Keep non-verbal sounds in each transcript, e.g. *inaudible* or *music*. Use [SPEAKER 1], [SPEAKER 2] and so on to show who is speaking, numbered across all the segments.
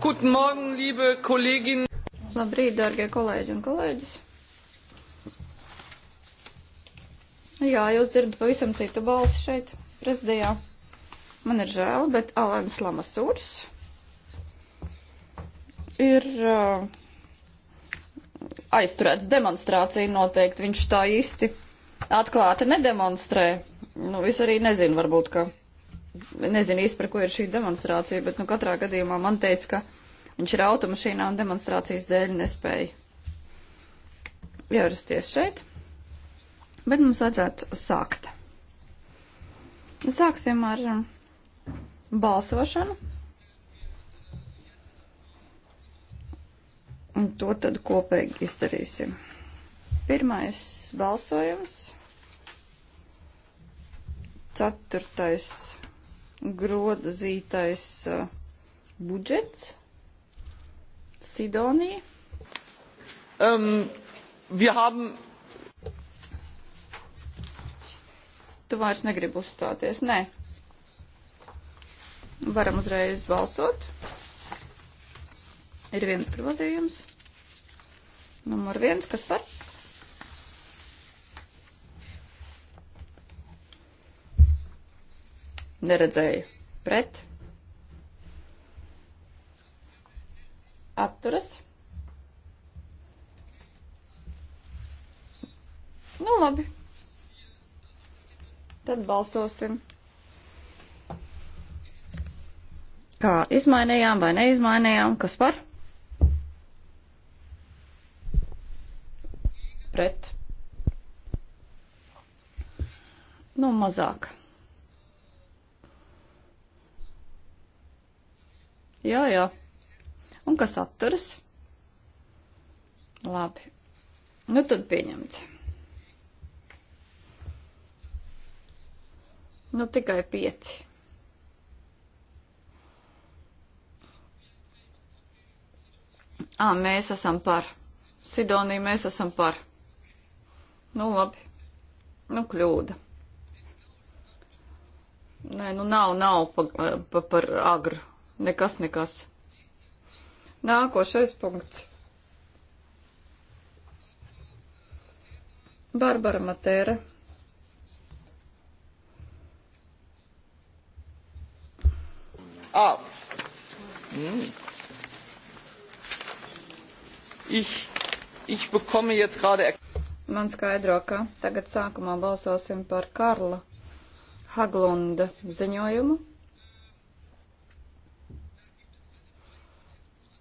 [SPEAKER 1] Guten Morgen, liebe Kolleginnen.
[SPEAKER 2] Labrīt, dārgie kolēģi un kolēģis. Jā, jūs dzirdat pavisam citu balsi šeit, prezidijā. Man ir žēl, bet Alans Lamasūrs ir uh, aizturēts demonstrācija noteikti. Viņš tā īsti atklāti nedemonstrē Nu, es arī nezinu, varbūt, ka, nezinu īsti, par ko ir šī demonstrācija, bet, nu, katrā gadījumā man teica, ka viņš ir automašīnā un demonstrācijas dēļ nespēja ierasties šeit. Bet mums vajadzētu sākt. Sāksim ar um, balsošanu. Un to tad kopīgi izdarīsim. Pirmais balsojums. Ceturtais grozītais uh, budžets Sidonija.
[SPEAKER 3] Um, wir haben
[SPEAKER 2] Tu vairs negribi uzstāties, nē. Varam uzreiz balsot. Ir viens grozījums. Numur viens, kas var? Neredzēju. Pret. Atturas. Nu, labi. Tad balsosim. Kā izmainījām vai neizmainījām, kas par? Pret. Nu, mazāk. Jā, jā. Un kas atturas? Labi. Nu tad pieņemts. Nu tikai pieci. Ā, mēs esam par. Sidonija, mēs esam par. Nu labi. Nu kļūda. Nē, nu nav, nav pa, pa, par agru. Nekas, nekas. Nākošais punkts. Barbara Matēra.
[SPEAKER 3] Ah. Hm. Ich, ich bekomme jetzt gerade.
[SPEAKER 2] Man skaidro, ka tagad sākumā balsosim par Karla Haglunda ziņojumu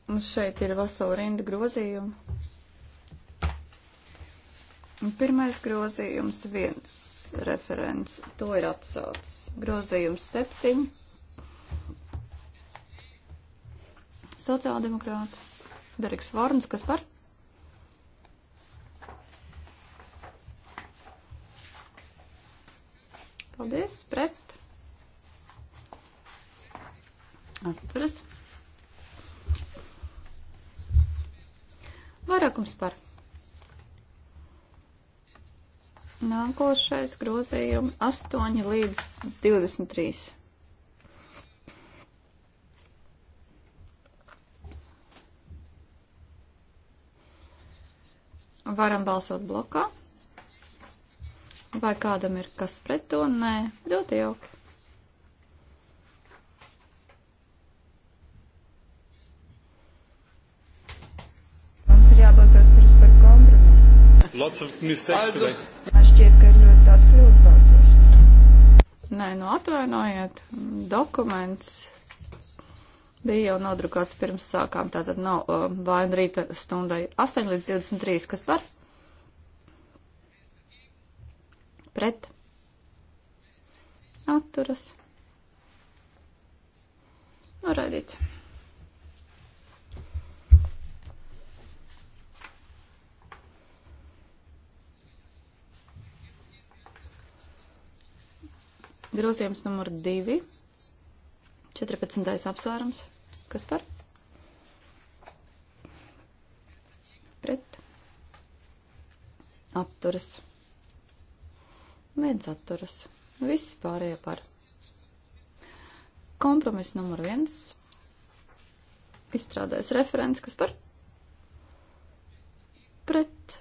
[SPEAKER 2] Un šeit ir vesela rinda grozījumu. Un pirmais grozījums viens referents, to ir atsaucis. Grozījums septiņi. Sociāldemokrāti. Dereks Vārns, kas par? Paldies, pret. Atturas. Vairākums par. Nākošais grozījumi 8 līdz 23. Varam balsot blokā. Vai kādam ir kas pret to? Nē, ļoti jauki.
[SPEAKER 3] Lots of mistakes today. Man šķiet, ka ir ļoti daudz kļūdu balsošanā. Nē,
[SPEAKER 2] nu atvainojiet, dokuments bija jau nodrukāts pirms sākām, tātad nav uh, vaina rīta stundai 8 līdz 23, kas par? Pret. Atturas. Noraidīts. Grozījums numur 2, 14. apsvērums. Kas par? Pret. Atturas. Viens atturas. Viss pārējie par. Kompromiss numur 1. Izstrādājas referents. Kas par? Pret.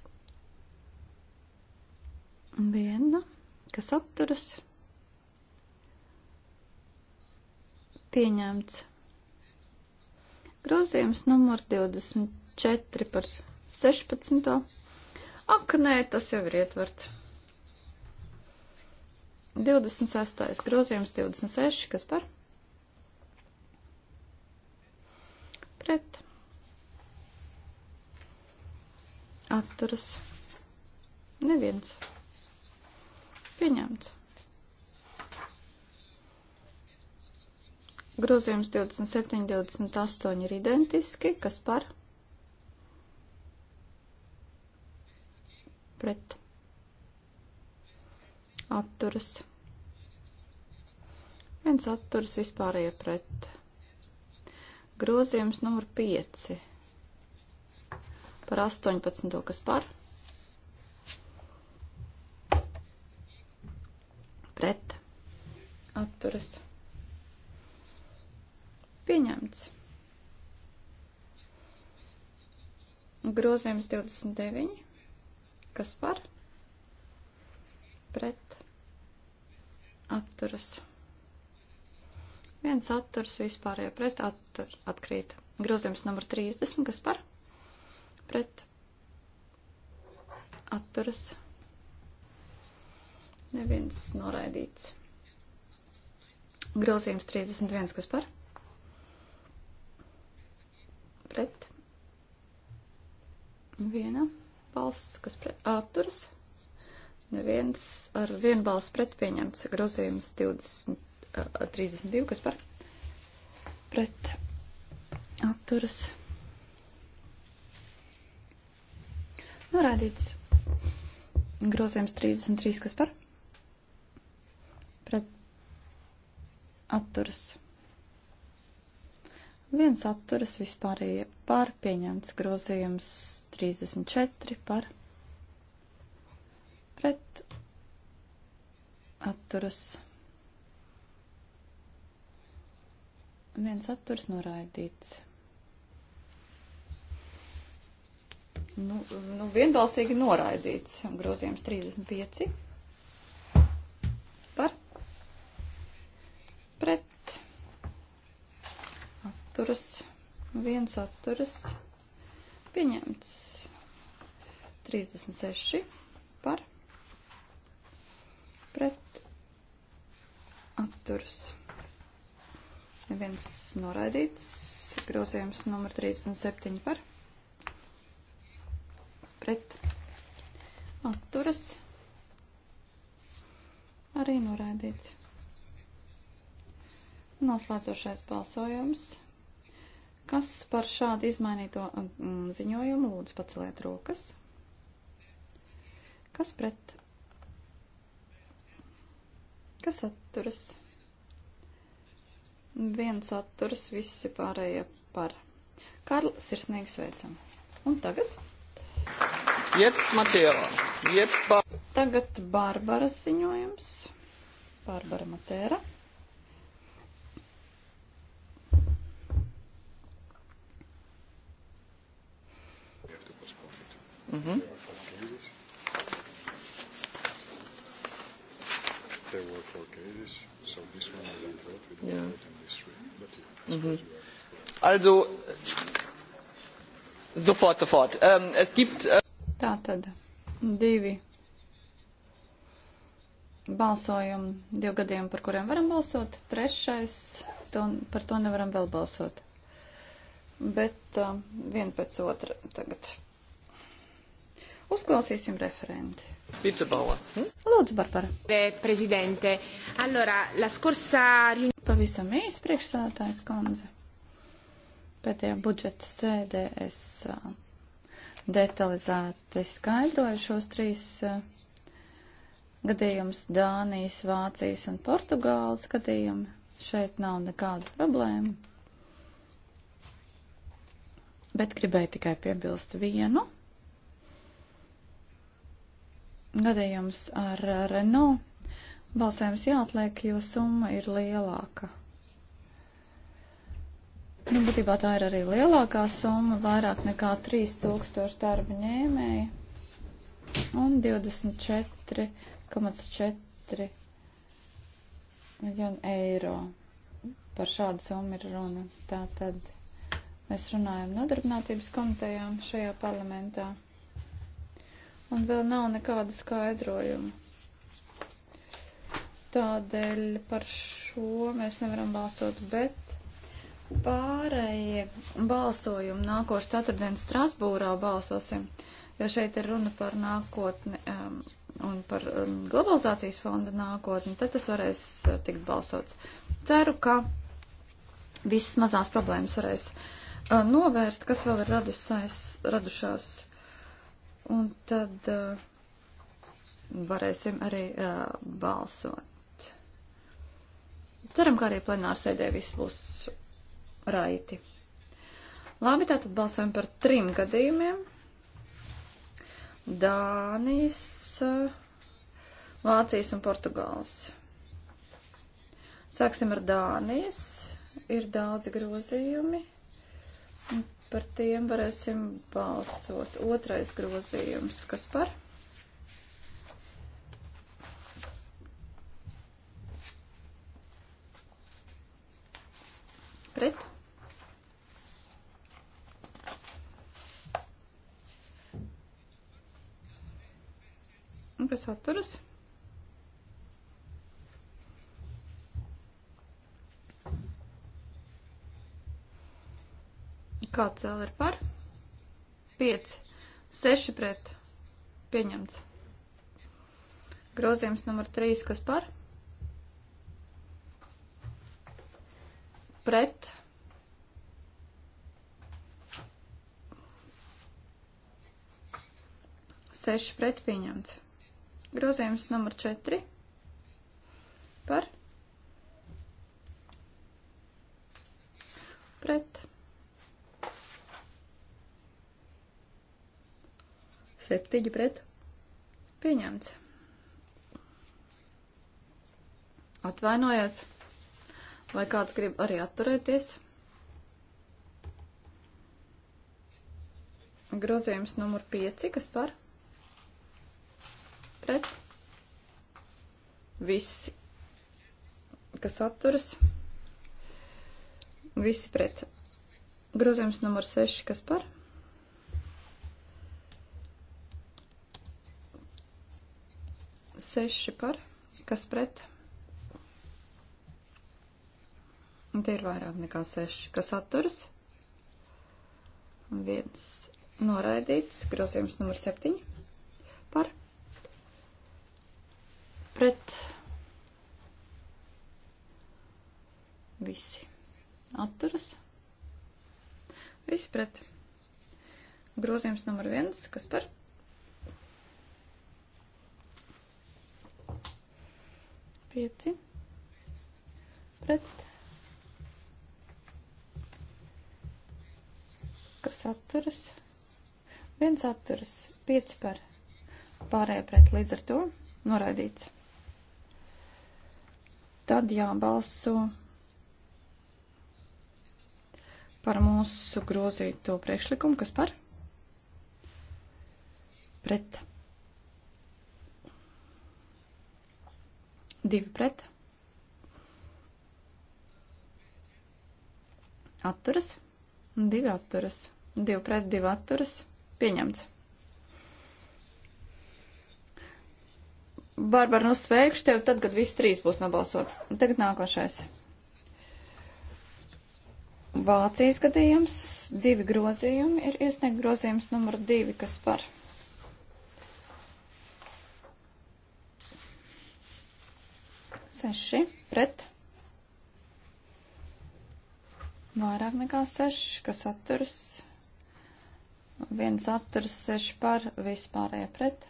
[SPEAKER 2] Viena. Kas atturas? Pieņemts. Grozījums numur 24 par 16. Ak, nē, tas jau ir ietverts. 26. grozījums 26, kas par? Pret. Atturas. Neviens. Pieņemts. Grozījums 27, 28 ir identiski. Kas par? Pret. Atturas. Viens atturas vispārējie pret. Grozījums numur 5. Par 18, kas par? Pret. Atturas. Pieņemts. Grozījums 29. Kas par? Pret. Atturas. Viens atturs, vispārējā pret attur, atkrīt. Grozījums numur 30. Kas par? Pret. Atturas. Neviens noraidīts. Grozījums 31. Kas par? pret. Viena balss, kas pret atturas. Neviens ar vienu balsu pret pieņemts grozījums 20, 32, kas par pret atturas. Norādīts grozījums 33, kas par pret atturas viens atturas vispārējie par, pieņemts grozījums 34 par, pret atturas, viens atturas noraidīts. Nu, nu vienbalsīgi noraidīts grozījums 35 par, pret atturas, viens atturas, pieņemts 36 par pret atturas. Neviens noraidīts, grozījums numur 37 par pret atturas. Arī noraidīts. Noslēdzošais balsojums. Kas par šādu izmainīto mm, ziņojumu lūdzu paceliet rokas? Kas pret? Kas atturas? Viens atturas, visi pārējie par. Karl, sirsnīgi sveicam. Un tagad? Jetzt Matēra. Jetzt ba Tagad Bārbara ziņojums. Bārbara Matēra.
[SPEAKER 1] Mm-hmm. There were four cases, so this one I don't vote. We don't yeah. vote on this three, but
[SPEAKER 3] yeah, mm-hmm. Also sofort, sofort. Ähm, es gibt. Äh
[SPEAKER 2] Tātad divi balsojumi, divi gadījumi, par kuriem varam balsot. Trešais, to, par to nevaram vēl balsot. Bet uh, ähm, vien pēc otra tagad. Uzklausīsim referenti. Pitsabala. Hm? Lūdzu, Barbara. Eh, Prezidente, allora, la scorsa... Pavisam īsi priekšsādātājs kundze. Pēdējā budžeta sēdē es eh, detalizēti skaidroju šos trīs eh, gadījumus - Dānijas, Vācijas un Portugāles gadījumi. Šeit nav nekādu problēmu. Bet gribēju tikai piebilst vienu gadījums ar Renault. Balsējums jāatliek, jo summa ir lielāka. Nu, būtībā tā ir arī lielākā summa, vairāk nekā 3000 darba ņēmēji un 24,4 miljonu eiro. Par šādu summu ir runa. Tātad mēs runājam nodarbinātības komitejām šajā parlamentā un vēl nav nekāda skaidrojuma. Tādēļ par šo mēs nevaram balsot, bet pārējie balsojumi nākošu ceturtdienu Strasbūrā balsosim, jo šeit ir runa par nākotni um, un par um, globalizācijas fonda nākotni, tad tas varēs uh, tikt balsots. Ceru, ka visas mazās problēmas varēs uh, novērst, kas vēl ir radusais, radušās Un tad uh, varēsim arī uh, balsot. Ceram, ka arī plenārsēdē viss būs raiti. Labi, tātad balsojam par trim gadījumiem. Dānijas, uh, Vācijas un Portugāles. Sāksim ar Dānijas. Ir daudzi grozījumi par tiem varēsim balsot. Otrais grozījums, kas par? Pret? Un kas atturas? Kāds vēl ir par? 5, 6 pret. Pieņemts. Grozījums numur 3, kas par? Pret. Seši pret pieņemts. Grozījums numur 4 par pret. Septiņi pret. Pieņemts. Atvainojiet. Vai kāds grib arī atturēties? Grozījums numur 5, kas par? Pret. Visi, kas atturas. Visi pret. Grozījums numur 6, kas par? Seši par, kas pret. Un tie ir vairāk nekā seši, kas atturas. Viens noraidīts, grozījums numur septiņi par. Pret. Visi atturas. Visi pret. Grozījums numur viens, kas par. 5 pret, kas atturas, viens atturas, 5 par, pārējie pret, līdz ar to noraidīts. Tad jābalso par mūsu grozīto priekšlikumu, kas par? Pret. Divi pret. Atturas. Divi atturas. Divi pret, divi atturas. Pieņemts. Barbara, nu sveikšu tev tad, kad viss trīs būs nobalsots. Tagad nākošais. Vācijas gadījums, divi grozījumi ir iesniegt grozījums numur divi, kas par. Seši pret. Vairāk nekā seši, kas atturas. Viens atturas, seši par, vispārējie pret.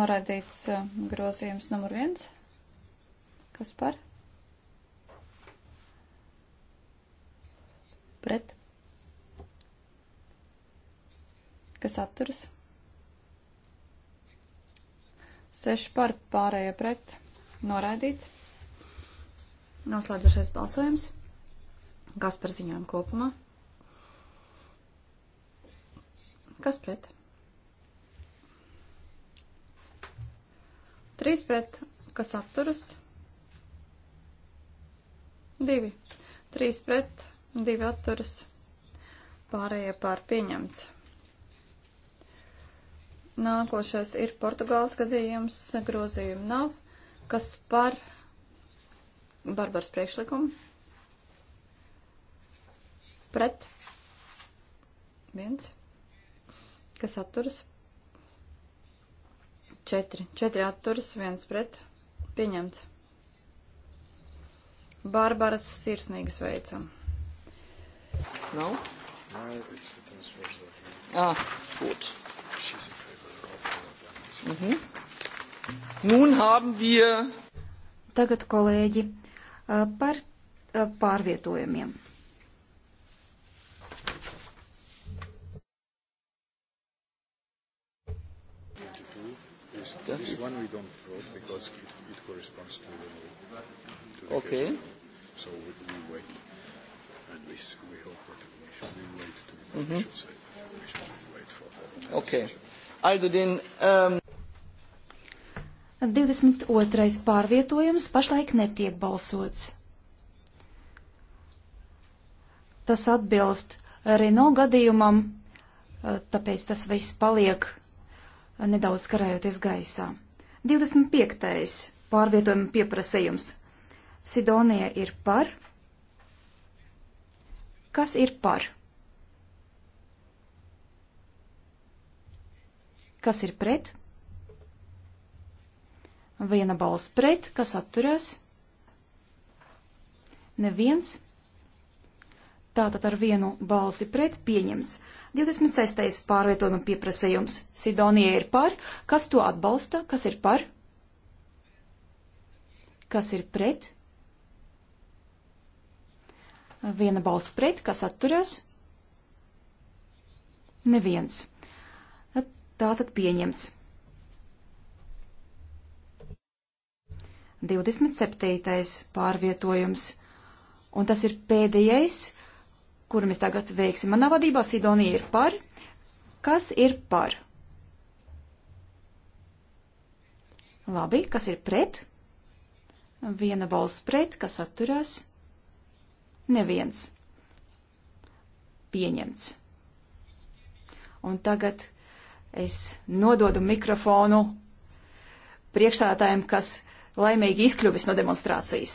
[SPEAKER 2] Noraidīts eh, grozījums numur viens. Kas par? Pret. Kas atturas? Seši par pārējie pret. Noraidīts. Noslēdzošais balsojums. Kas par ziņām kopumā? Kas pret? 3 pret, kas atturas? 2. 3 pret, 2 atturas. Pārējie pār pieņemts. Nākošais ir Portugāles gadījums. Grozījumi nav. Kas par Barbaras priekšlikumu? Pret. Viens. Kas atturas? Četri. Četri atturas, viens pret. Pieņemts. Barbaras sirsnīgi sveicam. Nav? No?
[SPEAKER 1] No, it's the transversal. Ah,
[SPEAKER 2] gut. She's in favor
[SPEAKER 3] of all of them. Mhm. Mm Nun haben wir.
[SPEAKER 4] Tagad, kolēģi, par pārvietojumiem.
[SPEAKER 1] This is one we don't vote because it, it corresponds to the, to the okay. Case. So we, we wait, and we, we hope that the Commission
[SPEAKER 3] will wait to the mm -hmm. Commission say. The Commission will wait for the Okay. Also den. Ähm um
[SPEAKER 4] 22. pārvietojums pašlaik netiek balsots. Tas atbilst Renault gadījumam, eh, tāpēc tas viss paliek eh, nedaudz karājoties gaisā. 25. pārvietojuma pieprasījums. Sidonija ir par. Kas ir par? Kas ir pret? Viena balss pret, kas atturās? Neviens. Tātad ar vienu balsi pret pieņemts. 26. pārvietojuma pieprasījums. Sidonija ir par. Kas to atbalsta? Kas ir par? Kas ir pret? Viena balss pret, kas atturās? Neviens. Tātad pieņemts. 27. pārvietojums. Un tas ir pēdējais, kuru mēs tagad veiksim. Manā vadībā Sidonija ir par. Kas ir par? Labi, kas ir pret? Viena balss pret, kas atturās? Neviens. Pieņemts. Un tagad es nododu mikrofonu priekšsādātājiem, kas laimīgi izkļuvis no demonstrācijas.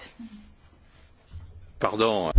[SPEAKER 1] Pardon.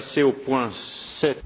[SPEAKER 1] passer au point 7.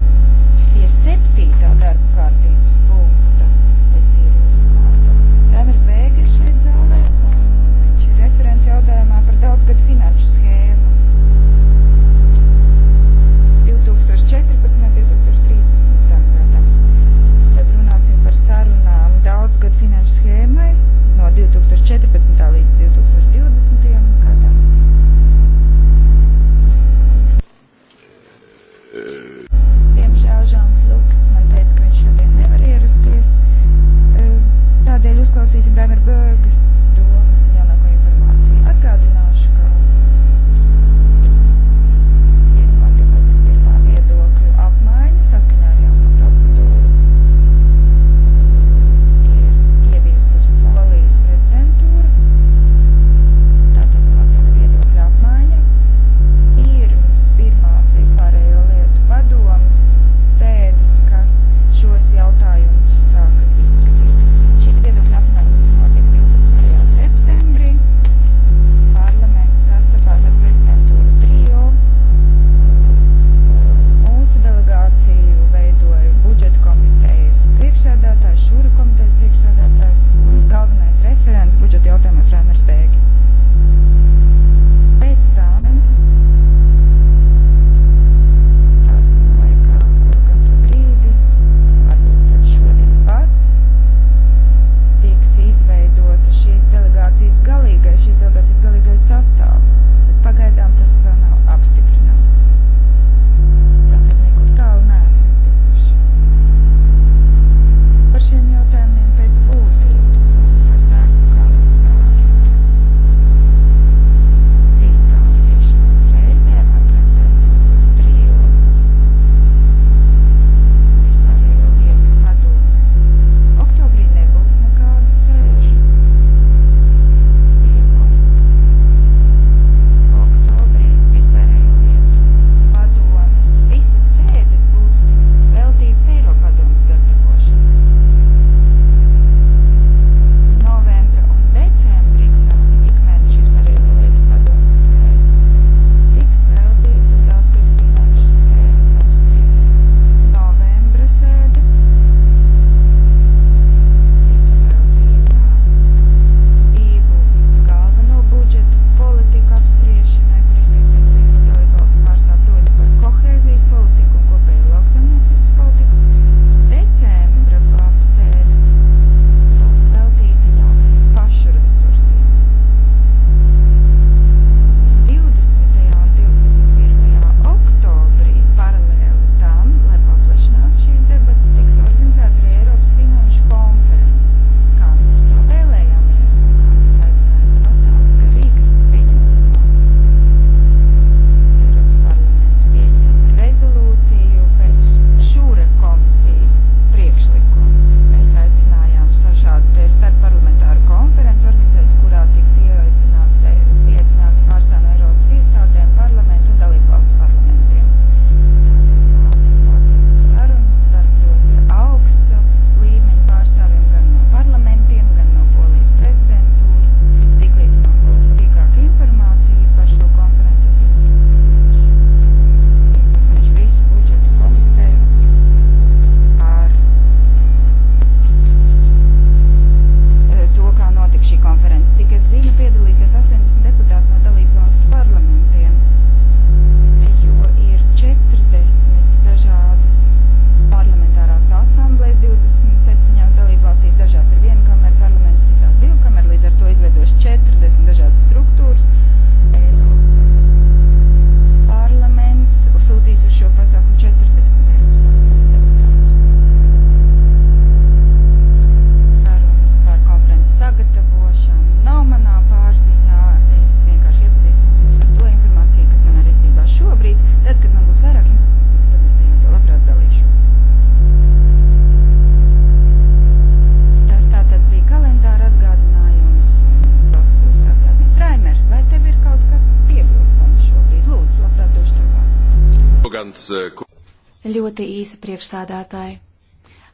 [SPEAKER 4] ļoti īsa priekšsādātāji.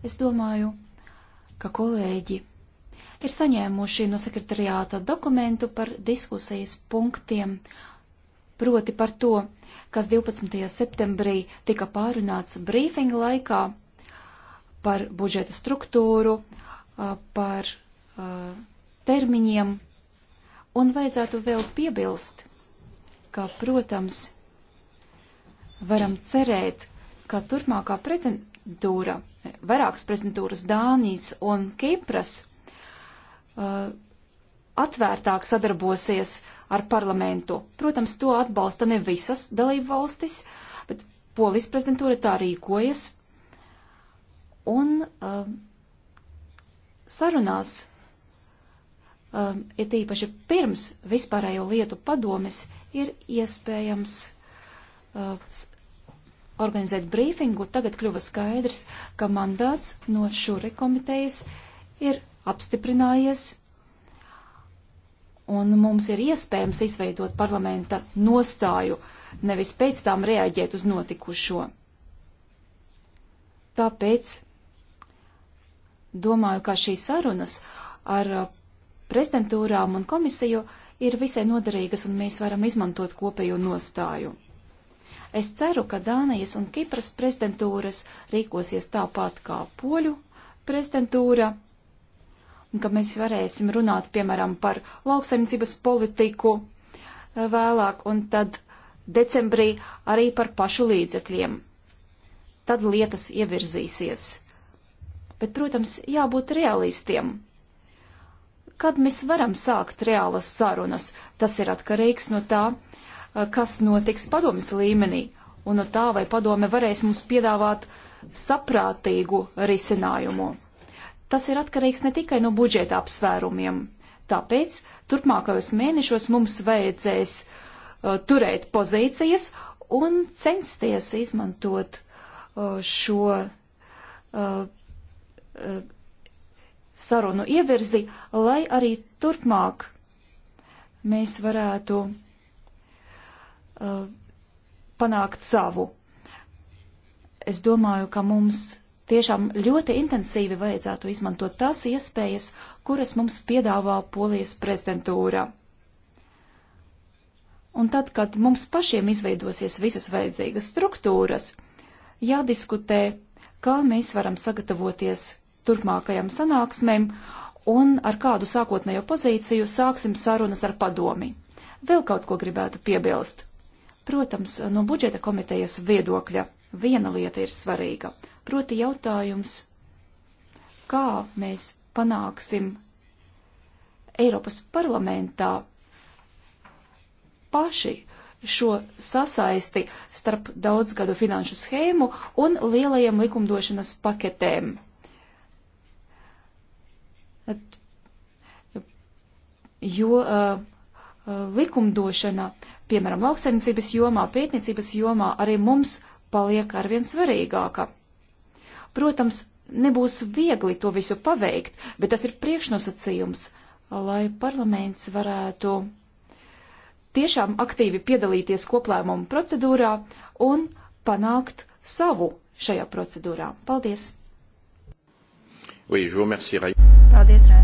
[SPEAKER 4] Es domāju, ka kolēģi ir saņēmuši no sekretariāta dokumentu par diskusijas punktiem, proti par to, kas 12. septembrī tika pārunāts brīfinga laikā par budžeta struktūru, par termiņiem, un vajadzētu vēl piebilst, ka, protams, varam cerēt, ka turpmākā prezidentūra, vairākas prezidentūras Dānijas un Kipras uh, atvērtāk sadarbosies ar parlamentu. Protams, to atbalsta ne visas dalību valstis, bet polijas prezidentūra tā rīkojas. Un uh, sarunās, uh, ja tīpaši pirms vispārējo lietu padomes, ir iespējams uh, organizēt brīfingu, tagad kļuva skaidrs, ka mandāts no šūri komitejas ir apstiprinājies un mums ir iespējams izveidot parlamenta nostāju, nevis pēc tām reaģēt uz notikušo. Tāpēc domāju, ka šīs sarunas ar uh, prezidentūrām un komisiju ir visai noderīgas, un mēs varam izmantot kopējo nostāju. Es ceru, ka Dānijas un Kipras prezidentūras rīkosies tāpat kā poļu prezidentūra, un ka mēs varēsim runāt, piemēram, par lauksaimniecības politiku eh, vēlāk, un tad decembrī arī par pašu līdzekļiem. Tad lietas ievirzīsies. Bet, protams, jābūt realistiem. Kad mēs varam sākt reālas sarunas, tas ir atkarīgs no tā, Eh, kas notiks padomis līmenī, un no tā vai padome varēs mums piedāvāt saprātīgu risinājumu. Tas ir atkarīgs ne tikai no budžeta apsvērumiem, tāpēc turpmākajos mēnešos mums vajadzēs uh, turēt pozīcijas un censties izmantot uh, šo uh, uh, sarunu ievirzi, lai arī turpmāk mēs varētu uh, uh, panākt savu. Es domāju, ka mums tiešām ļoti intensīvi vajadzētu izmantot tās iespējas, kuras mums piedāvā polijas prezidentūra. Un tad, kad mums pašiem izveidosies visas vajadzīgas struktūras, jādiskutē, kā mēs varam sagatavoties turpmākajam sanāksmēm un ar kādu sākotnējo pozīciju sāksim sarunas ar padomi. Vēl kaut ko gribētu piebilst. Protams, no budžeta komitejas viedokļa viena lieta ir svarīga, proti jautājums, kā mēs panāksim Eiropas parlamentā paši šo sasaisti starp daudzgadu finanšu schēmu un lielajiem likumdošanas paketēm. Jo uh, uh likumdošana uh, piemēram, lauksaimniecības jomā, pētniecības jomā, arī mums paliek arvien svarīgāka. Protams, nebūs viegli to visu paveikt, bet tas ir priekšnosacījums, lai parlaments varētu tiešām aktīvi piedalīties koplēmumu procedūrā un panākt savu šajā procedūrā. Paldies!
[SPEAKER 1] Oui, je vous remercie. Paldies, Rai.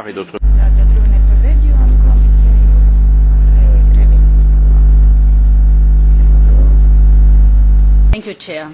[SPEAKER 1] part et d'autre
[SPEAKER 3] Thank you, Chair.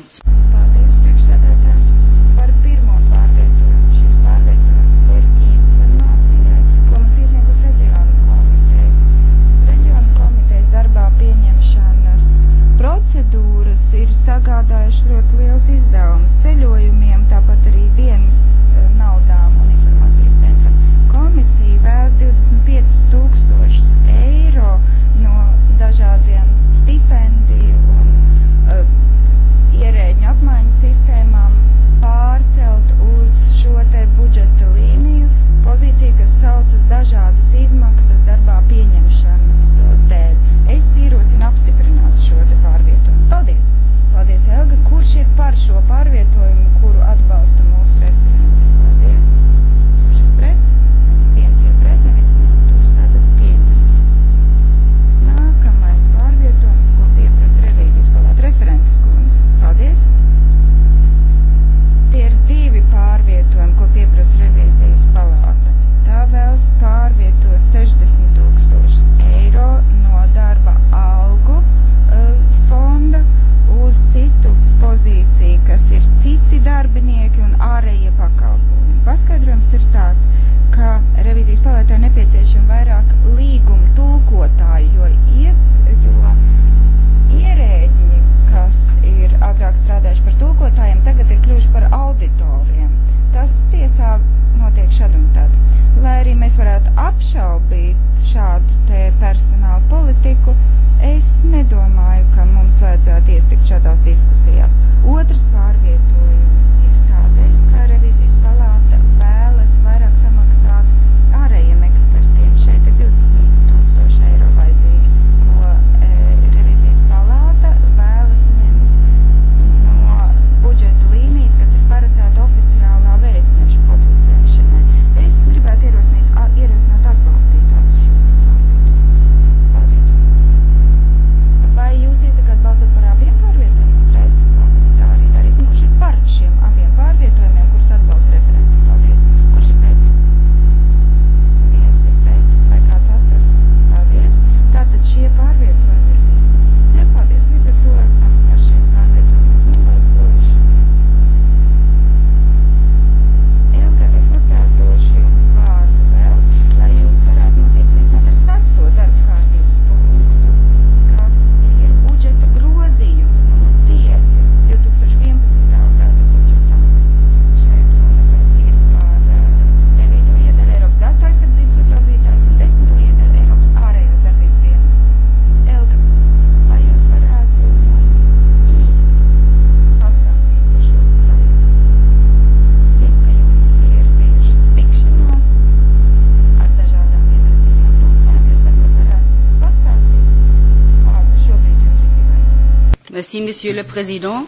[SPEAKER 3] Merci, Monsieur le Président.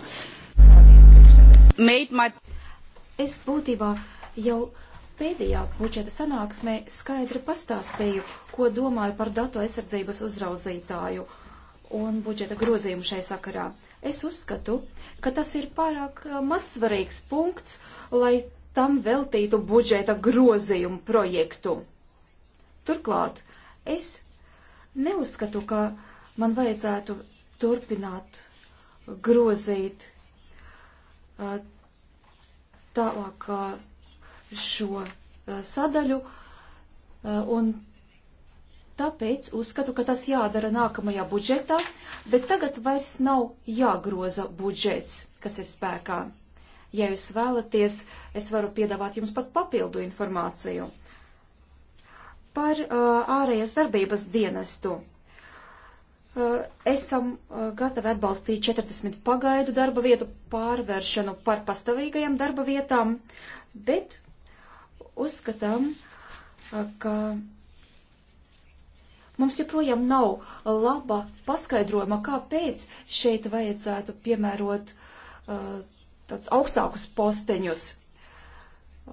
[SPEAKER 4] Made my... Es būtībā jau pēdējā budžeta sanāksmē skaidri pastāstīju, ko domāju par datu aizsardzības uzraudzītāju un budžeta grozījumu šai sakarā. Es uzskatu, ka tas ir pārāk eh, mazsvarīgs punkts, lai tam veltītu budžeta grozījumu projektu. Turklāt, es neuzskatu, ka man vajadzētu turpināt grozīt uh, tālāk uh, šo uh, sadaļu, un tāpēc uzskatu, ka tas jādara nākamajā budžetā, bet tagad vairs nav jāgroza budžets, kas ir spēkā. Ja jūs vēlaties, es varu piedāvāt jums pat papildu informāciju par uh, ārējas darbības dienestu. Uh, Eh, esam eh, gatavi atbalstīt 40 pagaidu darba vietu pārvēršanu par pastāvīgajām darba vietām, bet uzskatām, eh, ka mums joprojām nav laba paskaidrojuma, kāpēc šeit vajadzētu piemērot tāds augstākus posteņus.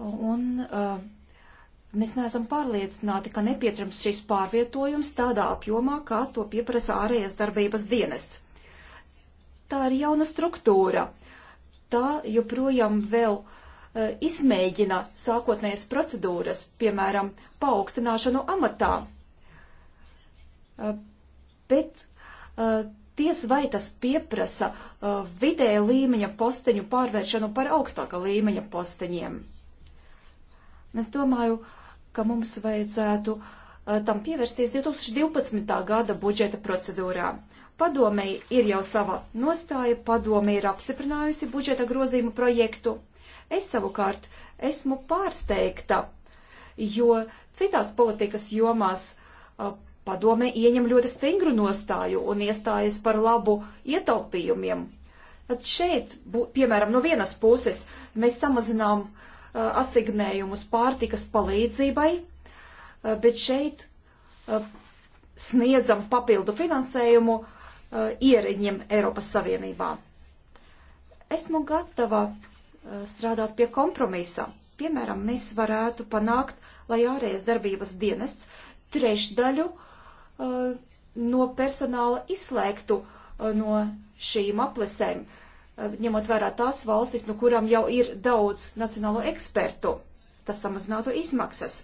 [SPEAKER 4] Un uh, Mēs neesam pārliecināti, ka nepieciešams šis pārvietojums tādā apjomā, kā to pieprasa ārējās darbības dienests. Tā ir jauna struktūra. Tā joprojām vēl uh, izmēģina sākotnējas procedūras, piemēram, paaugstināšanu amatā. Uh, bet uh, ties vai tas pieprasa uh, vidēja līmeņa posteņu pārvēršanu par augstāka līmeņa posteņiem. Es domāju, uh, ka mums vajadzētu eh, tam pievērsties 2012. gada budžeta procedūrā. Padomei ir jau sava nostāja, padome ir apstiprinājusi budžeta grozījumu projektu. Es savukārt esmu pārsteigta, jo citās politikas jomās eh, padome ieņem ļoti stingru nostāju un iestājas par labu ietaupījumiem. Tad šeit, piemēram, no vienas puses mēs samazinām uh, Uh, asignējumus pārtikas palīdzībai, uh, bet šeit uh, sniedzam papildu finansējumu ierēģiem Eiropas Savienībā. Esmu gatava strādāt pie kompromisa. Piemēram, mēs varētu panākt, lai ārējas darbības dienests trešdaļu no personāla izslēgtu no šīm aplesēm, Eh, ņemot vērā tās valstis, no kurām jau ir daudz nacionālo ekspertu. Tas samazinātu izmaksas.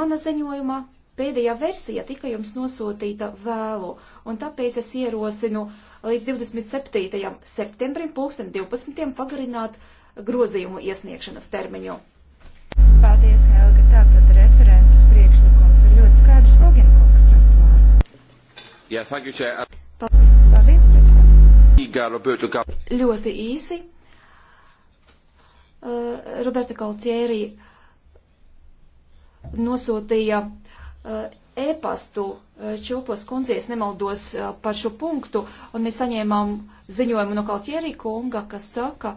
[SPEAKER 4] Mana ziņojuma pēdējā versija tika jums nosūtīta vēlu, un tāpēc es ierosinu līdz 27. septembrim 2012. pagarināt grozījumu iesniegšanas
[SPEAKER 3] termiņu. Paldies, Helga. Tātad referentes priekšlikums ir ļoti skaidrs. Ogenkungs prasa vārdu. Yeah, thank you, Chair. Paldies. Ļoti
[SPEAKER 4] īsi. Uh, Roberta Kalcieri nosūtīja uh, e-pastu uh, Čūplas kundzei, es nemaldos uh, par šo punktu, un mēs saņēmām ziņojumu no Kalcieri kunga, kas saka,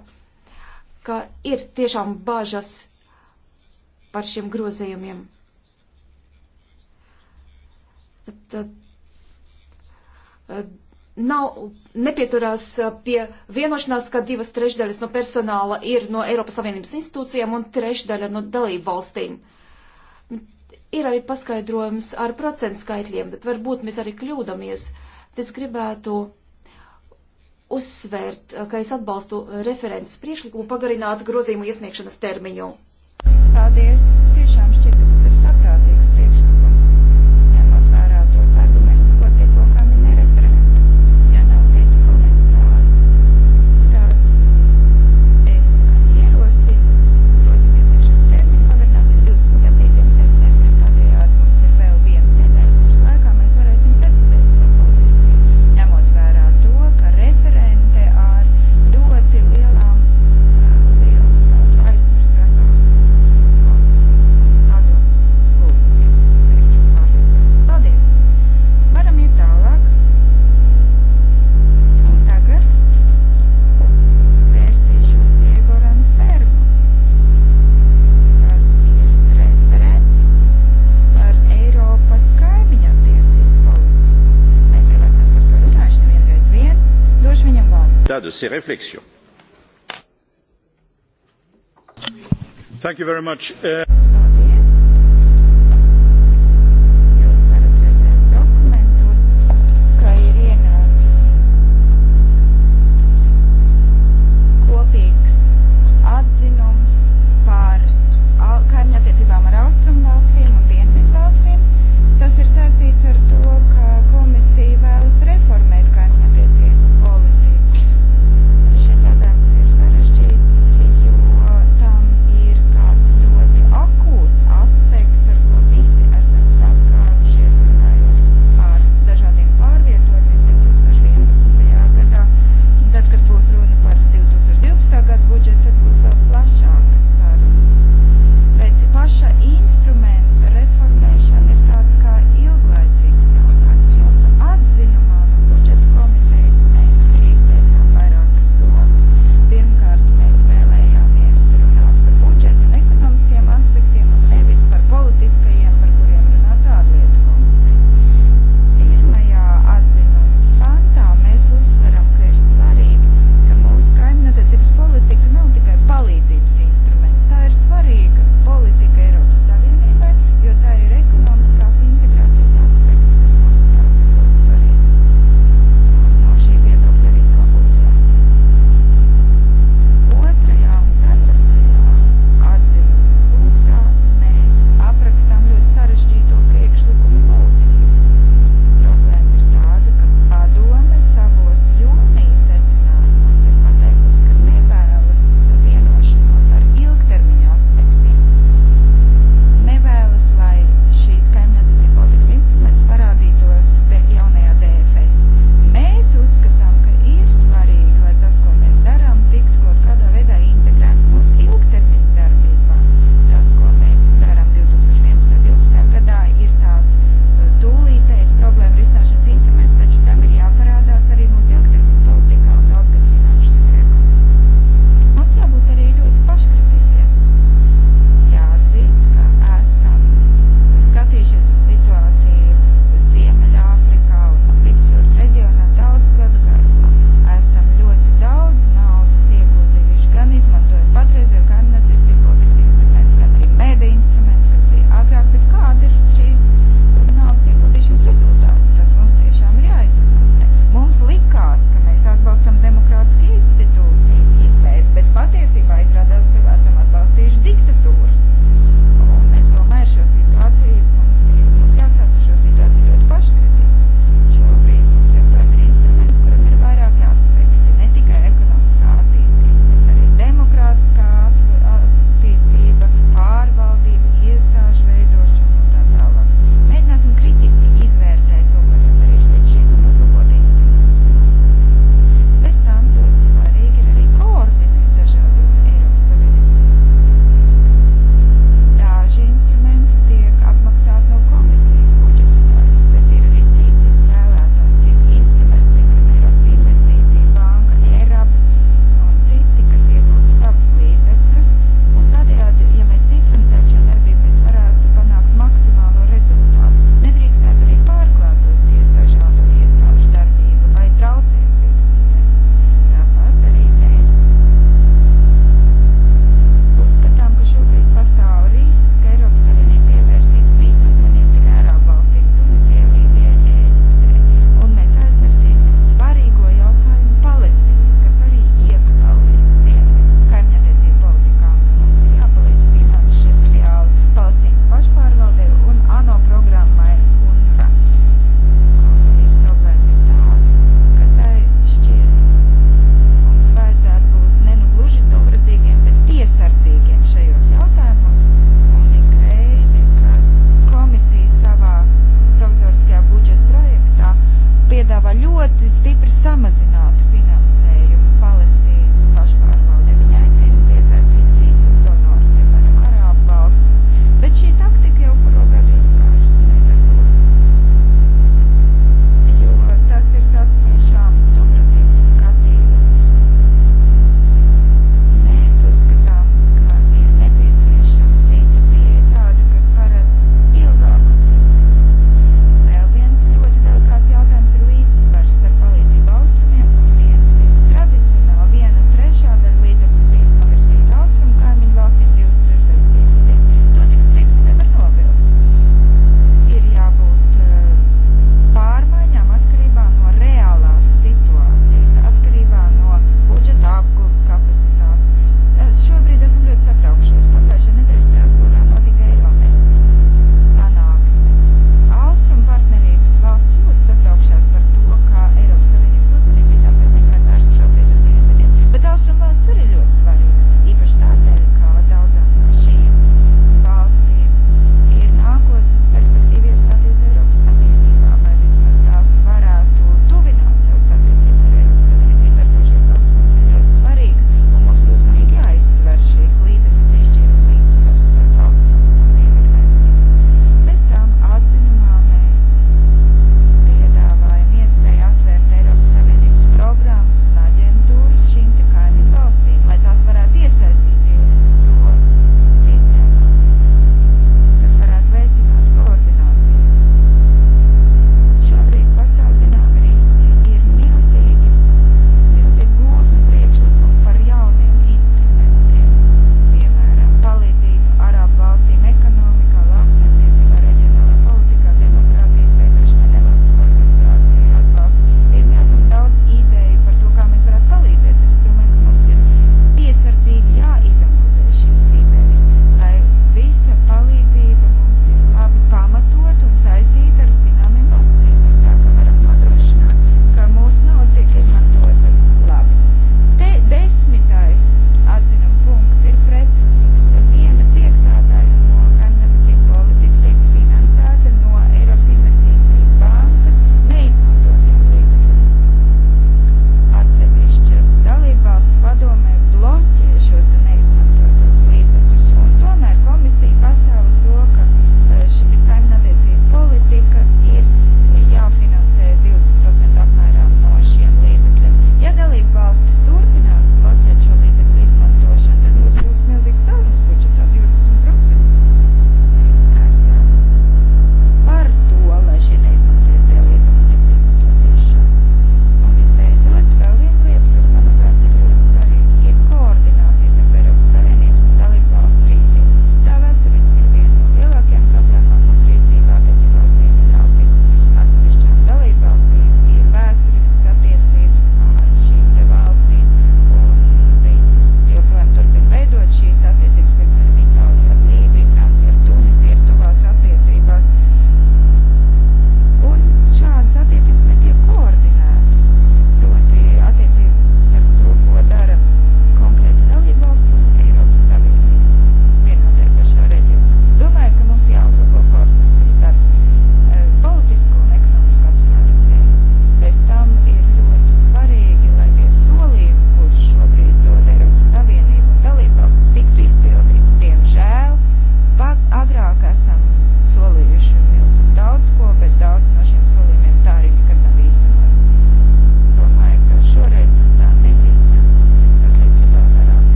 [SPEAKER 4] ka ir tiešām bažas par šiem grozījumiem. Tad, tad, uh, nav nepieturās uh, pie vienošanās, ka divas trešdaļas no personāla ir no Eiropas Savienības institūcijām un trešdaļa no dalību valstīm. Ir arī paskaidrojums ar procentu skaitļiem, bet varbūt mēs arī kļūdamies. Es gribētu uzsvērt, uh, ka es atbalstu referents priekšlikumu pagarināt grozījumu iesniegšanas
[SPEAKER 3] termiņu. Paldies!
[SPEAKER 1] ses réflexions.
[SPEAKER 3] Thank you very much. Uh...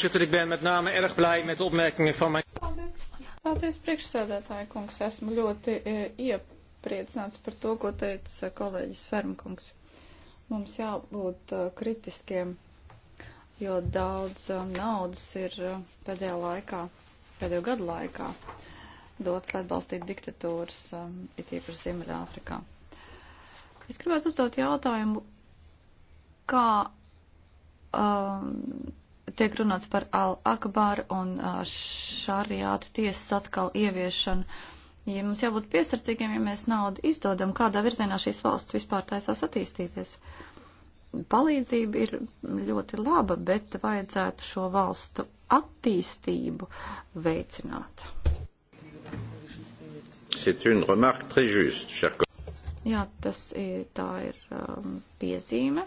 [SPEAKER 1] voorzitter. Ik ben met name erg blij met de opmerkingen van mijn...
[SPEAKER 3] Paldies, Paldies
[SPEAKER 2] priekšsēdētāji kungs. Esmu ļoti e, iepriecināts par to, ko teica kolēģis Fermkungs. Mums jābūt e, kritiskiem, jo daudz e, naudas ir e, pēdējā laikā, pēdējo gadu laikā dots, lai atbalstītu diktatūras, e, it īpaši Ziemeļāfrikā. Es gribētu uzdot jautājumu, kā um, tiek runāts par Al-Akbar un šariāta tiesas atkal ieviešanu. Ja mums jābūt piesardzīgiem, ja mēs naudu izdodam, kādā virzienā šīs valsts vispār taisās attīstīties. Palīdzība ir ļoti laba, bet vajadzētu šo valstu attīstību veicināt. Jā, tas ir, tā ir um, piezīme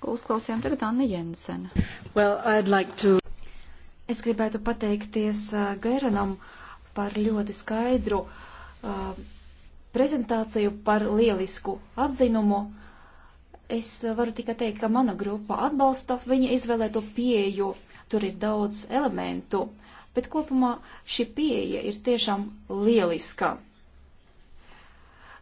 [SPEAKER 2] ko uzklausījām tagad Anna Jensen. Well,
[SPEAKER 4] I'd like to... Es gribētu pateikties uh, Geranam par ļoti skaidru uh, prezentāciju par lielisku atzinumu. Es uh, varu tikai teikt, ka mana grupa atbalsta viņa izvēlēto pieju. Tur ir daudz elementu, bet kopumā šī pieeja ir tiešām lieliska.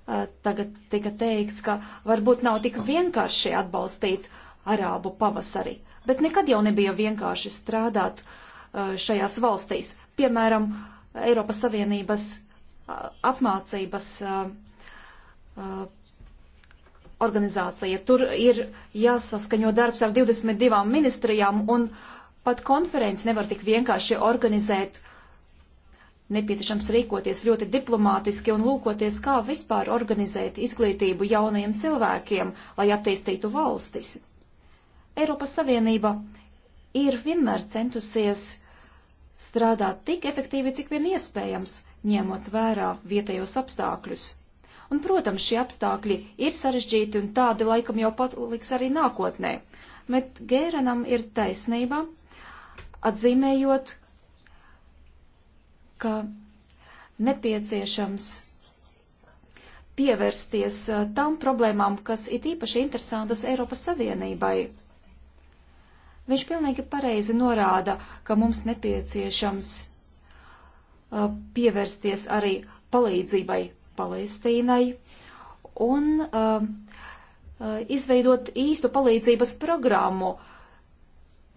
[SPEAKER 4] Uh, tagad tika teikts, ka varbūt nav tik vienkārši atbalstīt uh, arābu pavasari. Bet nekad jau nebija vienkārši strādāt uh, šajās valstīs. Piemēram, Eiropas Savienības uh, apmācības uh, organizācija. Tur ir jāsaskaņo darbs ar 22 ministrijām un pat konferences nevar tik vienkārši organizēt. Nepieciešams rīkoties ļoti diplomātiski un lūkoties, kā vispār organizēt izglītību jaunajiem cilvēkiem, lai attīstītu valstis. Eiropas Savienība ir vienmēr centusies strādāt tik efektīvi, cik vien iespējams, ņemot vērā vietējos apstākļus. Un, protams, šie apstākļi ir sarežģīti un tādi laikam jau paliks arī nākotnē. Bet Gērenam ir taisnība, atzīmējot, ka nepieciešams pievērsties eh, tām problēmām, kas ir īpaši interesantas Eiropas Savienībai Viņš pilnīgi pareizi norāda, ka mums nepieciešams uh, pievērsties arī palīdzībai Palestīnai un uh, izveidot īstu palīdzības programmu.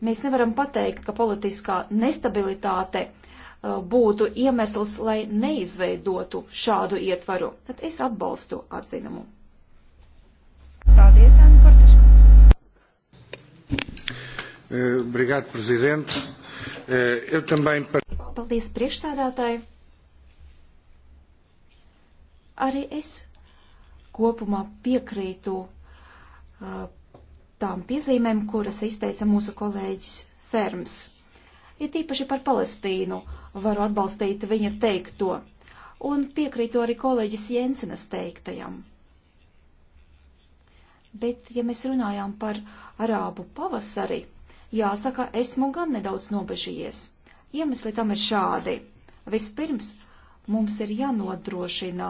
[SPEAKER 4] Mēs nevaram pateikt, ka politiskā nestabilitāte uh, būtu iemesls, lai neizveidotu šādu ietvaru. Tad es atbalstu atzinumu. Paldies!
[SPEAKER 1] Eh, obrigado,
[SPEAKER 2] Presidente. Eh, eu também.
[SPEAKER 4] Paldies, priekšsādātāji. Arī es kopumā piekrītu eh, tām piezīmēm, kuras izteica mūsu kolēģis Ferms. Ir ja tīpaši par Palestīnu varu atbalstīt viņa teikto, un piekrītu arī kolēģis Jensenas teiktajam. Bet, ja mēs runājām par arābu pavasari, Jāsaka, esmu gan nedaudz nobežījies. Iemesli tam ir šādi. Vispirms mums ir jānodrošina,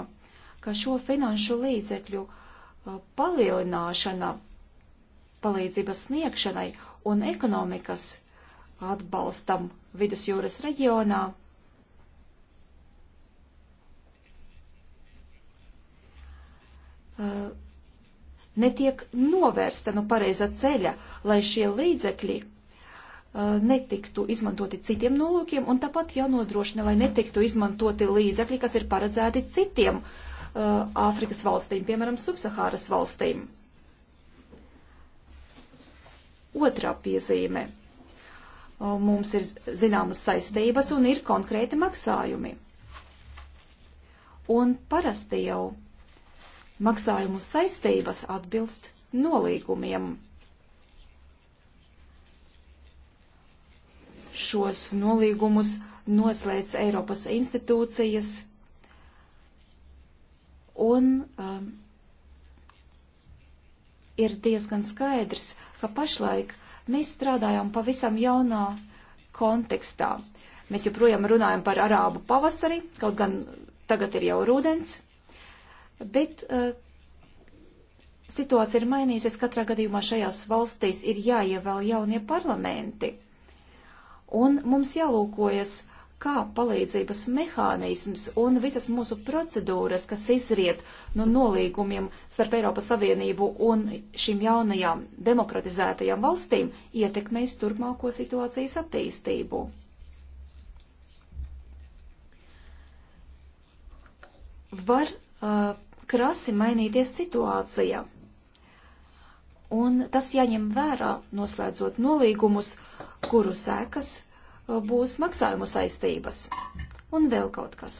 [SPEAKER 4] ka šo finanšu līdzekļu uh, palielināšana palīdzības sniegšanai un ekonomikas atbalstam vidusjūras reģionā netiek novērsta no nu, pareiza ceļa, lai šie līdzekļi uh, netiktu izmantoti citiem nolūkiem, un tāpat jānodrošina, lai netiktu izmantoti līdzekļi, kas ir paredzēti citiem uh, Āfrikas valstīm, piemēram, Subsahāras valstīm. Otrā piezīme. Uh, mums ir zināmas saistības un ir konkrēti maksājumi. Un parasti jau maksājumu saistības atbilst nolīgumiem. Šos nolīgumus noslēdz Eiropas institūcijas un um, ir diezgan skaidrs, ka pašlaik mēs strādājam pavisam jaunā kontekstā. Mēs joprojām runājam par arābu pavasari, kaut gan tagad ir jau rudens, bet uh, situācija ir mainījusies. Katrā gadījumā šajās valstīs ir jāievēl jaunie parlamenti. Un mums jālūkojas, kā palīdzības mehānisms un visas mūsu procedūras, kas izriet no nolīgumiem starp Eiropas Savienību un šīm jaunajām demokratizētajām valstīm, ietekmēs turpmāko situācijas attīstību. Var uh, krasi mainīties situācija. Un tas jāņem vērā, noslēdzot nolīgumus, kuru sēkas uh, būs maksājumu saistības. Un vēl kaut kas.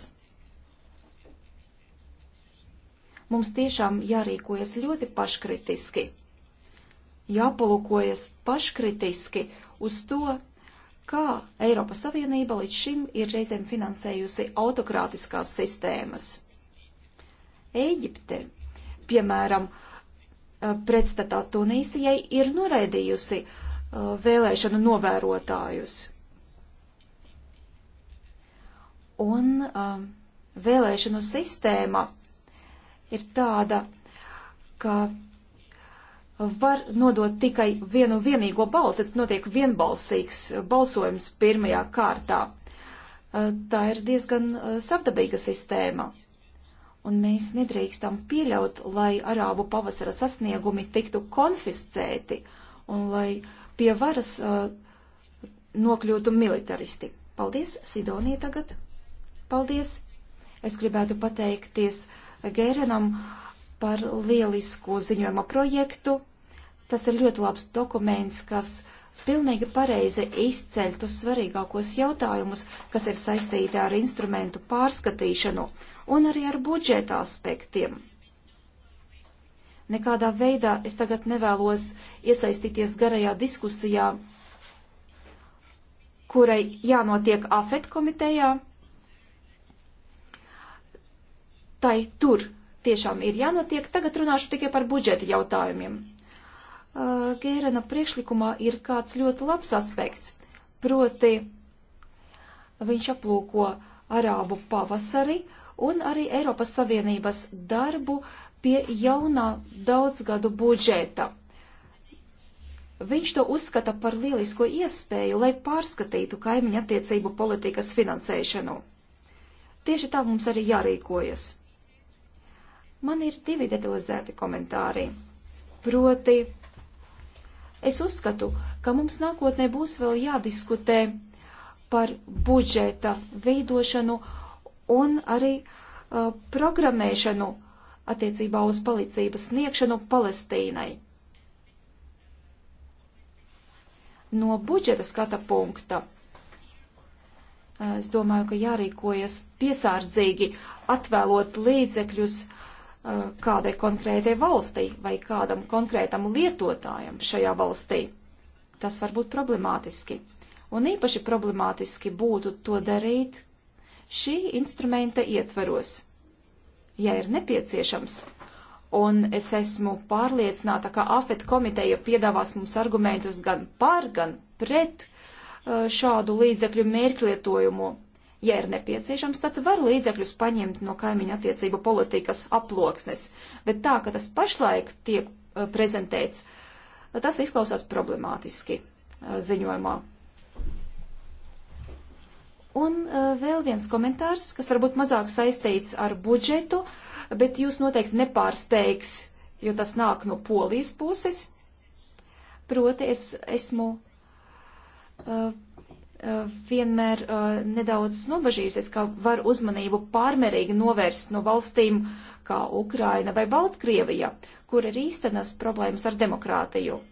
[SPEAKER 4] Mums tiešām jārīkojas ļoti paškritiski. Jāpalūkojas paškritiski uz to, kā Eiropas Savienība līdz šim ir reizēm finansējusi autokrātiskās sistēmas. Ēģipte, piemēram, eh, pretstatā Tunīsijai ir noraidījusi eh, vēlēšanu novērotājus. Un eh, vēlēšanu sistēma ir tāda, ka var nodot tikai vienu vienīgo balsi, tad notiek vienbalsīgs balsojums pirmajā kārtā. Tā ir diezgan savdabīga sistēma un mēs nedrīkstam pieļaut, lai arābu pavasara sasniegumi tiktu konfiscēti un lai pie varas uh, nokļūtu militaristi. Paldies, Sidonija tagad. Paldies. Es gribētu pateikties Gērenam par lielisko ziņojuma projektu. Tas ir ļoti labs dokuments, kas pilnīgi pareizi izceļ tos svarīgākos jautājumus, kas ir saistīti ar instrumentu pārskatīšanu un arī ar budžeta aspektiem. Nekādā veidā es tagad nevēlos iesaistīties garajā diskusijā, kurai jānotiek AFET komitejā. Tai tur tiešām ir jānotiek. Tagad runāšu tikai par budžeta jautājumiem. Uh, Gērena priekšlikumā ir kāds ļoti labs aspekts, proti viņš aplūko arābu pavasari un arī Eiropas Savienības darbu pie jaunā daudzgadu budžeta. Viņš to uzskata par lielisko iespēju, lai pārskatītu kaimiņu attiecību politikas finansēšanu. Tieši tā mums arī jārīkojas. Man ir divi detalizēti komentāri. Proti, es uzskatu, ka mums nākotnē būs vēl jādiskutē par budžeta veidošanu un arī uh, programmēšanu attiecībā uz palīdzības sniegšanu Palestīnai. No budžeta skata punkta es domāju, ka jārīkojas piesārdzīgi atvēlot līdzekļus uh, kādai konkrētai valstī vai kādam konkrētam lietotājam šajā valstī. Tas var būt problemātiski. Un īpaši problemātiski būtu to darīt, šī instrumenta ietvaros, ja ir nepieciešams. Un es esmu pārliecināta, ka AFET komiteja piedāvās mums argumentus gan par, gan pret uh, šādu līdzekļu mērķlietojumu. Ja ir nepieciešams, tad var līdzekļus paņemt no kaimiņa attiecību politikas aploksnes, bet tā, ka tas pašlaik tiek uh, prezentēts, tas izklausās problemātiski uh, ziņojumā. Un uh, vēl viens komentārs, kas varbūt mazāk saistīts ar budžetu, bet jūs noteikti nepārsteigs, jo tas nāk no polijas puses. Proti, es esmu uh, vienmēr uh, nedaudz nobažījusies, ka var uzmanību pārmērīgi novērst no valstīm kā Ukraina vai Baltkrievija, kur ir īstenas problēmas ar demokrātiju.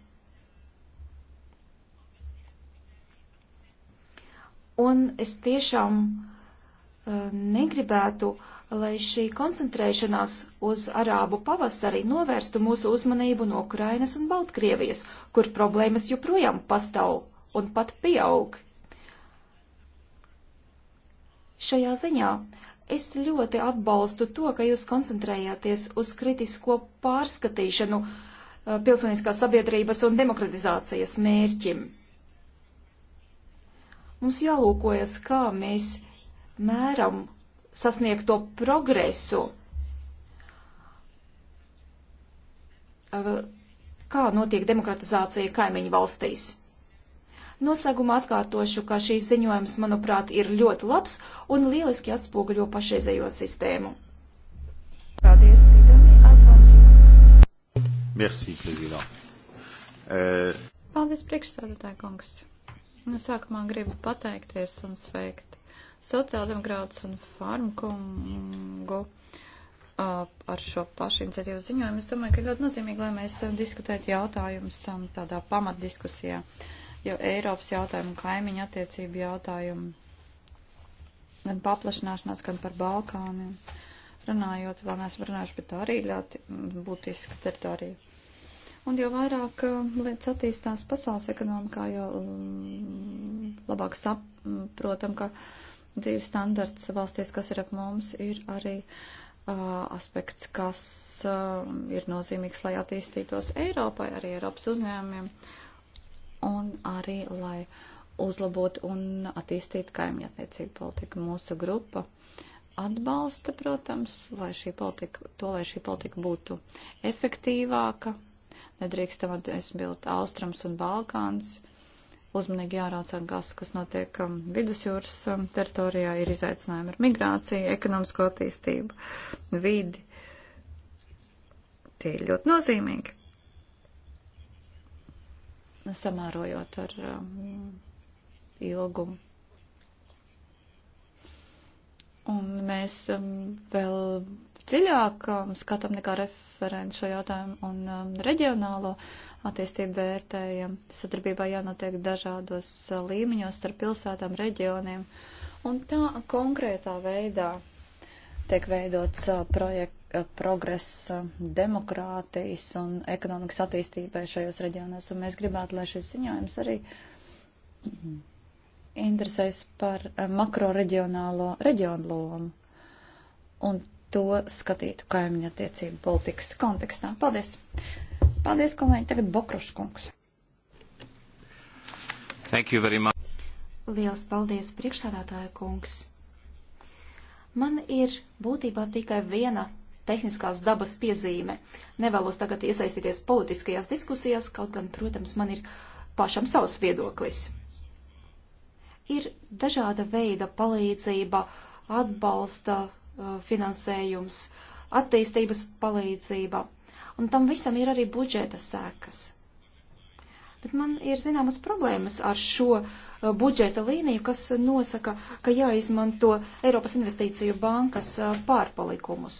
[SPEAKER 4] Un es tiešām uh, negribētu, lai šī koncentrēšanās uz arābu pavasarī novērstu mūsu uzmanību no Ukrainas un Baltkrievijas, kur problēmas joprojām pastāv un pat pieaug. Šajā ziņā es ļoti atbalstu to, ka jūs koncentrējāties uz kritisko pārskatīšanu uh, pilsoniskās sabiedrības un demokratizācijas mērķim. Mums jālūkojas, kā mēs mēram sasniegto progresu, kā notiek demokratizācija kaimiņu valstīs. Noslēgumā atkārtošu, ka šīs ziņojums, manuprāt, ir ļoti labs un lieliski atspoguļo pašreizējo sistēmu. Paldies, Sidonija Alfons.
[SPEAKER 1] Merci, prezident. Uh...
[SPEAKER 2] Paldies, priekšsādātāja kungs. Nu, sākumā gribu pateikties un sveikt sociāldemokrātus un farmkungu ar šo pašu iniciatīvu ziņojumu. Es domāju, ka ļoti nozīmīgi, lai mēs diskutētu jautājumus tādā pamatdiskusijā, jo Eiropas jautājumu, kaimiņu attiecību jautājumu, gan paplašināšanās, gan par Balkāniem runājot, vēl neesam runājuši, bet tā arī ļoti būtiska teritorija. Un jo vairāk uh, lietas attīstās pasaules ekonomikā, jo mm, labāk saprotam, ka dzīves standarts valstīs, kas ir ap mums, ir arī uh, aspekts, kas uh, ir nozīmīgs, lai attīstītos Eiropai, arī Eiropas uzņēmumiem, un arī, lai uzlabotu un attīstītu kaimiņattiecību politiku. Mūsu grupa atbalsta, protams, lai šī politika, to, lai šī politika būtu efektīvāka, nedrīkstam aizbilt Austrums un Balkāns. Uzmanīgi jāraucā gas, kas notiek um, vidusjūras um, teritorijā, ir izaicinājumi ar migrāciju, ekonomisko attīstību, vidi. Tie ir ļoti nozīmīgi. Samērojot ar um, ilgumu. Un mēs um, vēl dziļāk um, skatām nekā referents šo jautājumu un um, reģionālo attīstību vērtējam. Sadarbībā jānotiek dažādos uh, līmeņos starp pilsētām, reģioniem. Un tā konkrētā veidā tiek veidots uh, projekt, uh, progress demokrātijas un ekonomikas attīstībai šajos reģionos. Un mēs gribētu, lai šis ziņojums arī interesēs par makroreģionālo reģionu lomu. Un to skatītu kaimiņa attiecību politikas kontekstā. Paldies!
[SPEAKER 4] Paldies, kolēģi! Tagad Bokroškungs.
[SPEAKER 1] Thank you very much.
[SPEAKER 4] Liels paldies, priekšsādātāja kungs! Man ir būtībā tikai viena tehniskās dabas piezīme. Nevēlos tagad iesaistīties politiskajās diskusijās, kaut gan, protams, man ir pašam savs viedoklis. Ir dažāda veida palīdzība, atbalsta, Uh, finansējums, attīstības palīdzība. Un tam visam ir arī budžeta sēkas. Bet man ir zināmas problēmas ar šo uh, budžeta līniju, kas nosaka, ka jāizmanto Eiropas investīciju bankas uh, pārpalikumus.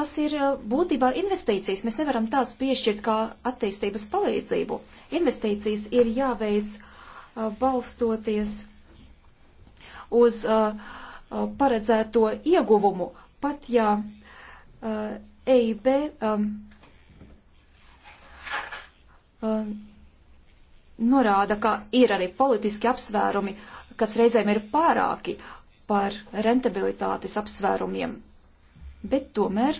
[SPEAKER 4] Tas ir būtībā investīcijas. Mēs nevaram tās piešķirt kā attīstības palīdzību. Investīcijas ir jāveic balstoties uz paredzēto ieguvumu, pat ja EIB norāda, ka ir arī politiski apsvērumi, kas reizēm ir pārāki par rentabilitātes apsvērumiem. Bet tomēr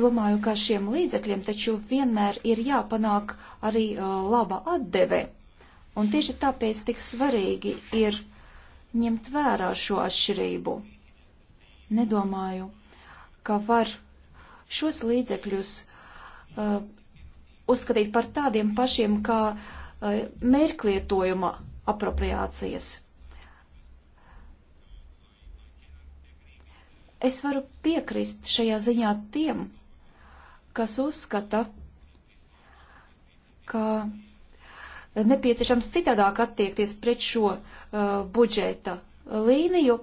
[SPEAKER 4] domāju, ka šiem līdzekļiem taču vienmēr ir jāpanāk arī laba atdeve. Un tieši tāpēc tik svarīgi ir ņemt vērā šo atšķirību. Nedomāju, ka var šos līdzekļus uh, uzskatīt par tādiem pašiem kā uh, mērklietojuma apropriācijas. Es varu piekrist šajā ziņā tiem, kas uzskata, ka nepieciešams citādāk attiekties pret šo uh, budžeta līniju,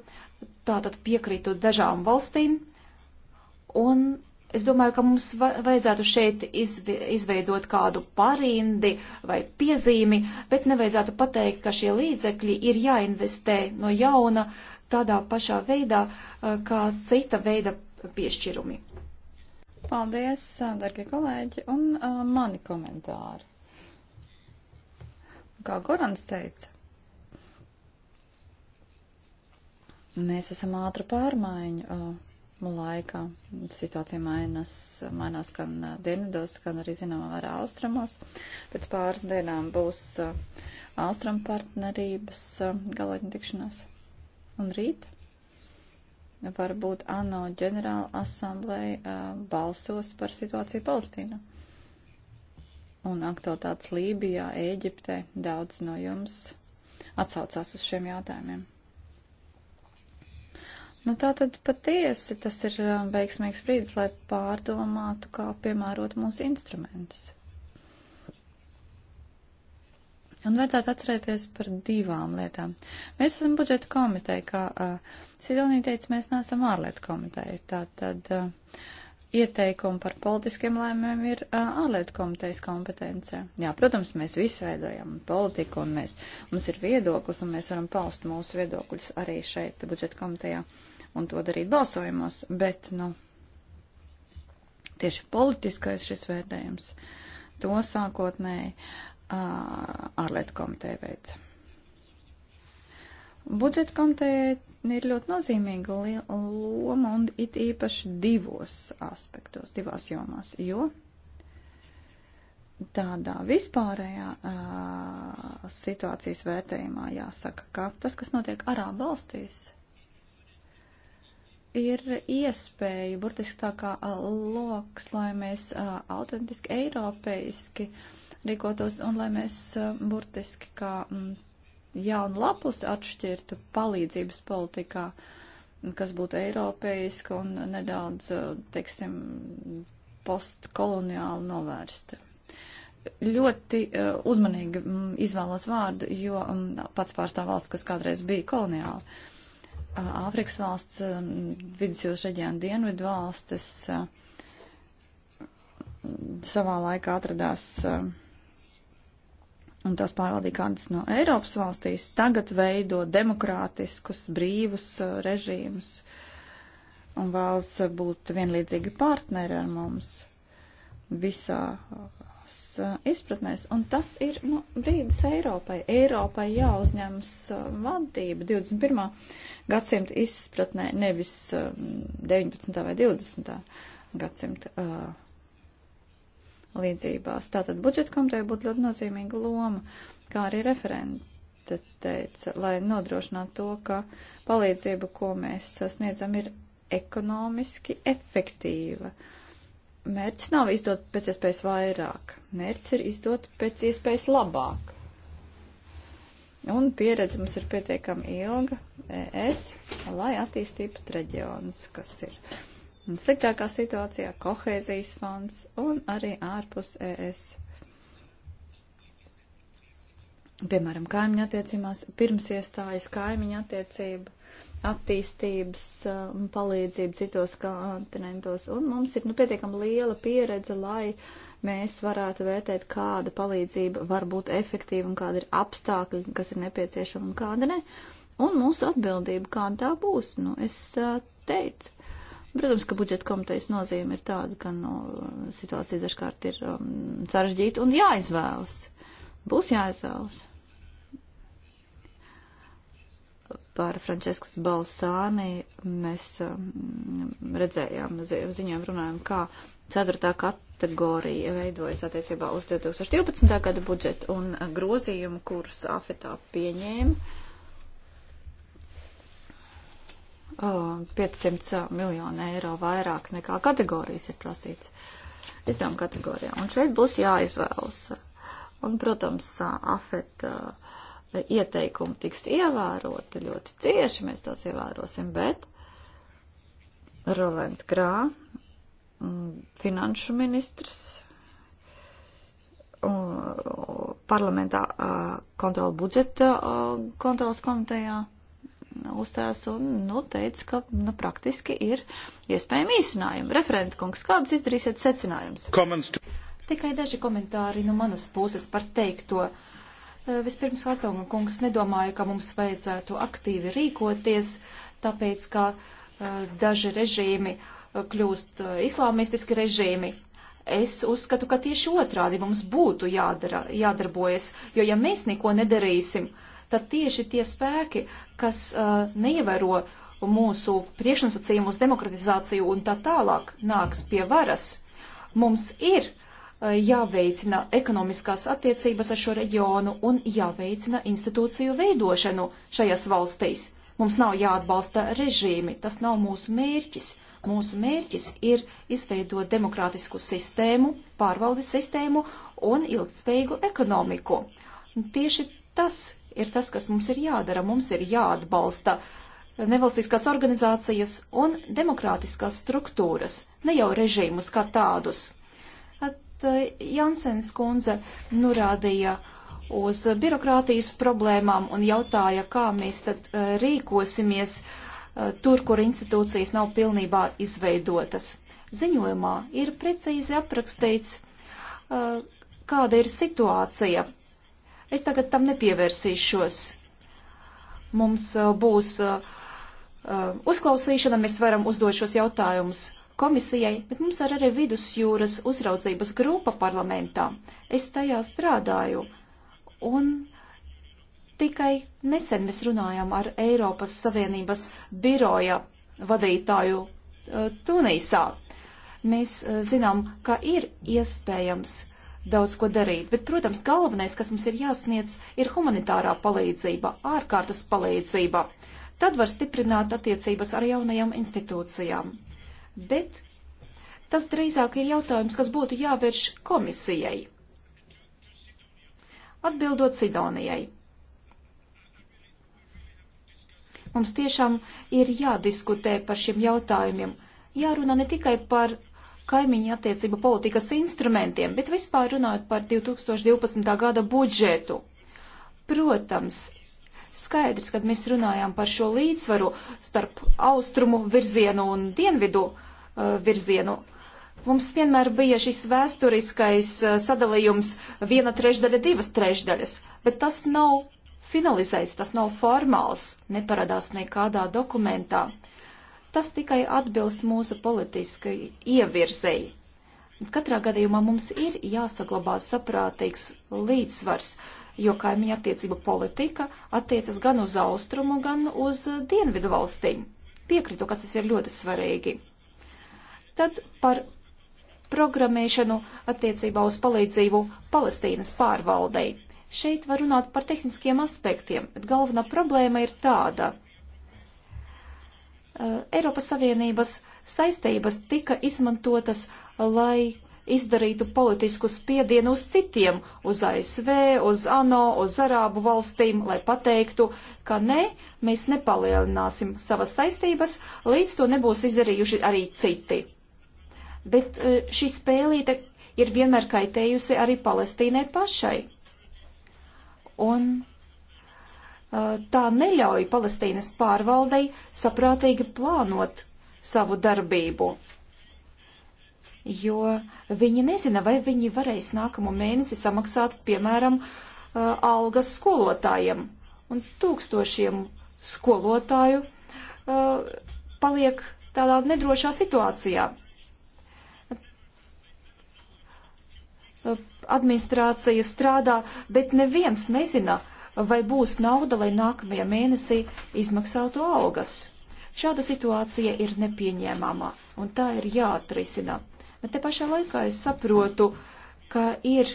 [SPEAKER 4] tātad piekrītu dažām valstīm, un es domāju, ka mums vajadzētu šeit izveidot kādu parindi vai piezīmi, bet nevajadzētu pateikt, ka šie līdzekļi ir jāinvestē no jauna tādā pašā veidā, uh, kā cita veida piešķirumi.
[SPEAKER 2] Paldies, darbie kolēģi, un uh, mani komentāri. Kā Gorans teica, mēs esam ātru pārmaiņu uh, laikā. Situācija mainas, mainās gan uh, dienvidos, gan arī zināmā vērā austrumos. Pēc pāris dienām būs uh, austrumu partnerības uh, galotņu tikšanās. Un rīt varbūt ANO ģenerāla asamblēja uh, balsos par situāciju Palestīnā un aktualitātes Lībijā, Ēģiptē. Daudz no jums atsaucās uz šiem jautājumiem. Nu, tā tad patiesi tas ir uh, veiksmīgs brīdis, lai pārdomātu, kā piemērot mūsu instrumentus. Un vajadzētu atcerēties par divām lietām. Mēs esam budžeta komiteja, kā uh, Sidonija teica, mēs neesam ārlietu komiteja. Tā tad uh, ieteikumi par politiskiem lēmumiem ir ārlietu komitejas kompetence. Jā, protams, mēs visi veidojam politiku un mēs, mums ir viedoklis un mēs varam paust mūsu viedokļus arī šeit budžeta komitejā un to darīt balsojumos, bet, nu, tieši politiskais šis vērtējums, to sākotnēji ārlietu komiteja veica. Budžeta komitejai Un ir ļoti nozīmīga loma un it īpaši divos aspektos, divās jomās, jo tādā vispārējā uh, situācijas vērtējumā jāsaka, ka tas, kas notiek Arābu valstīs, ir iespēja, burtiski tā kā uh, loks, lai mēs uh, autentiski, eiropeiski rīkotos un lai mēs uh, burtiski kā. Mm, jaunu lapusi atšķirtu palīdzības politikā, kas būtu eiropeiska un nedaudz, eh, teiksim, postkoloniāli novērsta. Ļoti eh, uzmanīgi mm, izvēlos vārdu, jo mm, pats pārstāv valsts, kas kādreiz bija koloniāli. Āfrikas valsts, mm, vidusjūras reģiona dienvidu valstis eh, savā laikā atradās uh, un tās pārvaldīja kādas no Eiropas valstīs, tagad veido demokrātiskus, brīvus uh, režīmus un vēlas uh, būt vienlīdzīgi partneri ar mums visās uh, izpratnēs. Un tas ir nu, brīdis Eiropai. Eiropai jāuzņemas vadība 21. gadsimta izpratnē, nevis 19. Um, vai 20. gadsimta. Uh, līdzībās. Tātad budžeta komitejai būtu ļoti nozīmīga loma, kā arī referente teica, lai nodrošinātu to, ka palīdzība, ko mēs sasniedzam, ir ekonomiski efektīva. Mērķis nav izdot pēc iespējas vairāk. Mērķis ir izdot pēc iespējas labāk. Un pieredze mums ir pietiekami ilga, es, lai attīstītu reģionus, kas ir sliktākā situācijā kohēzijas fonds un arī ārpus ES. Piemēram, kaimiņa attiecībās, pirms iestājas kaimiņa attiecība, attīstības uh, un palīdzību citos kontinentos. Un mums ir nu, pietiekami liela pieredze, lai mēs varētu vērtēt, kāda palīdzība var būt efektīva un kāda ir apstākļi, kas ir nepieciešama un kāda ne. Un mūsu atbildība, kāda tā būs, nu, es uh, teicu. Protams, ka budžeta komitejas nozīme ir tāda, ka no, nu, situācija dažkārt ir um, sarežģīta un jāizvēlas. Būs jāizvēlas. Par Frančiskas Balsāni mēs um, redzējām, zi ziņām runājām, kā ceturtā kategorija veidojas attiecībā uz 2012. gada budžetu un grozījumu, kurus AFETā pieņēma 500 miljonu eiro vairāk nekā kategorijas ir prasīts izdevuma kategorijā. Un šeit būs jāizvēlas. Un, protams, afet e, ieteikumi tiks ievēroti ļoti cieši, mēs tos ievērosim, bet Rolēns Grā, finanšu ministrs, parlamentā e, kontrola budžeta e, kontrolas komitejā uzstājās un nu, teica, ka nu, praktiski ir iespējami īsinājumi. Referenta kungs, kādus izdarīsiet secinājumus? To... Tikai
[SPEAKER 4] daži komentāri no manas puses par teikto. Eh, vispirms Hartonga kungs nedomāja, ka mums vajadzētu aktīvi rīkoties, tāpēc, ka eh, daži režīmi eh, kļūst islāmistiski režīmi. Es uzskatu, ka tieši otrādi mums būtu jādara, jādarbojas, jo ja mēs neko nedarīsim, uh, tad tieši tie spēki, kas uh, neievēro mūsu priekšnosacījumus, demokratizāciju un tā tālāk nāks pie varas, mums ir uh, jāveicina ekonomiskās attiecības ar šo reģionu un jāveicina institūciju veidošanu šajās valstīs. Mums nav jāatbalsta režīmi, tas nav mūsu mērķis. Mūsu mērķis ir izveidot demokrātisku sistēmu, pārvaldes sistēmu un ilgspējīgu ekonomiku. Tieši tas ir tas, kas mums ir jādara. Mums ir jāatbalsta nevalstiskās organizācijas un demokrātiskās struktūras, ne jau režīmus kā tādus. At eh, Jansens kundze norādīja uz birokrātijas problēmām un jautāja, kā mēs tad eh, rīkosimies eh, tur, kur institūcijas nav pilnībā izveidotas. Ziņojumā ir precīzi aprakstīts, kāda ir situācija Es tagad tam nepievērsīšos. Mums uh, būs uh, uh, uzklausīšana, mēs varam uzdot šos jautājumus komisijai, bet mums ir arī vidusjūras uzraudzības grupa parlamentā. Es tajā strādāju, un tikai nesen mēs runājām ar Eiropas Savienības biroja vadītāju uh, Tunīsā. Mēs uh, zinām, ka ir iespējams daudz ko darīt. Bet, protams, galvenais, kas mums ir jāsniedz, ir humanitārā palīdzība, ārkārtas palīdzība. Tad var stiprināt attiecības ar jaunajām institūcijām. Bet tas drīzāk ir jautājums, kas būtu jāvērš komisijai. Atbildot Sidonijai. Mums tiešām ir jādiskutē par šiem jautājumiem. Jārunā ne tikai par kaimiņa attiecību politikas instrumentiem, bet vispār runājot par 2012. gada budžetu. Protams, skaidrs, kad mēs runājām par šo līdzsvaru starp austrumu virzienu un dienvidu uh, virzienu, mums vienmēr bija šis vēsturiskais uh, sadalījums viena trešdaļa, divas trešdaļas, bet tas nav finalizēts, tas nav formāls, neparādās nekādā dokumentā. Uh, Tas tikai atbilst mūsu politiskai ievirzēji. Katrā gadījumā mums ir jāsaglabā saprātīgs līdzsvars, jo kaimiņa attiecība politika attiecas gan uz austrumu, gan uz dienvidu valstīm. Piekrītu, ka tas ir ļoti svarīgi. Tad par programmēšanu attiecībā uz palīdzību Palestīnas pārvaldei. Šeit var runāt par tehniskiem aspektiem, bet galvenā problēma ir tāda – Eh, Eiropas Savienības saistības tika izmantotas, lai izdarītu politisku spiedienu uz citiem, uz ASV, uz ANO, uz Arābu valstīm, lai pateiktu, ka nē, ne, mēs nepalielināsim savas saistības, līdz to nebūs izdarījuši arī citi. Bet eh, šī spēlīte ir vienmēr kaitējusi arī Palestīnai pašai. Un tā neļauj Palestīnas pārvaldei saprātīgi plānot savu darbību, jo viņi nezina, vai viņi varēs nākamo mēnesi samaksāt, piemēram, uh, algas skolotājiem. Un tūkstošiem skolotāju uh, paliek tādā nedrošā situācijā. Uh, administrācija strādā, bet neviens nezina, vai būs nauda, lai nākamajā mēnesī izmaksātu algas. Šāda situācija ir nepieņēmama, un tā ir jāatrisina. Bet te pašā laikā es saprotu, ka ir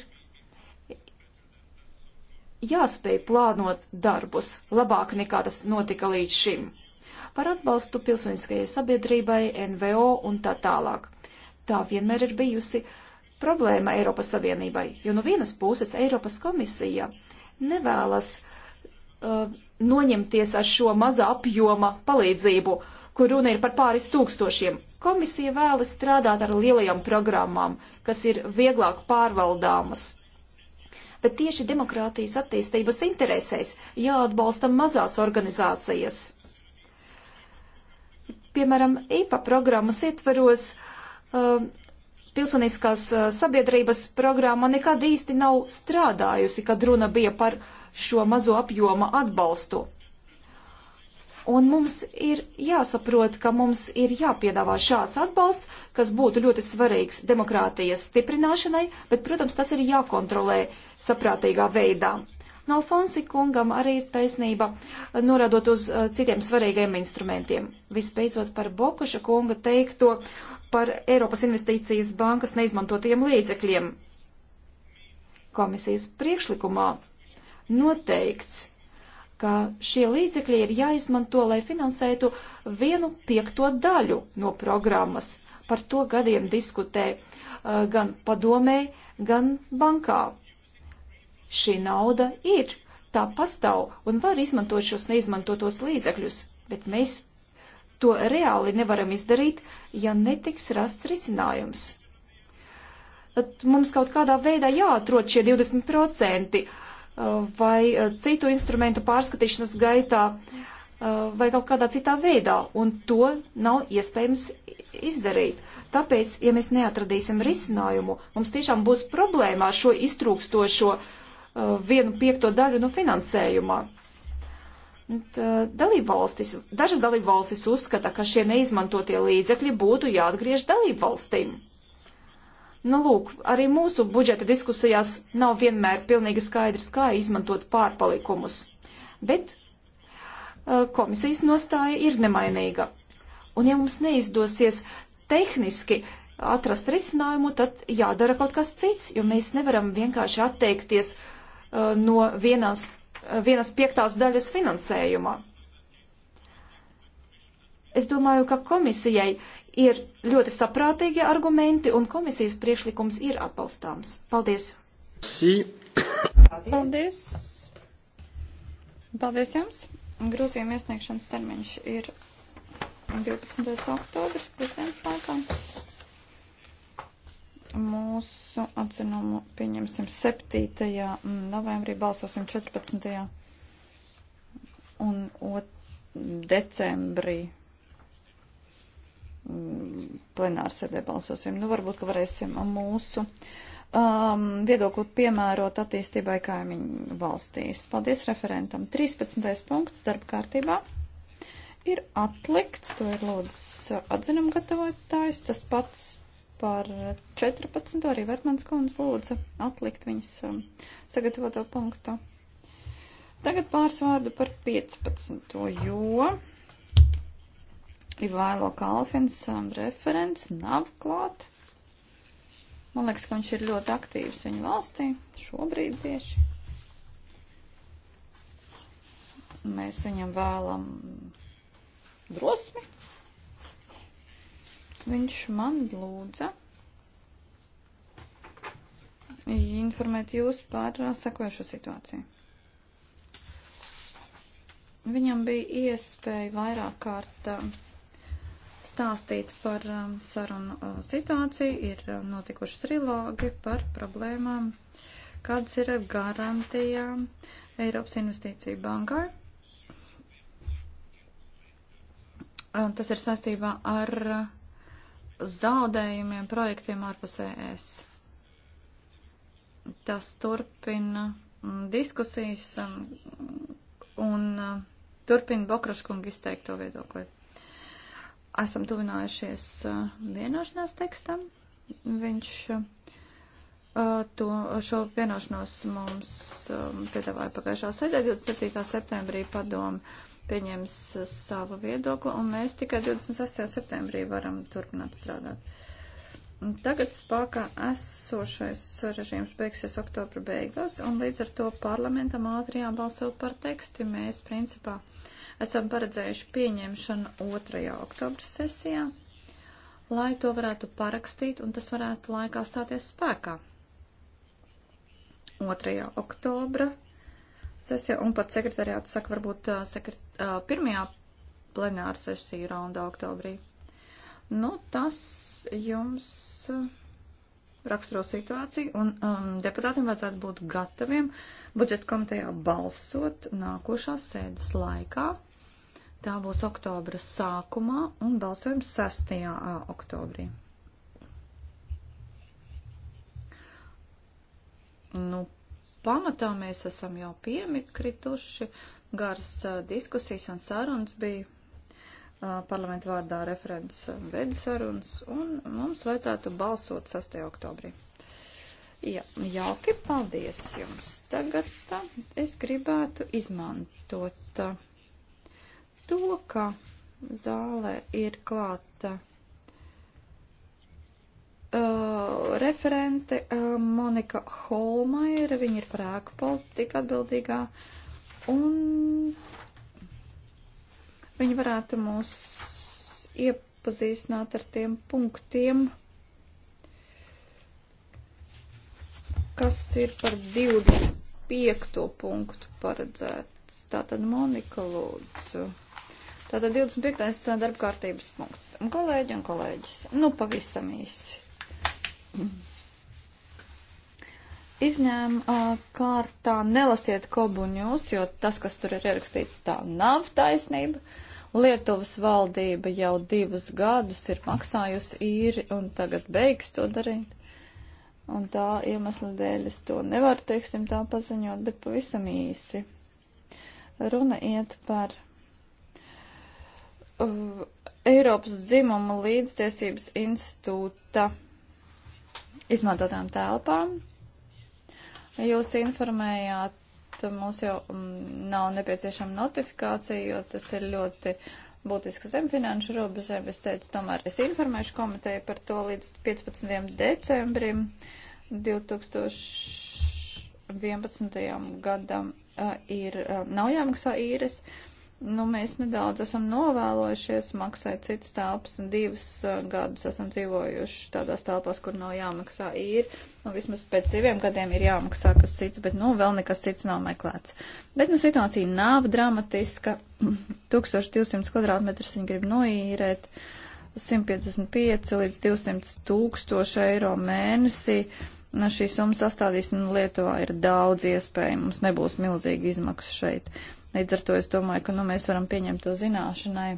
[SPEAKER 4] jāspēj plānot darbus labāk nekā tas notika līdz šim. Par atbalstu pilsoniskajai sabiedrībai, NVO un tā tālāk. Tā vienmēr ir bijusi problēma Eiropas Savienībai, jo no vienas puses Eiropas komisija nevēlas uh, noņemties ar šo maza apjoma palīdzību, kur runa ir par pāris tūkstošiem. Komisija vēlas strādāt ar lielajām programmām, kas ir vieglāk pārvaldāmas. Bet tieši demokrātijas attīstības interesēs jāatbalsta mazās organizācijas. Piemēram, IPA e programmas ietveros uh, pilsoniskās sabiedrības programma nekad īsti nav strādājusi, kad runa bija par šo mazo apjoma atbalstu. Un mums ir jāsaprot, ka mums ir jāpiedāvā šāds atbalsts, kas būtu ļoti svarīgs demokrātijas stiprināšanai, bet, protams, tas ir jākontrolē saprātīgā veidā. No Fonsi kungam arī ir taisnība, norādot uz citiem svarīgiem instrumentiem. Vispēcot par Bokuša kunga teikto, uh, par Eiropas investīcijas bankas neizmantotiem līdzekļiem. Komisijas priekšlikumā noteikts, ka šie līdzekļi ir jāizmanto, lai finansētu vienu piekto daļu no programmas. Par to gadiem diskutē uh, gan padomē, gan bankā. Šī nauda ir, tā pastāv un var izmantot šos neizmantotos līdzekļus, bet mēs To reāli nevaram izdarīt, ja netiks rasts risinājums. At mums kaut kādā veidā jāatrod šie 20% uh, vai uh, citu instrumentu pārskatīšanas gaitā uh, vai kaut kādā citā veidā, un to nav iespējams izdarīt. Tāpēc, ja mēs neatradīsim risinājumu, mums tiešām būs problēma ar šo iztrūkstošo vienu piekto daļu no finansējuma. Dalībvalstis, dažas dalībvalstis uzskata, ka šie neizmantotie līdzekļi būtu jāatgriež dalībvalstīm. Nu, lūk, arī mūsu budžeta diskusijās nav vienmēr pilnīgi skaidrs, kā izmantot pārpalikumus. Bet komisijas nostāja ir nemainīga. Un ja mums neizdosies tehniski atrast risinājumu, tad jādara kaut kas cits, jo mēs nevaram vienkārši atteikties no vienās vienas piektās daļas finansējuma. Es domāju, ka komisijai ir ļoti saprātīgi argumenti un komisijas priekšlikums ir atbalstāms. Paldies! Si. Paldies! Paldies
[SPEAKER 2] jums! Grūzījuma iesniegšanas termiņš ir 12. oktobris, pusdienas laikā. Mūsu atzinumu pieņemsim 7. novembrī, balsosim 14. un 2. decembrī plenārsēdē balsosim. Nu, varbūt, ka varēsim mūsu um, viedokli piemērot attīstībai kaimiņu valstīs. Paldies referentam. 13. punkts darba kārtībā ir atlikts, to ir lūdzu atzinuma gatavotājs, tas pats par 14. arī Vertmans kundze lūdza atlikt viņas um, sagatavoto punktu. Tagad pāris vārdu par 15. jo Ivailo Kalfins um, referents nav klāt. Man liekas, ka viņš ir ļoti aktīvs viņa valstī šobrīd tieši. Mēs viņam vēlam drosmi viņš man lūdza informēt jūs par uh, sekojošo situāciju. Viņam bija iespēja vairāk kārt uh, stāstīt par um, sarunu uh, situāciju, ir notikuši trilogi par problēmām, kādas ir ar garantijām Eiropas investīciju bankai. Tas ir saistībā ar uh, zaudējumiem projektiem ārpus ES. Tas turpina mm, diskusijas mm, un mm, turpina Bokraškunga izteikto viedokli. Esam tuvinājušies vienošanās tekstam. Viņš to, šo vienošanos mums piedāvāja pagājušā sēdē 27. septembrī padomu pieņems uh, savu viedokli, un mēs tikai 28. septembrī varam turpināt strādāt. Tagad spākā esošais režīms beigsies oktobra beigās, un līdz ar to parlamentam ātri jābalso par tekstu. Mēs, principā, esam paredzējuši pieņemšanu 2. oktobra sesijā, lai to varētu parakstīt, un tas varētu laikā stāties spēkā. 2. oktobra sesijā, un pat sekretariāts saka, varbūt sekret, pirmajā plenāra sesija raunda oktobrī. Nu, tas jums raksturo situāciju, un um, deputātiem vajadzētu būt gataviem budžeta komitejā balsot nākošās sēdes laikā. Tā būs oktobra sākumā un balsojums 6. oktobrī. Nu, pamatā mēs esam jau piemikrituši, garas diskusijas un sarunas bija parlamentu vārdā referents veda sarunas, un mums vajadzētu balsot 6. oktobrī. Jā, jauki, paldies jums. Tagad tā, es gribētu izmantot to, ka zālē ir klāta Uh, referente uh, Monika Holmaira, viņa ir par ēku politiku atbildīgā, un viņa varētu mūs iepazīstināt ar tiem punktiem, kas ir par 25. punktu paredzēts. Tātad Monika lūdzu. Tātad 25. darba kārtības punkts. Un kolēģi un kolēģis, nu pavisam īsi Izņēma kārtā nelasiet kobuņus, jo tas, kas tur ir ierakstīts, tā nav taisnība. Lietuvas valdība jau divus gadus ir maksājusi īri un tagad beigs to darīt. Un tā iemesla dēļ es to nevaru, teiksim, tā paziņot, bet pavisam īsi. Runa iet par uh, Eiropas dzimuma līdztiesības institūta izmantotām telpām. Jūs informējāt, mums jau mm, nav nepieciešama notifikācija, jo tas ir ļoti būtiski zem finanšu robežēm. Es teicu, tomēr es informēšu komiteju par to līdz 15. decembrim 2011. gadam ir, nav jāmaksā īres. Uh, nu, mēs nedaudz esam novēlojušies maksāt citas telpas, un divus uh, gadus esam dzīvojuši tādās telpās, kur nav jāmaksā īri. Nu, vismaz pēc diviem gadiem ir jāmaksā kas cits, bet, nu, vēl nekas cits nav meklēts. Bet, nu, situācija nav dramatiska. 1200 *clears throat* kvadrātmetrus viņi grib noīrēt. 155 līdz 200 tūkstoši eiro mēnesī. Na, nu, šī summa sastādīs, un Lietuvā ir daudz iespēju, mums nebūs milzīgi izmaksas šeit. Līdz ar to es domāju, ka nu, mēs varam pieņemt to zināšanai.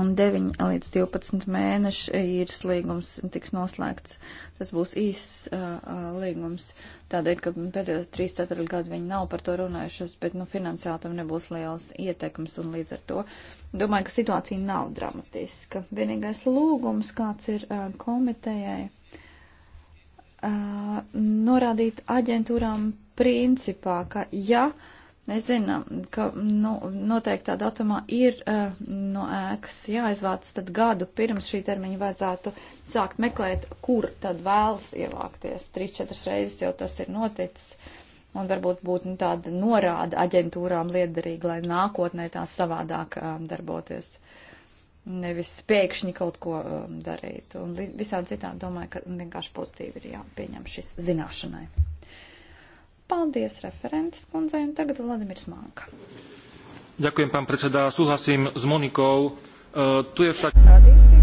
[SPEAKER 2] Un 9 līdz 12 mēneši īres līgums tiks noslēgts. Tas būs īss uh, līgums. Tādēļ, ka pēdējos 3-4 gadu viņi nav par to runājušas, bet nu, finansiāli tam nebūs liels ietekmes un līdz ar to. Domāju, ka situācija nav dramatiska. Vienīgais lūgums, kāds ir uh, komitejai, uh, norādīt aģentūrām principā, ka ja. Uh, Mēs zinām, ka nu, noteiktā datumā ir uh, no ēkas jāizvāc, tad gadu pirms šī termiņa vajadzētu sākt meklēt, kur tad vēlas ievākties. Trīs, četras reizes jau tas ir noticis, un varbūt būtu nu, tāda norāda aģentūrām liederīga, lai nākotnē tās savādāk uh, darboties. Nevis pēkšņi kaut ko um, eh, darīt. Un visādi citādi domāju, ka vienkārši pozitīvi ir jāpieņem šis zināšanai. Paldies referentes kundzei un tagad Vladimirs Manka.
[SPEAKER 1] Ďakujem, pán predsedá. Súhlasím s Monikou. Uh, tu je však... Paldies.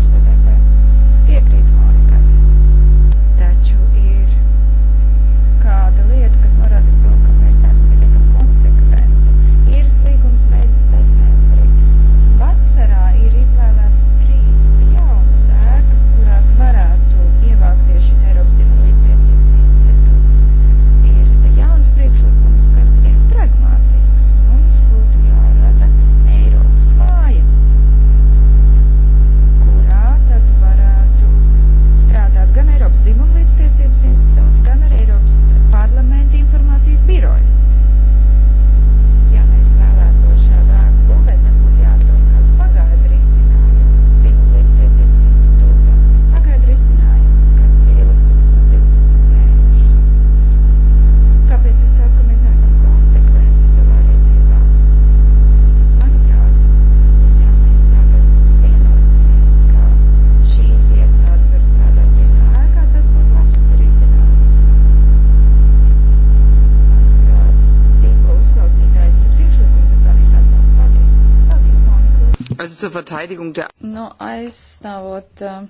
[SPEAKER 3] Verteidigung der. Nu,
[SPEAKER 2] aizstāvot. Eh,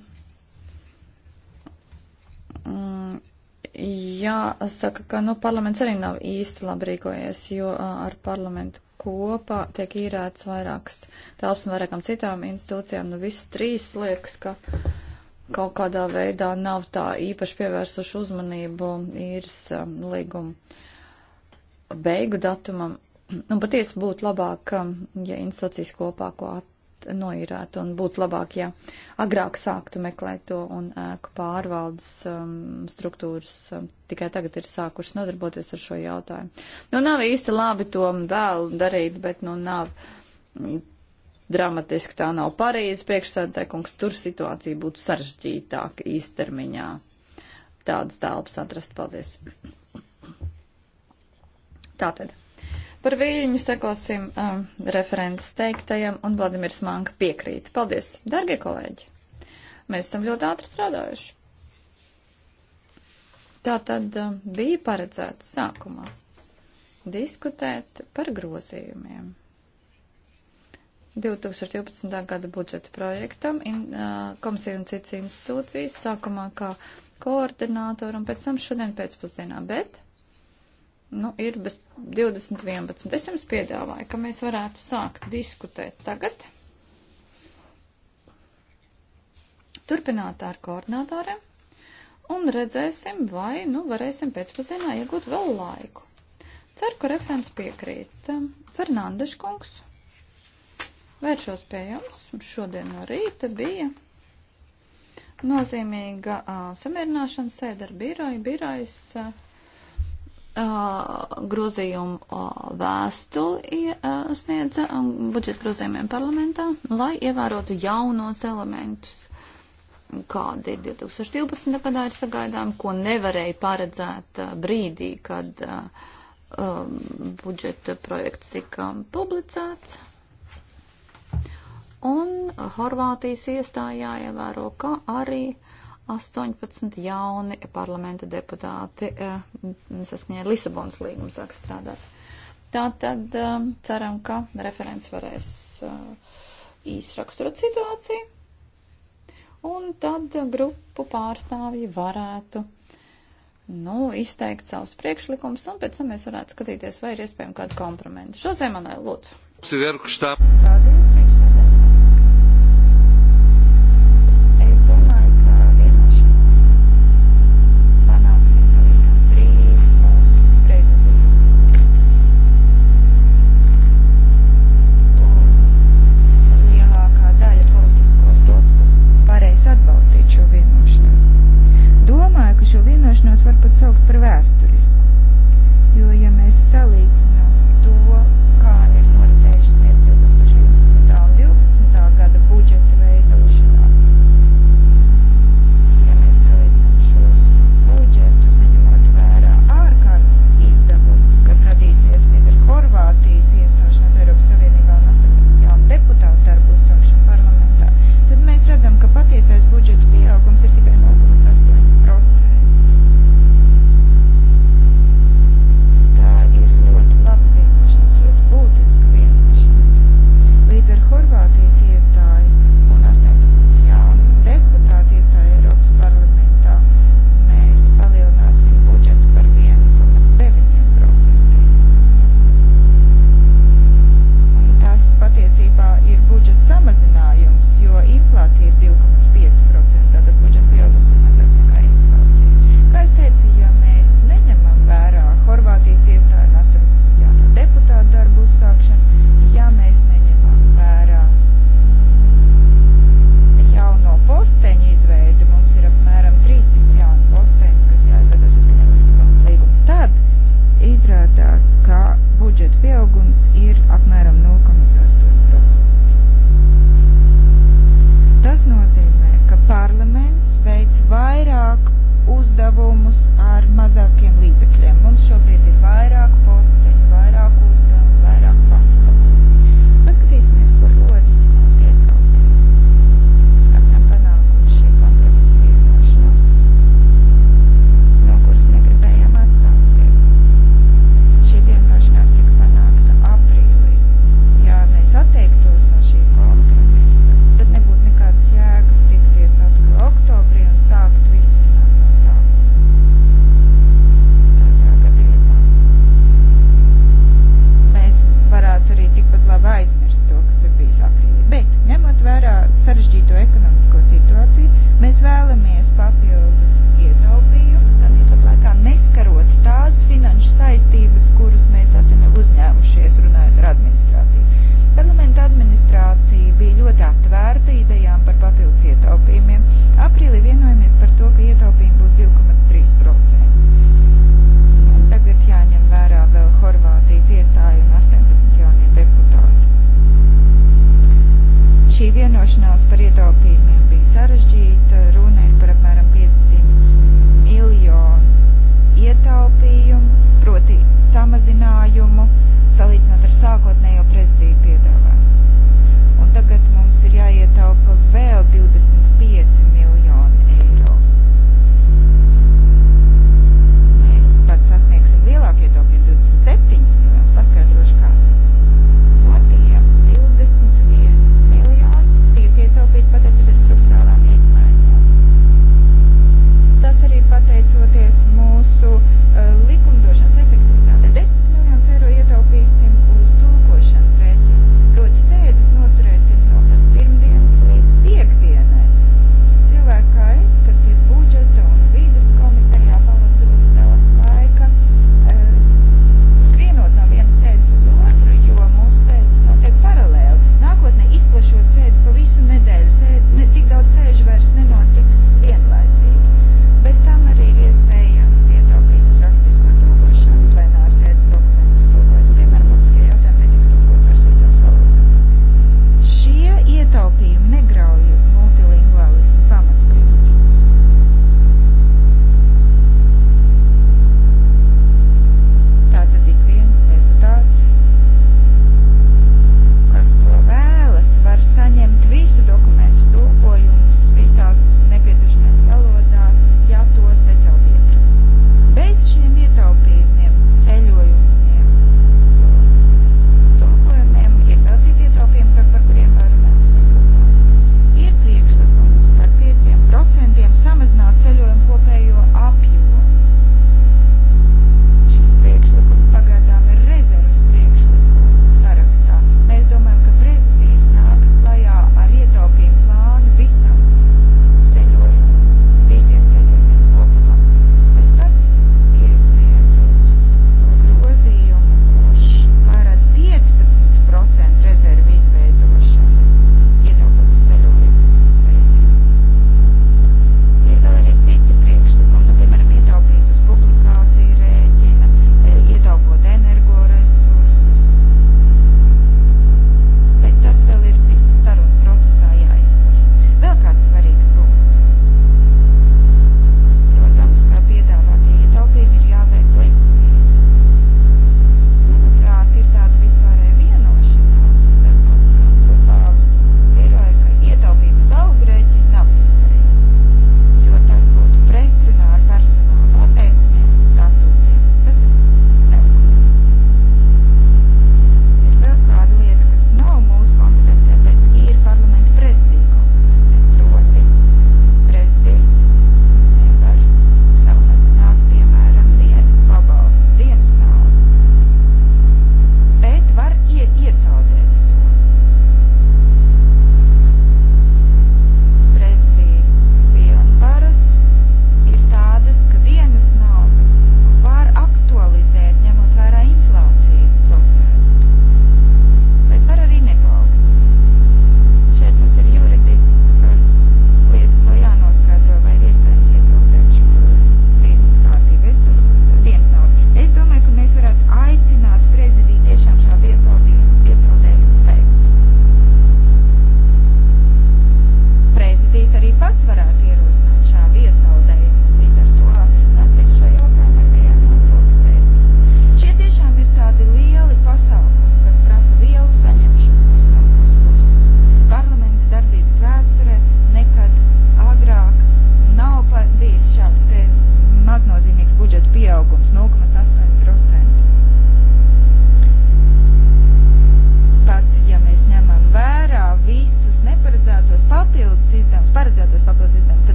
[SPEAKER 2] mm, jāsaka, ka nu, parlaments arī nav īsti labi rīkojies, jo eh, ar parlamentu kopā tiek īrēts vairākas telpas un vairākām citām institūcijām. Nu, viss trīs liekas, ka kaut kādā veidā nav tā īpaši pievērsuši uzmanību īres um, līguma beigu datumam. Un nu, patiesi būtu labāk, ja institūcijas kopā ko at noīrēt un būtu labāk, ja agrāk sāktu meklēt to un ēku pārvaldes um, struktūras um, tikai tagad ir sākušas nodarboties ar šo jautājumu. Nu, nav īsti labi to vēl darīt, bet, nu, nav mm, dramatiski tā nav Parīzes priekšsēdētāja kungs, tur situācija būtu sarežģītāka īstermiņā. Tādas telpas atrast, paldies. Tātad. Par viļņu sekosim um, referents teiktajam un Vladimirs Manka piekrīt. Paldies, dargie kolēģi! Mēs esam ļoti ātri strādājuši. Tā tad um, bija paredzēts sākumā diskutēt par grozījumiem. 2012. gada budžeta projektam in, uh, komisija un citas institūcijas sākumā kā koordinātori un pēc tam šodien pēcpusdienā, bet nu, ir bez 2011. Es jums piedāvāju, ka mēs varētu sākt diskutēt tagad. Turpināt ar koordinātāriem un redzēsim, vai nu varēsim pēcpusdienā iegūt vēl laiku. Ceru, ka referents piekrīt. Um, Fernandes kungs vēršos pie jums. Šodien no rīta bija nozīmīga uh, samierināšanas sēde ar biroju. Birojs uh, grozījumu vēstuli iesniedza budžeta grozījumiem parlamentā, lai ievērotu jaunos elementus, kādi ir 2012. gadā ir sagaidām, ko nevarēja paredzēt brīdī, kad um, budžeta projekts tika publicēts. Un Horvātijas iestājā ievēro, ka arī uh, 18 jauni parlamenta deputāti eh, saskaņā ar Lisabonas līgumu sāk strādāt. Tā tad eh, ceram, ka referents varēs īsraksturot eh, situāciju, un tad grupu pārstāvji varētu nu, izteikt savus priekšlikumus, un pēc tam mēs varētu skatīties, vai ir iespējami kādu kompromisu. Šo zemu man
[SPEAKER 3] lūdzu. Paldies!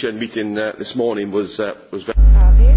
[SPEAKER 3] presentation meeting uh, this morning was, uh, was very... Paldies.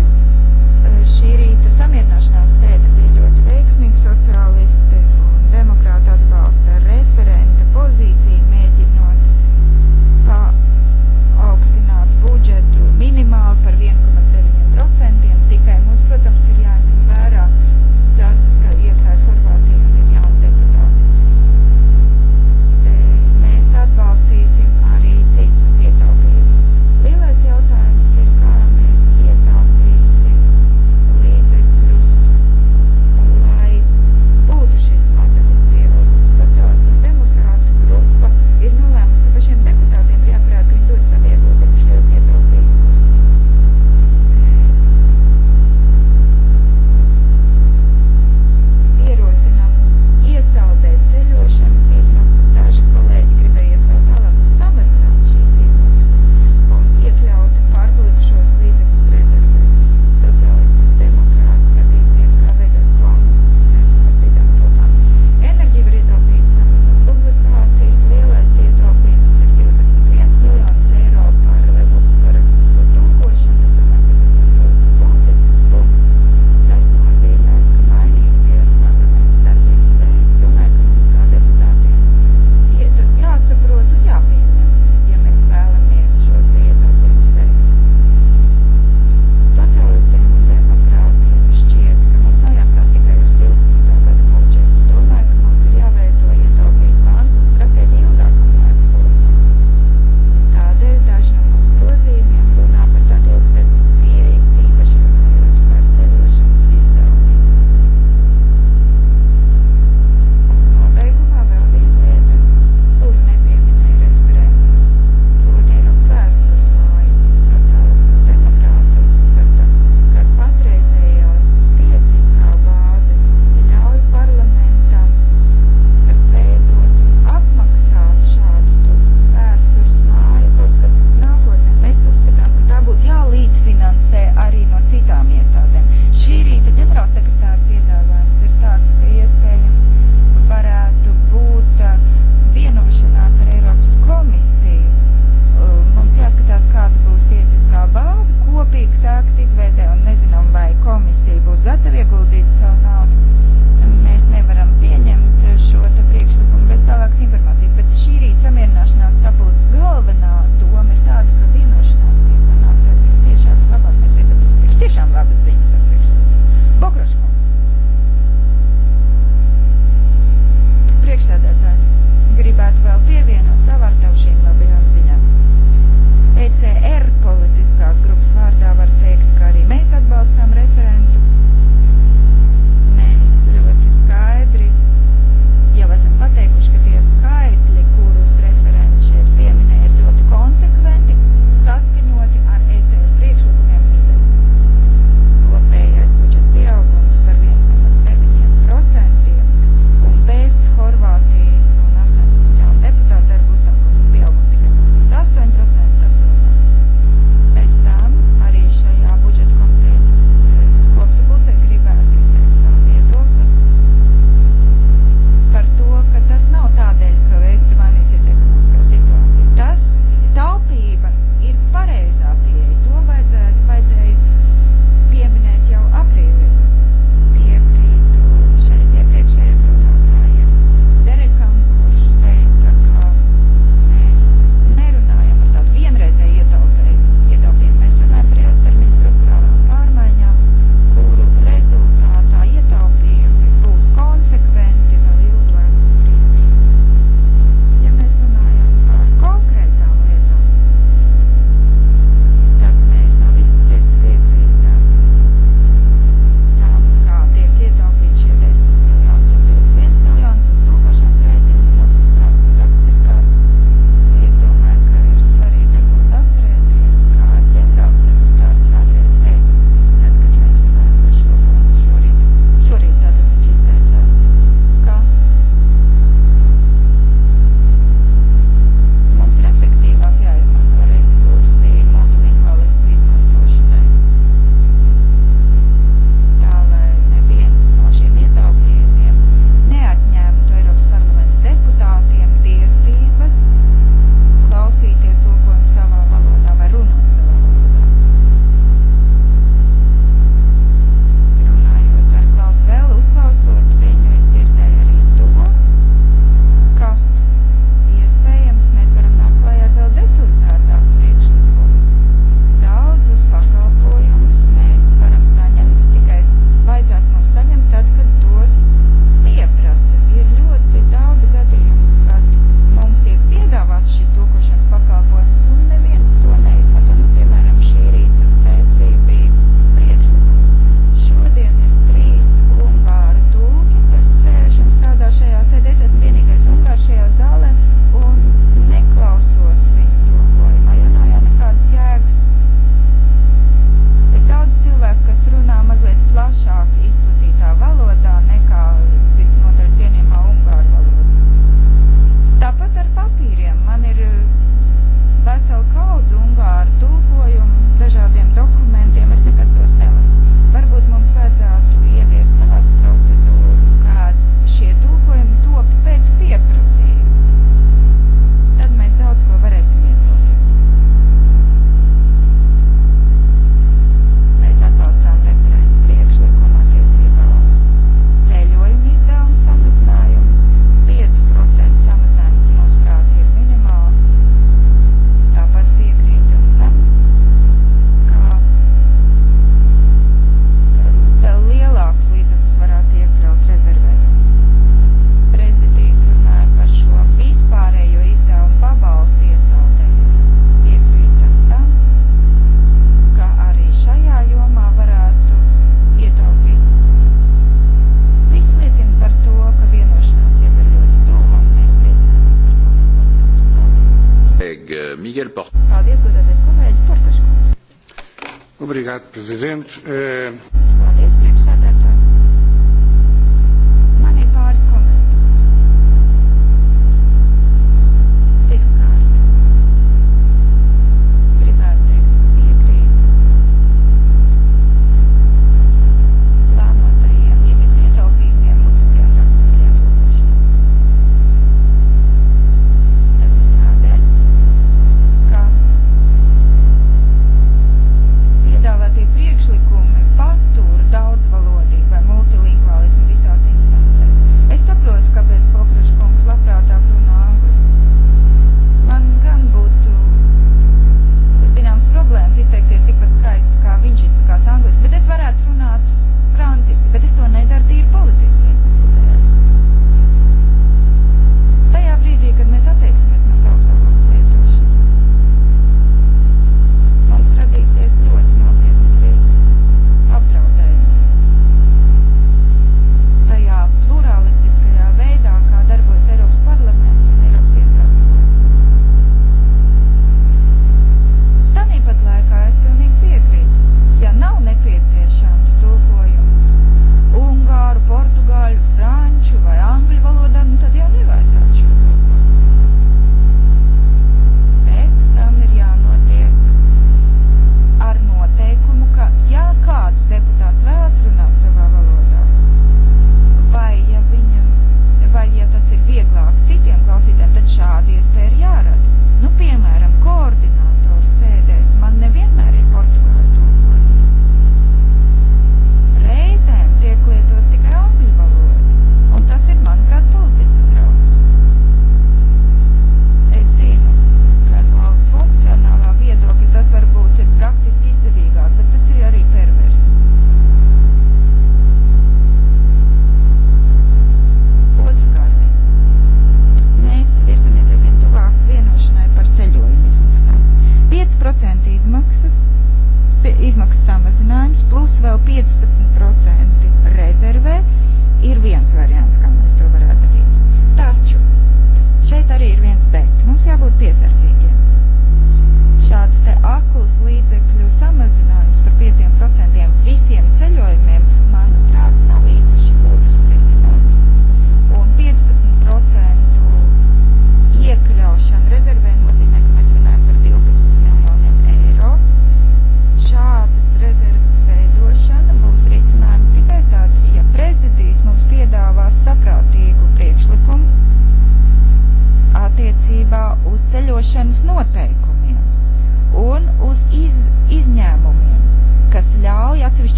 [SPEAKER 3] Obrigado, Presidente. Uh...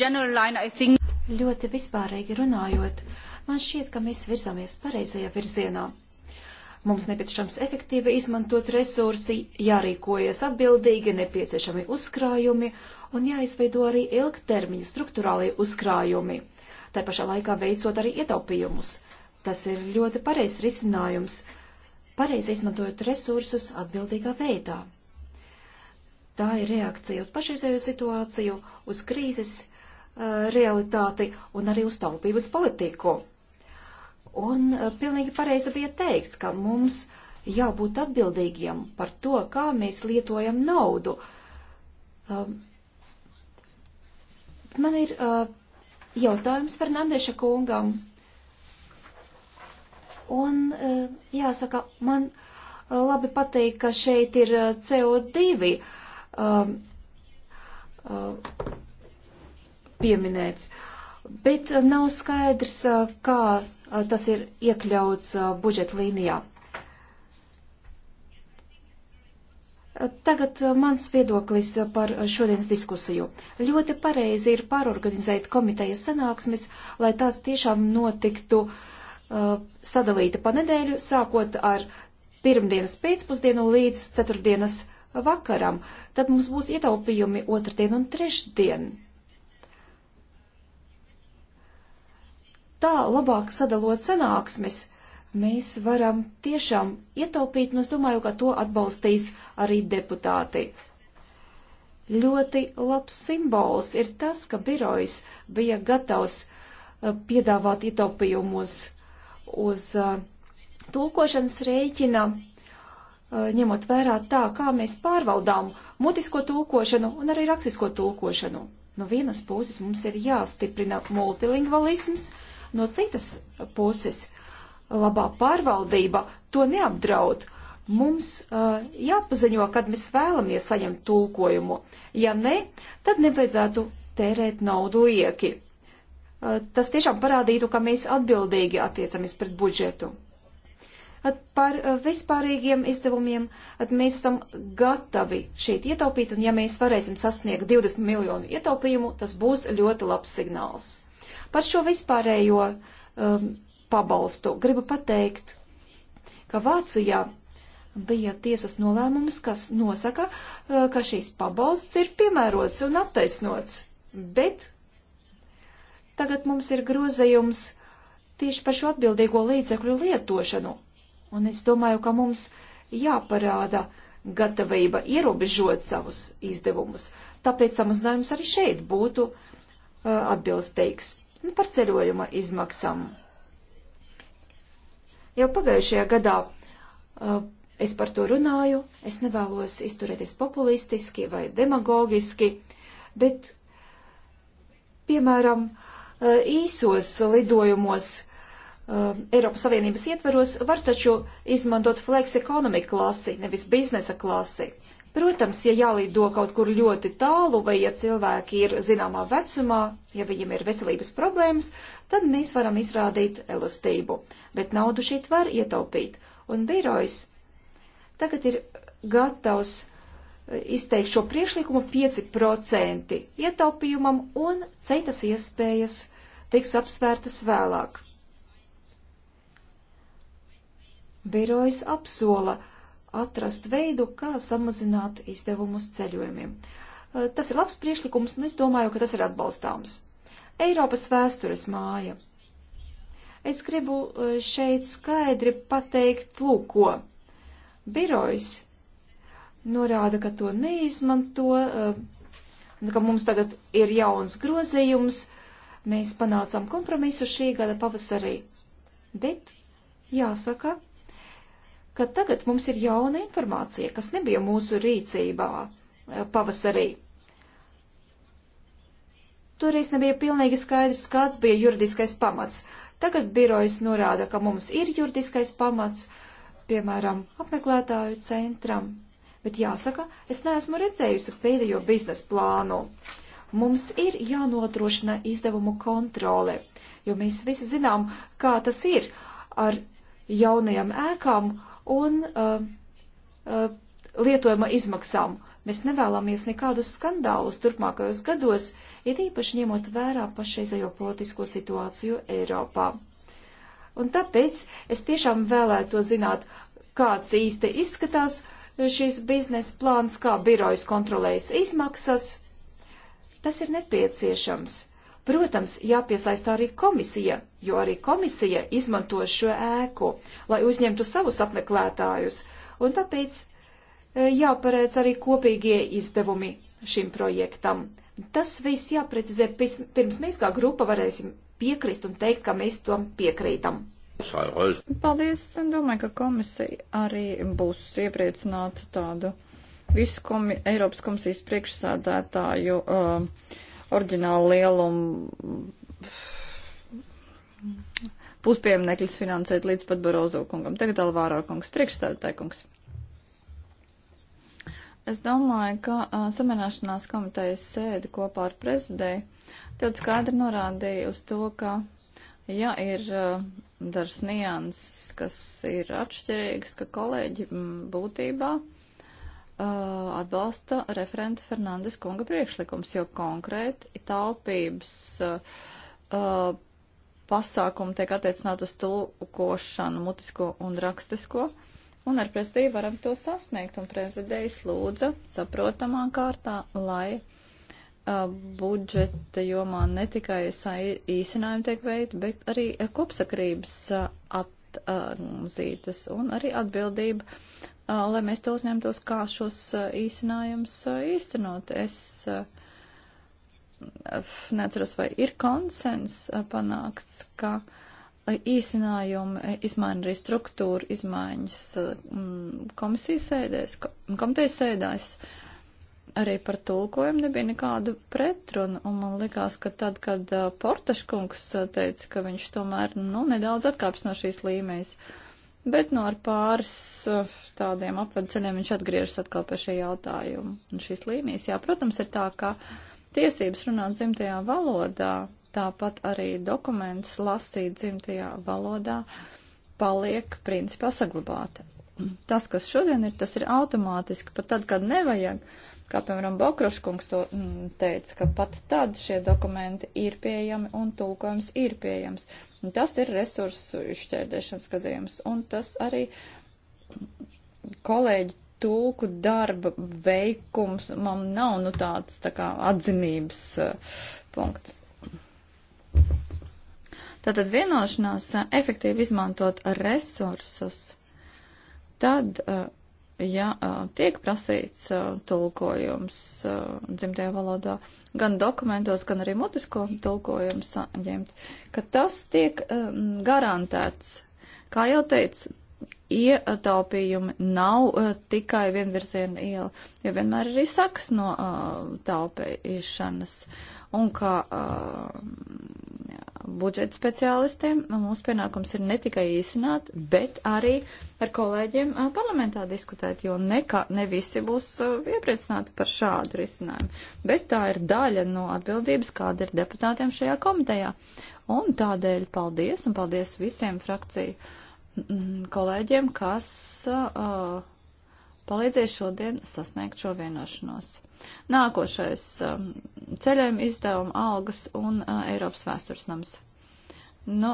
[SPEAKER 4] line, think... Ļoti vispārīgi runājot, man šķiet, ka mēs virzāmies pareizajā virzienā. Mums nepieciešams efektīvi izmantot resursi, jārīkojas atbildīgi, nepieciešami uzkrājumi un jāizveido arī ilgtermiņa struktūrālie uzkrājumi. Tā pašā laikā veicot arī ietaupījumus. Tas ir ļoti pareizs risinājums, pareizi izmantojot resursus atbildīgā veidā. Tā ir reakcija uz pašreizējo situāciju, uz krīzes Eh, realitāti un arī uz taupības politiku. Un eh, pilnīgi pareizi bija teikts, ka mums jābūt atbildīgiem par to, kā mēs lietojam naudu. Eh, man ir jautājums Fernandeša kungam. Un jāsaka, man labi patīk, ka šeit ir CO2 um, um, pieminēts, bet uh, nav skaidrs, uh, kā uh, tas ir iekļauts budžeta līnijā. Tagad mans viedoklis par šodienas diskusiju. Ļoti pareizi ir pārorganizēt komitejas sanāksmes, lai tās tiešām notiktu uh, sadalīti pa nedēļu, sākot ar pirmdienas pēcpusdienu līdz ceturtdienas vakaram. Tad mums būs ietaupījumi otrdien un trešdien. Uh, tā labāk sadalot sanāksmes, mēs varam tiešām ietaupīt, un es domāju, ka to atbalstīs arī deputāti. Ļoti labs simbols ir tas, ka birojs bija gatavs uh, piedāvāt ietaupījumus uz uh, tulkošanas rēķina, uh, ņemot vērā tā, kā mēs pārvaldām mutisko tulkošanu un arī rakstisko tulkošanu. No vienas puses mums ir jāstiprina multilingvalisms, No citas puses, labā pārvaldība to neapdraud. Mums uh, jāpaziņo, kad mēs vēlamies saņemt tulkojumu. Ja ne, tad nevajadzētu tērēt naudu lieki. Uh, tas tiešām parādītu, ka mēs atbildīgi attiecamies pret budžetu. At par uh, vispārīgiem izdevumiem at mēs esam gatavi šeit ietaupīt, un ja mēs varēsim sasniegt 20 miljonu ietaupījumu, tas būs ļoti labs signāls. Par šo vispārējo um, pabalstu gribu pateikt, ka Vācijā bija tiesas nolēmums, kas nosaka, uh, ka šīs pabalsts ir piemērots un attaisnots, bet tagad mums ir grozējums tieši par šo atbildīgo līdzekļu lietošanu, un es domāju, ka mums jāparāda gatavība ierobežot savus izdevumus tāpēc samazinājums arī šeit būtu uh, atbilstīgs. Un nu, par ceļojuma izmaksām. Jau pagājušajā gadā uh, es par to runāju, es nevēlos izturēties populistiski vai demagogiski, bet, piemēram, uh, īsos lidojumos Uh, Eiropas Savienības ietveros var taču izmantot flex ekonomika klasi, nevis biznesa klasi. Protams, ja jālido kaut kur ļoti tālu, vai ja cilvēki ir zināmā vecumā, ja viņiem ir veselības problēmas, tad mēs varam izrādīt elastību. Bet naudu šeit var ietaupīt. Un birojs tagad ir gatavs e, izteikt šo priekšlikumu 5% ietaupījumam un citas iespējas tiks apsvērtas vēlāk. Birojs apsola atrast veidu, kā samazināt izdevumus ceļojumiem. Tas ir labs priešlikums, un es domāju, ka tas ir atbalstāms. Eiropas vēstures māja. Es gribu šeit skaidri pateikt, lūk, ko. Birojs norāda, ka to neizmanto, ka mums tagad ir jauns grozījums, mēs panācām kompromisu šī gada pavasarī. Bet jāsaka, ka tagad mums ir jauna informācija, kas nebija mūsu rīcībā eh, pavasarī. Toreiz nebija pilnīgi skaidrs, kāds bija juridiskais pamats. Tagad birojas norāda, ka mums ir juridiskais pamats, piemēram, apmeklētāju centram. Bet jāsaka, es neesmu redzējusi pēdējo biznesa plānu. Mums ir jānodrošina izdevumu kontrole, jo mēs visi zinām, kā tas ir ar jaunajām ēkām, uh, un uh, uh, lietojuma izmaksām. Mēs nevēlamies nekādus skandālus turpmākajos gados, ir īpaši ņemot vērā pašreizējo politisko situāciju Eiropā. Un tāpēc es tiešām vēlētu zināt, kāds īsti izskatās šis biznesa plāns, kā birojas kontrolējas izmaksas. Tas ir nepieciešams. Protams, jāpiesaista arī komisija, jo arī komisija izmanto šo ēku, lai uzņemtu savus apmeklētājus, un tāpēc e, jāparēc arī kopīgie izdevumi šim projektam. Tas viss jāprecizē pirms mēs kā grupa varēsim piekrist un teikt, ka mēs tom piekrītam. Paldies, domāju, ka komisija arī
[SPEAKER 2] būs iepriecināta tādu visu komi Eiropas komisijas priekšsādātāju. Uh, um, oriģināla lieluma puspiemnekļus finansēt līdz pat Barozo kungam. Tagad Alvāro kungs, priekšstādātāja kungs. Es domāju, ka uh, samierināšanās komitejas sēde kopā ar prezidēju ļoti skaidri norādīja uz to, ka, ja ir uh, dažas nianses, kas ir atšķirīgas, ka kolēģi m, būtībā uh, Uh, atbalsta referenta Fernandes kunga priekšlikums, jo konkrēti taupības uh, uh, pasākumi tiek attiecināti uz tulkošanu, mutisko un rakstisko, un ar prezidiju varam to sasniegt, un prezidijas lūdza saprotamā kārtā, lai uh, budžeta jomā ne tikai īsinājumi tiek veikti, bet arī uh, kopsakrības uh, at pret uh, zītas un arī atbildība, uh, lai mēs to uzņemtos, kā šos uh, īsinājumus uh, īstenot. Es uh, neatceros, vai ir konsens uh, panākts, ka uh, īsinājumi izmaina arī struktūru izmaiņas uh, komisijas sēdēs, komitejas sēdēs. Uh, arī par tulkojumu nebija nekādu pretrunu, un man likās, ka tad, kad uh, Portaškungs teica, ka viņš tomēr, nu, nedaudz atkāps no šīs līmejas, bet, nu, ar pāris uh, tādiem apvedceļiem viņš atgriežas atkal pie šī jautājuma un šīs līnijas. Jā, protams, ir tā, ka tiesības runāt dzimtajā valodā, tāpat arī dokumentus lasīt dzimtajā valodā, paliek principā saglabāta. Tas, kas šodien ir, tas ir automātiski, pat tad, kad nevajag. Uh, kā piemēram Bokroškungs to mm, teica, ka pat tad šie dokumenti ir pieejami un tulkojums ir pieejams. Un tas ir resursu izšķērdēšanas gadījums, un tas arī kolēģi tulku darba veikums man nav nu tāds tā kā atzinības uh, punkts. Tātad vienošanās eh, efektīvi izmantot resursus, tad uh, ja tiek prasīts tulkojums dzimtajā valodā, gan dokumentos, gan arī mutisko tulkojumu saņemt, ka tas tiek garantēts. Kā jau teicu, ietaupījumi nav uh, tikai vienvirziena iela, jo vienmēr ir arī saks no uh, taupīšanas un kā uh, budžeta speciālistiem nu, mūsu pienākums ir ne tikai īsināt, bet arī ar kolēģiem uh, parlamentā diskutēt, jo nekā ne visi būs uh, iepriecināti par šādu risinājumu. Bet tā ir daļa no atbildības, kāda ir deputātiem šajā komitejā. Un tādēļ paldies un paldies visiem frakciju kolēģiem, kas. Uh, palīdzēja šodien sasniegt šo vienošanos. Nākošais um, ceļojuma izdevuma algas un uh, Eiropas vēstures nams. Nu,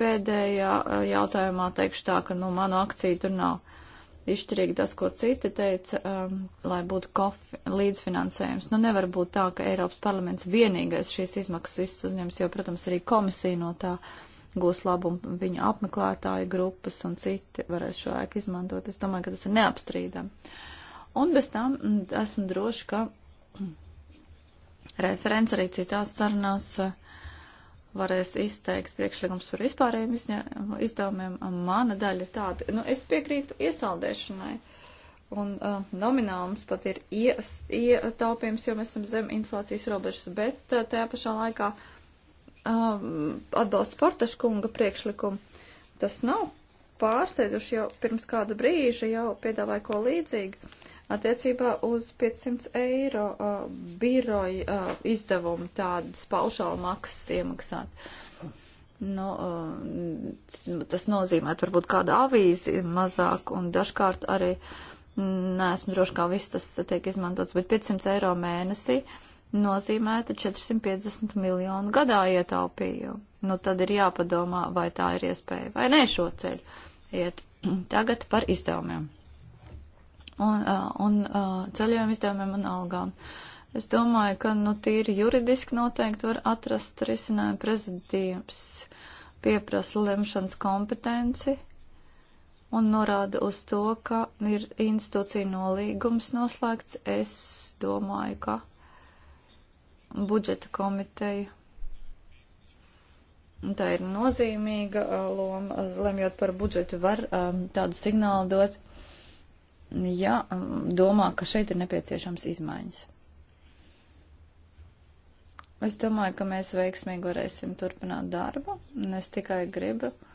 [SPEAKER 2] pēdējā uh, jautājumā teikšu tā, ka nu, manu akciju tur nav izšķirīgi tas, ko citi teica, um, lai būtu kofi, līdzfinansējums. Nu, nevar būt tā, ka Eiropas parlaments vienīgais šīs izmaksas visus uzņems, jo, protams, arī komisija no tā uh, gūs labumu viņu apmeklētāju grupas un citi varēs šo ēku izmantot. Es domāju, ka tas ir neapstrīdami. Un bez tam mm, esmu droši, ka referents arī citās sarunās eh, varēs izteikt priekšlikums par vispārējiem izdevumiem. Mana daļa ir tāda, nu, es piekrītu iesaldēšanai. Un uh, nomināli mums pat ir ies, ietaupījums, jo mēs esam zem inflācijas robežas, bet uh, tajā pašā laikā uh, Um, atbalstu Portaškunga priekšlikumu. Tas nav pārsteidzoši, jau pirms kāda brīža jau piedāvāja ko līdzīgu attiecībā uz 500 eiro uh, biroju uh, izdevumu tādas paušāla maksas iemaksāt. Nu, uh, tas nozīmē varbūt kādu avīzi mazāk un dažkārt arī mm, neesmu droši, kā viss tas tiek izmantots, bet 500 eiro mēnesī. Uh, nozīmētu 450 miljonu gadā ietaupījumu. Nu, tad ir jāpadomā, vai tā ir iespēja vai nē šo ceļu iet. *clears throat* Tagad par izdevumiem. Un, un ceļojumu izdevumiem un algām. Es domāju, ka nu, tīri juridiski noteikti var atrast risinājumu prezidijums pieprasa lemšanas kompetenci un norāda uz to, ka ir institūcija nolīgums noslēgts. Es domāju, ka budžeta komiteju. Un tā ir nozīmīga loma, lemjot par budžetu, var um, tādu signālu dot, ja um, domā, ka šeit ir nepieciešams izmaiņas. Es domāju, ka mēs veiksmīgi varēsim turpināt darbu, un es tikai gribu uh,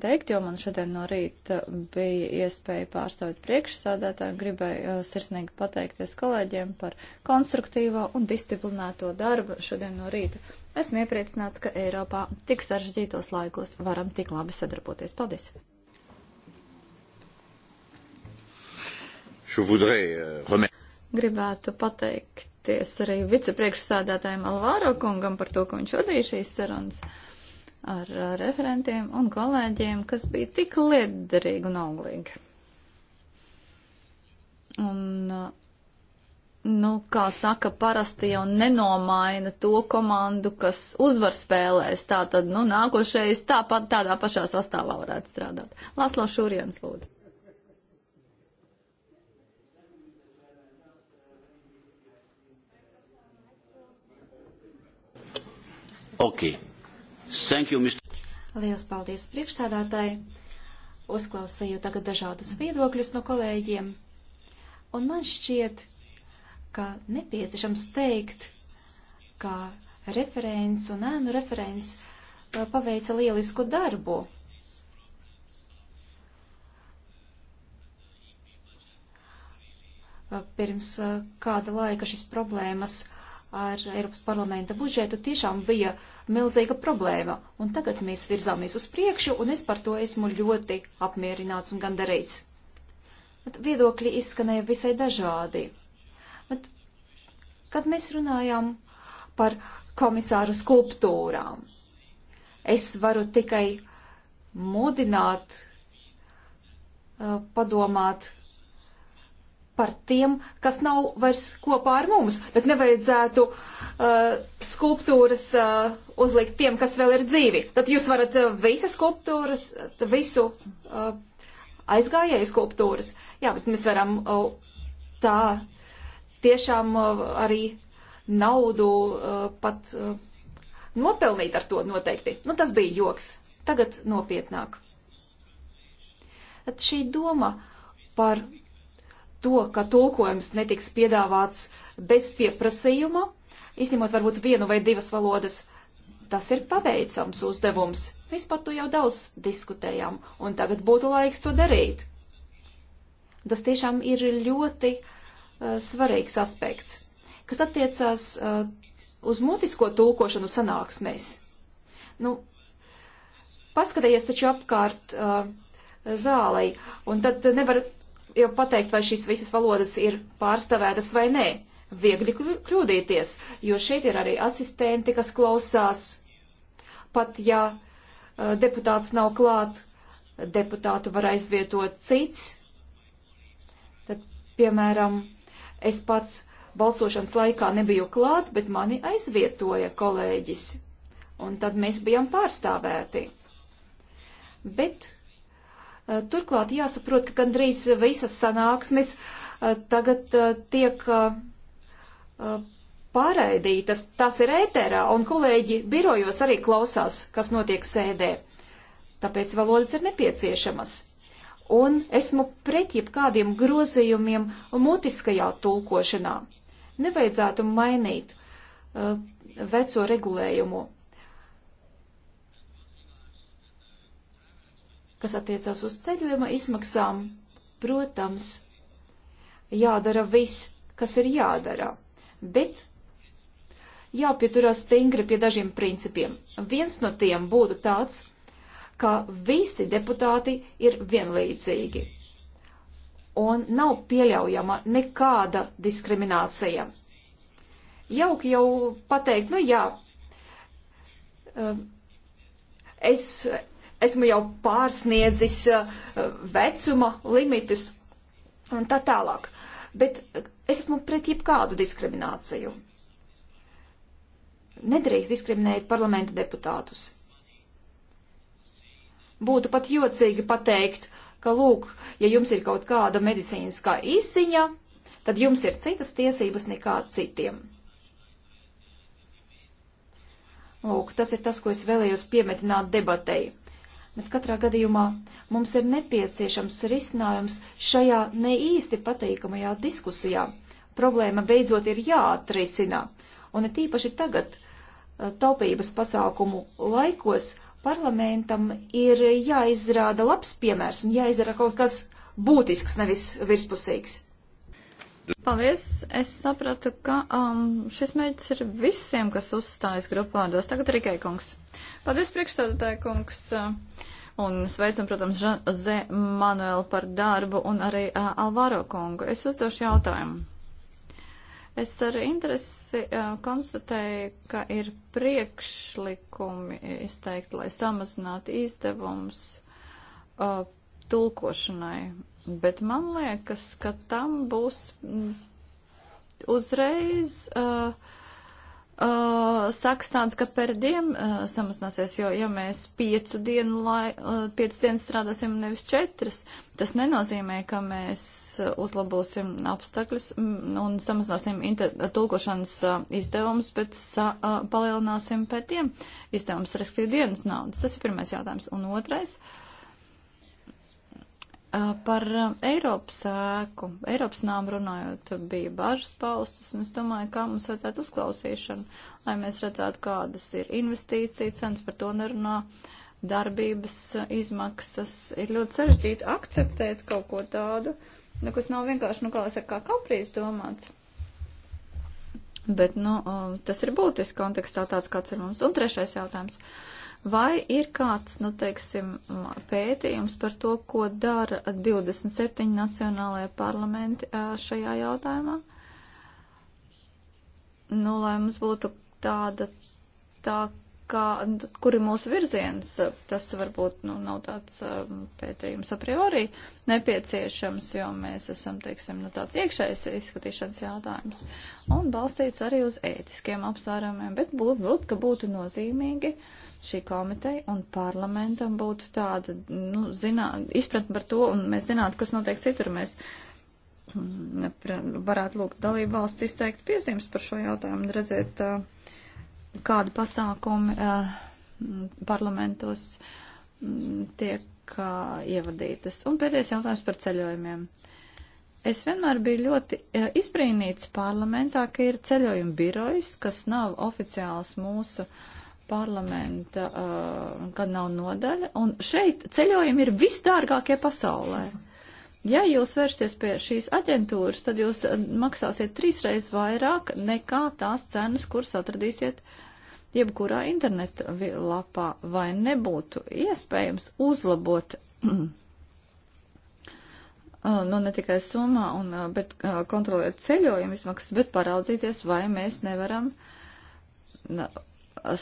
[SPEAKER 2] teikt, jo man šodien no rīta bija iespēja pārstāvēt priekšsādātāju. Gribēju uh, sirsnīgi pateikties kolēģiem par konstruktīvo un disciplinēto darbu šodien no rīta. Esmu iepriecināts, ka Eiropā tik sarežģītos laikos varam tik labi sadarboties. Paldies!
[SPEAKER 1] Euh,
[SPEAKER 2] Gribētu pateikties arī vicepriekšsādātājiem Alvāro kungam par to, ka viņš vadīja šīs sarunas ar referentiem un kolēģiem, kas bija tik liederīgi un auglīgi. Un, uh, nu, kā saka, parasti jau nenomaina to komandu, kas uzvar spēlēs. Tā tad, nu, nākošais tāpat tādā pašā sastāvā varētu strādāt. Laslo Šurjans, lūdzu.
[SPEAKER 4] Okay. Thank you, Mr. Liels paldies priekšsēdātāji. Uzklausīju tagad dažādus viedokļus no kolēģiem. Un man šķiet, ka nepieciešams teikt, ka referents un ēnu referents uh, paveica lielisku darbu. Uh, pirms uh, kāda laika šis problēmas uh, ar Eiropas parlamenta budžetu tiešām bija milzīga problēma, un tagad mēs virzāmies uz priekšu, un es par to esmu ļoti apmierināts un gandarīts. Bet viedokļi izskanēja visai dažādi. Bet, kad mēs runājām par komisāru skulptūrām, es varu tikai mudināt, eh, padomāt par tiem, kas nav vairs kopā ar mums, bet nevajadzētu uh, skulptūras uh, uzlikt tiem, kas vēl ir dzīvi. Tad jūs varat uh, visas skulptūras, uh, visu uh, aizgājēju skulptūras. Jā, bet mēs varam uh, tā tiešām uh, arī naudu uh, pat uh, nopelnīt ar to noteikti. Nu, tas bija joks. Tagad nopietnāk. Tad šī doma par to, ka tulkojums netiks piedāvāts bez pieprasījuma, izņemot varbūt vienu vai divas valodas, tas ir paveicams uzdevums. Mēs par to jau daudz diskutējām, un tagad būtu laiks to darīt. Tas tiešām ir ļoti uh, svarīgs aspekts, kas attiecās uh, uz mutisko tulkošanu sanāksmēs. Nu, paskatējies taču apkārt uh, zālei, un tad nevar jau pateikt, vai šīs visas valodas ir pārstāvētas vai nē. Viegli kļūdīties, jo šeit ir arī asistenti, kas klausās. Pat ja uh, deputāts nav klāt, deputātu var aizvietot cits. Tad, piemēram, es pats balsošanas laikā nebiju klāt, bet mani aizvietoja kolēģis. Un tad mēs bijām pārstāvēti. Bet Eh, turklāt jāsaprot, ka gandrīz visas sanāksmes eh, tagad eh, tiek pārraidītas, tās ir ēterā, un kolēģi birojos arī klausās, kas notiek sēdē. Tāpēc valodas ir nepieciešamas. Un esmu pret jebkādiem grozījumiem mutiskajā tulkošanā. Nevajadzētu mainīt uh, veco regulējumu kas attiecās uz ceļojuma izmaksām, protams, jādara viss, kas ir jādara, bet jāpieturās stingri pie dažiem principiem. Viens no tiem būtu tāds, ka visi deputāti ir vienlīdzīgi un nav pieļaujama nekāda diskriminācija. Jauki jau pateikt, nu jā, um, es esmu jau pārsniedzis eh, vecuma limitus un tā tālāk. Bet es esmu pret jebkādu diskrimināciju. Nedrīkst diskriminēt parlamenta deputātus. Būtu pat jocīgi pateikt, ka, lūk, ja jums ir kaut kāda medicīniskā izziņa, tad jums ir citas tiesības nekā citiem. Lūk, tas ir tas, ko es vēlējos piemetināt debatei. Bet katrā gadījumā mums ir nepieciešams risinājums šajā neīsti patīkamajā diskusijā. Problēma beidzot ir jāatrisina. Un it īpaši tagad, eh, taupības pasākumu laikos, parlamentam ir jāizrāda labs piemērs un jāizdara kaut kas būtisks, nevis virspusīgs. Paldies! Es sapratu, ka um,
[SPEAKER 2] šis mēģis ir visiem, kas uzstājas grupādos. Tagad Rikai kungs. Paldies, priekšstādātāji kungs! Un sveicam, protams, Žanze Manuelu par darbu un arī uh, Alvaro kungu. Es uzdošu jautājumu. Es ar interesi uh, konstatēju, ka ir priekšlikumi izteikti, lai samazinātu izdevumus uh, tulkošanai Bet man liekas, ka tam būs mm, uzreiz uh, uh, saks tāds, ka per dienu uh, samazināsies, jo ja mēs piecu dienu, lai, uh, piecu dienu strādāsim nevis četras, tas nenozīmē, ka mēs uh, uzlabosim apstākļus mm, un samazināsim inter, tulkošanas uh, izdevumus, bet sa, uh, palielināsim pēc tiem izdevumus, respektīvi dienas naudas. Tas ir pirmais jautājums. Un otrais. Uh, Par Eiropas ēku, Eiropas nām runājot, bija bažas paustas, un es domāju, kā mums vajadzētu uzklausīšanu, lai mēs redzētu, kādas ir investīcija cenas, par to nerunā, darbības izmaksas. Ir ļoti sarežģīti akceptēt kaut ko tādu, nu, kas nav vienkārši, nu, kā es saku, kā kaprīs domāts. Bet, nu, tas ir būtiski kontekstā tāds, kāds ir mums. Un trešais jautājums. Uh, Vai ir kāds, nu, teiksim, pētījums par to, ko dara 27 nacionālajie parlamenti šajā jautājumā? Nu, lai mums būtu tāda, tā kā, kur ir mūsu virziens, tas varbūt nu, nav tāds pētījums a priori nepieciešams, jo mēs esam, teiksim, nu, tāds iekšējs izskatīšanas jautājums. Un balstīts arī uz ētiskiem apsvērumiem, bet būtu, būt, ka būtu nozīmīgi uh, šī komiteja un parlamentam būtu tāda nu, zinā, izpratne par to, un mēs zinātu, kas notiek citur. Mēs mm, varētu lūgt dalību valsts izteikt piezīmes par šo jautājumu un redzēt, kādi pasākumi parlamentos tiek ievadītas. Un pēdējais jautājums par ceļojumiem. Es vienmēr biju ļoti izbrīnīts parlamentā, ka ir ceļojuma birojs, kas nav oficiāls mūsu uh, parlamenta uh, gan nav nodaļa. Un šeit ceļojumi ir visdārgākie pasaulē. Ja jūs vēršaties pie šīs aģentūras, tad jūs uh, maksāsiet trīsreiz vairāk nekā tās cenas, kuras atradīsiet jebkurā interneta lapā. Vai nebūtu iespējams uzlabot *clears throat* Uh, nu, ne tikai summā, un, uh, bet uh, kontrolēt ceļojumu izmaksas, bet paraudzīties, vai mēs nevaram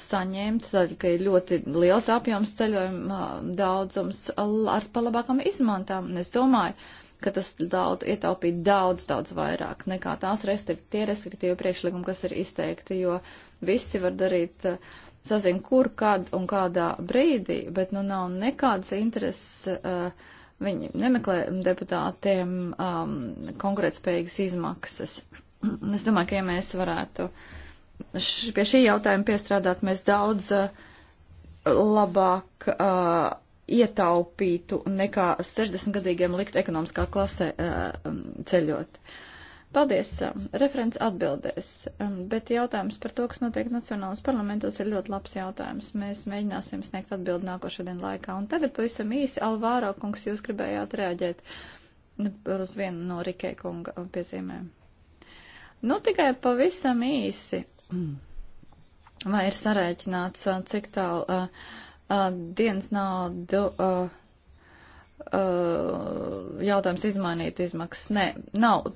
[SPEAKER 2] saņemt, tad, ka ir ļoti liels apjoms ceļojuma daudzums ar palabākam izmantām. Un es domāju, ka tas daudz, ietaupīt daudz, daudz vairāk nekā tās restrikt, tie restriktīvi priekšlikumi, kas ir izteikti, jo visi var darīt sazin, kur, kad un kādā brīdī, bet nu nav nekādas intereses. Uh, viņi nemeklē deputātiem um, konkurētspējīgas izmaksas. *clears throat* Es domāju, ka ja mēs varētu uh, š, pie šī jautājuma piestrādāt, mēs daudz uh, labāk uh, ietaupītu nekā 60-gadīgiem likt ekonomiskā klasē uh, um, ceļot. Paldies, um, referents atbildēs, um, bet jautājums par to, kas notiek Nacionālas parlamentos, ir ļoti labs jautājums. Mēs mēģināsim sniegt atbildi nākošo dienu laikā. Un tagad pavisam īsi, Alvāro kungs, jūs gribējāt reaģēt uz vienu no Rikē kunga piezīmēm. Nu, tikai pavisam īsi. Mm. Vai ir sarēķināts, cik tālu uh, uh, dienas naudu uh, uh, jautājums izmainīt izmaksas? Nē, nav,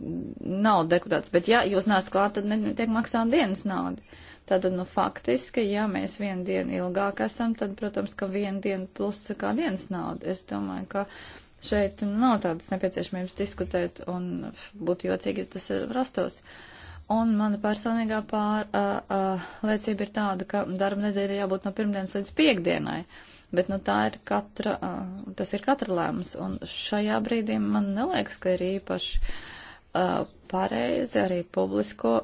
[SPEAKER 2] nav deputāts, bet ja jūs nāst klāt, tad netiek maksāt dienas naudu. Tātad, nu, faktiski, ja mēs vienu dienu ilgāk esam, tad, protams, ka viena diena plus kā dienas nauda. Es domāju, ka šeit nu, nav tādas nepieciešamības diskutēt un būtu jocīgi, ja tas rastos. Uh, Un mana personīgā pārliecība ir tāda, ka darba nedēļa jābūt no pirmdienas līdz piekdienai. Bet nu, ir katra, a, tas ir katra lēmums. Un šajā brīdī man neliekas, ka ir īpaši a, pareizi arī publisko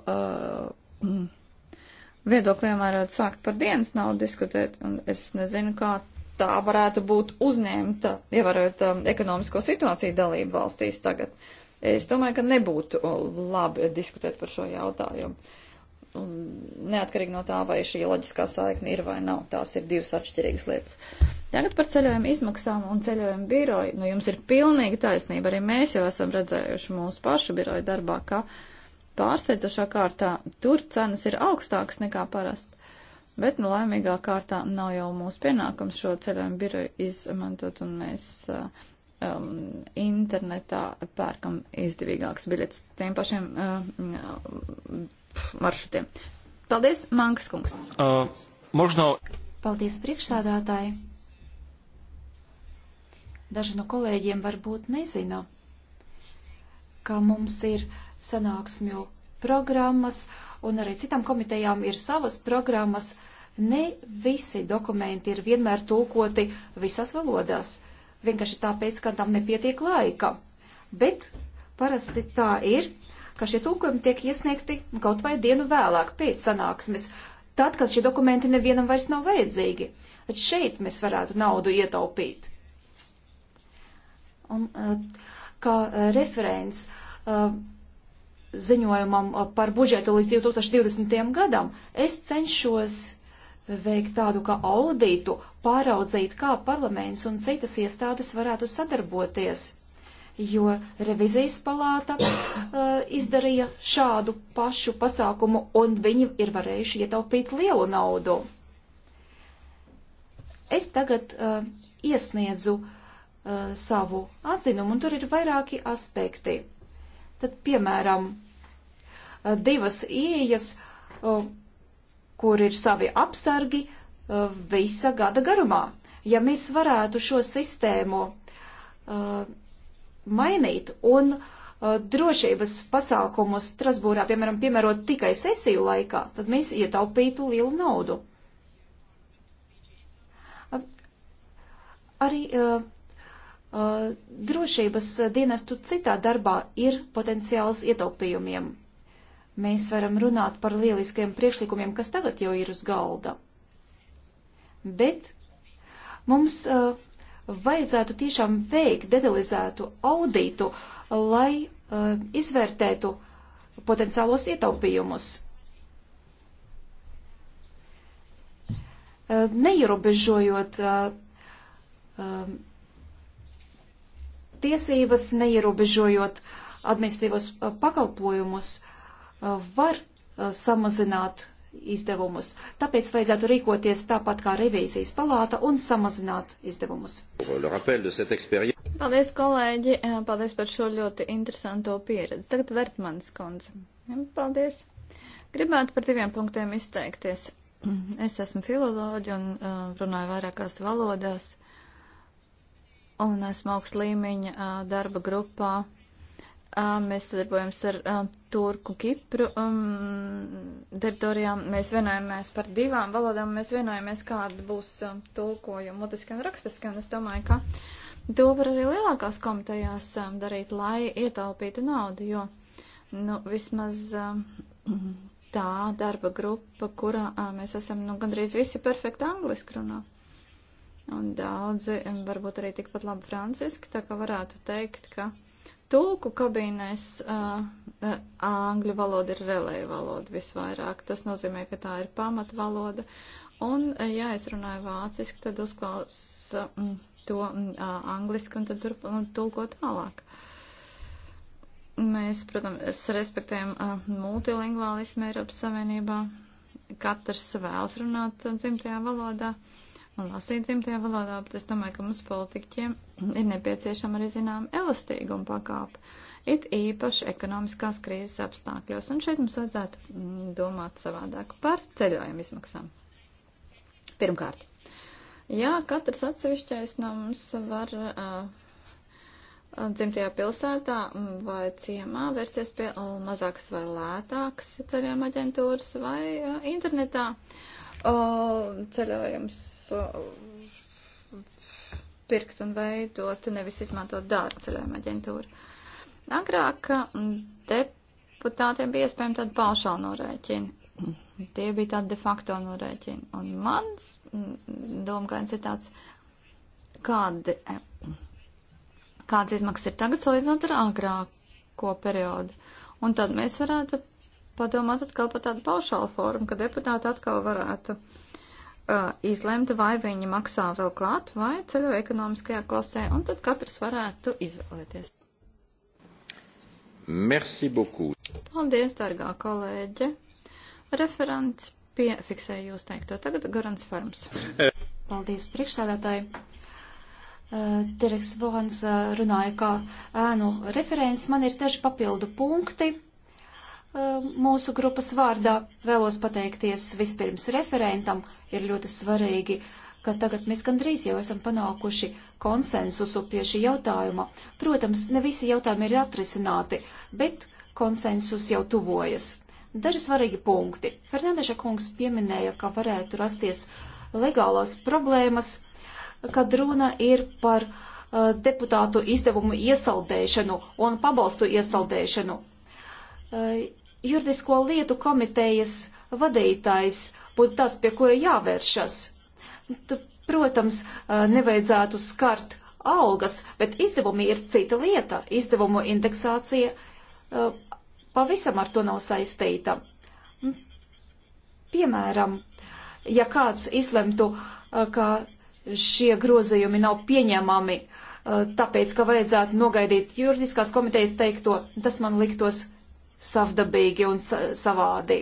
[SPEAKER 2] viedokli ievērot sākt par dienas naudu diskutēt. Un es nezinu, kā tā varētu būt uzņemta, ievērot ekonomisko situāciju dalību valstīs tagad. Uh, Es domāju, ka nebūtu labi diskutēt par šo jautājumu. Neatkarīgi no tā, vai šī loģiskā saikne ir vai nav, tās ir divas atšķirīgas lietas. Tagad par ceļojumu izmaksām un ceļojumu biroju. Nu, jums ir pilnīga taisnība. Arī mēs jau esam redzējuši mūsu pašu biroju darbā, ka pārsteidzošā kārtā tur cenas ir augstākas nekā parasti. Bet, nu, laimīgā kārtā nav jau mūsu pienākums šo ceļojumu biroju izmantot, un mēs uh, um, internetā pērkam izdevīgāks biļets tiem pašiem uh,
[SPEAKER 4] maršrutiem. Paldies, Mankas kungs.
[SPEAKER 3] Uh, možno...
[SPEAKER 4] Paldies, priekšsādātāji. Daži no kolēģiem varbūt nezina, ka mums ir sanāksmju programmas un arī citām komitejām ir savas programmas. Ne visi dokumenti ir vienmēr tulkoti visās valodās vienkārši tāpēc, ka tam nepietiek laika. Bet parasti tā ir, ka šie tūkojumi tiek iesniegti kaut vai dienu vēlāk pēc sanāksmes, tad, kad šie dokumenti nevienam vairs nav vajadzīgi. Tad šeit mēs varētu naudu ietaupīt. Un, eh, kā eh, referents eh, ziņojumam par budžetu līdz 2020. gadam, es cenšos veikt tādu kā audītu pāraudzīt, kā parlaments un citas iestādes varētu sadarboties, jo revizijas palāta uh, izdarīja šādu pašu pasākumu, un viņi ir varējuši ietaupīt lielu naudu. Es tagad uh, iesniedzu uh, savu atzinumu, un tur ir vairāki aspekti. Tad, piemēram, uh, divas ieejas, uh, kur ir savi apsargi, uh, Uh, visa gada garumā. Ja mēs varētu šo sistēmu uh, mainīt un uh, drošības pasākumus Strasbūrā, piemēram, piemērot tikai sesiju laikā, tad mēs ietaupītu lielu naudu. Um, arī uh, uh, drošības dienestu citā darbā ir potenciāls ietaupījumiem. Mēs varam runāt par lieliskiem priekšlikumiem, kas tagad jau ir uz galda bet mums uh, vajadzētu tiešām veikt detalizētu audītu, lai uh, izvērtētu potenciālos ietaupījumus. Uh, neierobežojot uh, um, tiesības, neierobežojot administratīvos uh, pakalpojumus, uh, var samazināt izdevumus. Tāpēc vajadzētu rīkoties tāpat kā revīzijas palāta un samazināt izdevumus.
[SPEAKER 2] Paldies,
[SPEAKER 4] kolēģi! Paldies par šo ļoti
[SPEAKER 2] interesanto pieredzi. Tagad Vertmanis kundze. Paldies! Gribētu par diviem punktiem izteikties. *clears throat* Es esmu filoloģi un runāju vairākās valodās, un esmu augst līmeņa darba grupā Mēs sadarbojamies ar Turku, Kipru um, teritorijām. Mēs vienojamies par divām valodām. Mēs vienojamies, kāda būs um, tulkojuma mutiskā un rakstiskā. Un es domāju, ka to var arī lielākās komitejās um, darīt, lai ietaupītu naudu, jo nu, vismaz um, tā darba grupa, kurā um, mēs esam, nu, gandrīz visi perfekti angliski runā. Un daudzi varbūt arī tikpat labi franciski, tā kā varētu teikt, ka Tulku kabīnēs uh, angļu valoda ir relēja valoda visvairāk. Tas nozīmē, ka tā ir pamatvaloda. Un, ja es runāju vāciski, tad uzklaus uh, mm, to uh, angliski un tad turp, un tulko tālāk. Mēs, protams, respektējam uh, multilingvālismu Eiropas Savienībā. Katrs vēlas runāt dzimtajā valodā. Uh, un lasīt dzimtajā valodā, bet es domāju, ka mums politiķiem ir nepieciešama arī zinām elastīguma pakāpe. It īpaši ekonomiskās krīzes apstākļos, un šeit mums vajadzētu mm, domāt savādāk par ceļojumu izmaksām. Pirmkārt, jā, katrs atsevišķais no mums var uh, dzimtajā pilsētā mm, vai ciemā vērsties pie mazākas vai lētākas ceļojuma aģentūras vai uh, internetā. Uh, ceļojums pirkt un veidot, nevis izmantot dārgu ceļojuma aģentūru. Agrāk deputātiem bija iespējami tādi paušāli norēķini. Tie bija tādi de facto norēķini. Un mans domgājums ir tāds, kādi, kādas izmaksas ir tagad salīdzinot ar agrāko periodu. Un tad mēs varētu padomāt atkal par tādu paušālu formu, ka deputāti atkal varētu uh, izlemt, vai viņi maksā vēl klāt, vai ceļo ekonomiskajā klasē, un tad katrs varētu izvēlēties. Merci beaucoup. Paldies, dargā kolēģe. Referents piefiksēja jūs teikto. Tagad Garants Farms. Paldies, priekšsēdētāji.
[SPEAKER 4] Uh, Dereks Vons uh, runāja, kā ēnu referents. Man ir daži papildu punkti Um, mūsu grupas vārdā vēlos pateikties vispirms referentam. Ir ļoti svarīgi, ka tagad mēs gandrīz jau esam panākuši konsensusu pie šī jautājuma. Protams, ne visi jautājumi ir atrisināti, bet konsensus jau tuvojas. Daži svarīgi punkti. Fernandeša kungs pieminēja, ka varētu rasties legālās problēmas, kad runa ir par uh, deputātu izdevumu iesaldēšanu un pabalstu iesaldēšanu. Uh, juridisko lietu komitejas vadītājs būtu tas, pie kura jāvēršas. T, protams, nevajadzētu skart algas, bet izdevumi ir cita lieta. Izdevumu indeksācija pavisam ar to nav saistīta. Piemēram, ja kāds izlemtu, ka šie grozījumi nav pieņemami, tāpēc, ka vajadzētu nogaidīt juridiskās komitejas teikto, tas man liktos savdabīgi un savādi.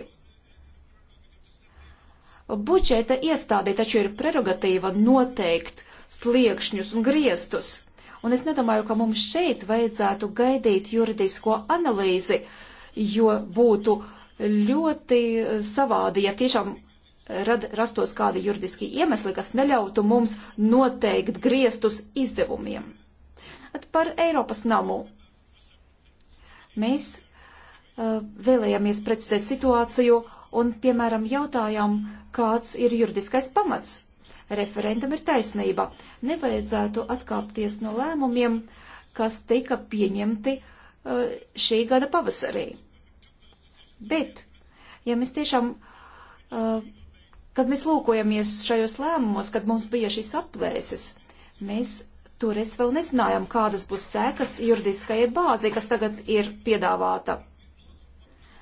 [SPEAKER 4] Budžeta iestādē taču ir prerogatīva noteikt sliekšņus un griestus, un es nedomāju, ka mums šeit vajadzētu gaidīt juridisko analīzi, jo būtu ļoti savādi, ja tiešām rad, rastos kādi juridiski iemesli, kas neļautu mums noteikt griestus izdevumiem. At par Eiropas namu. Mēs Eh, vēlējāmies precizēt situāciju un, piemēram, jautājām, kāds ir juridiskais pamats. Referentam ir taisnība. Nevajadzētu atkāpties no lēmumiem, kas tika pieņemti eh, šī gada pavasarī. Bet, ja mēs tiešām, eh, kad mēs lūkojamies šajos lēmumos, kad mums bija šīs aptvēses, mēs toreiz vēl nezinājām, kādas būs sekas juridiskajai bāzei, kas tagad ir piedāvāta.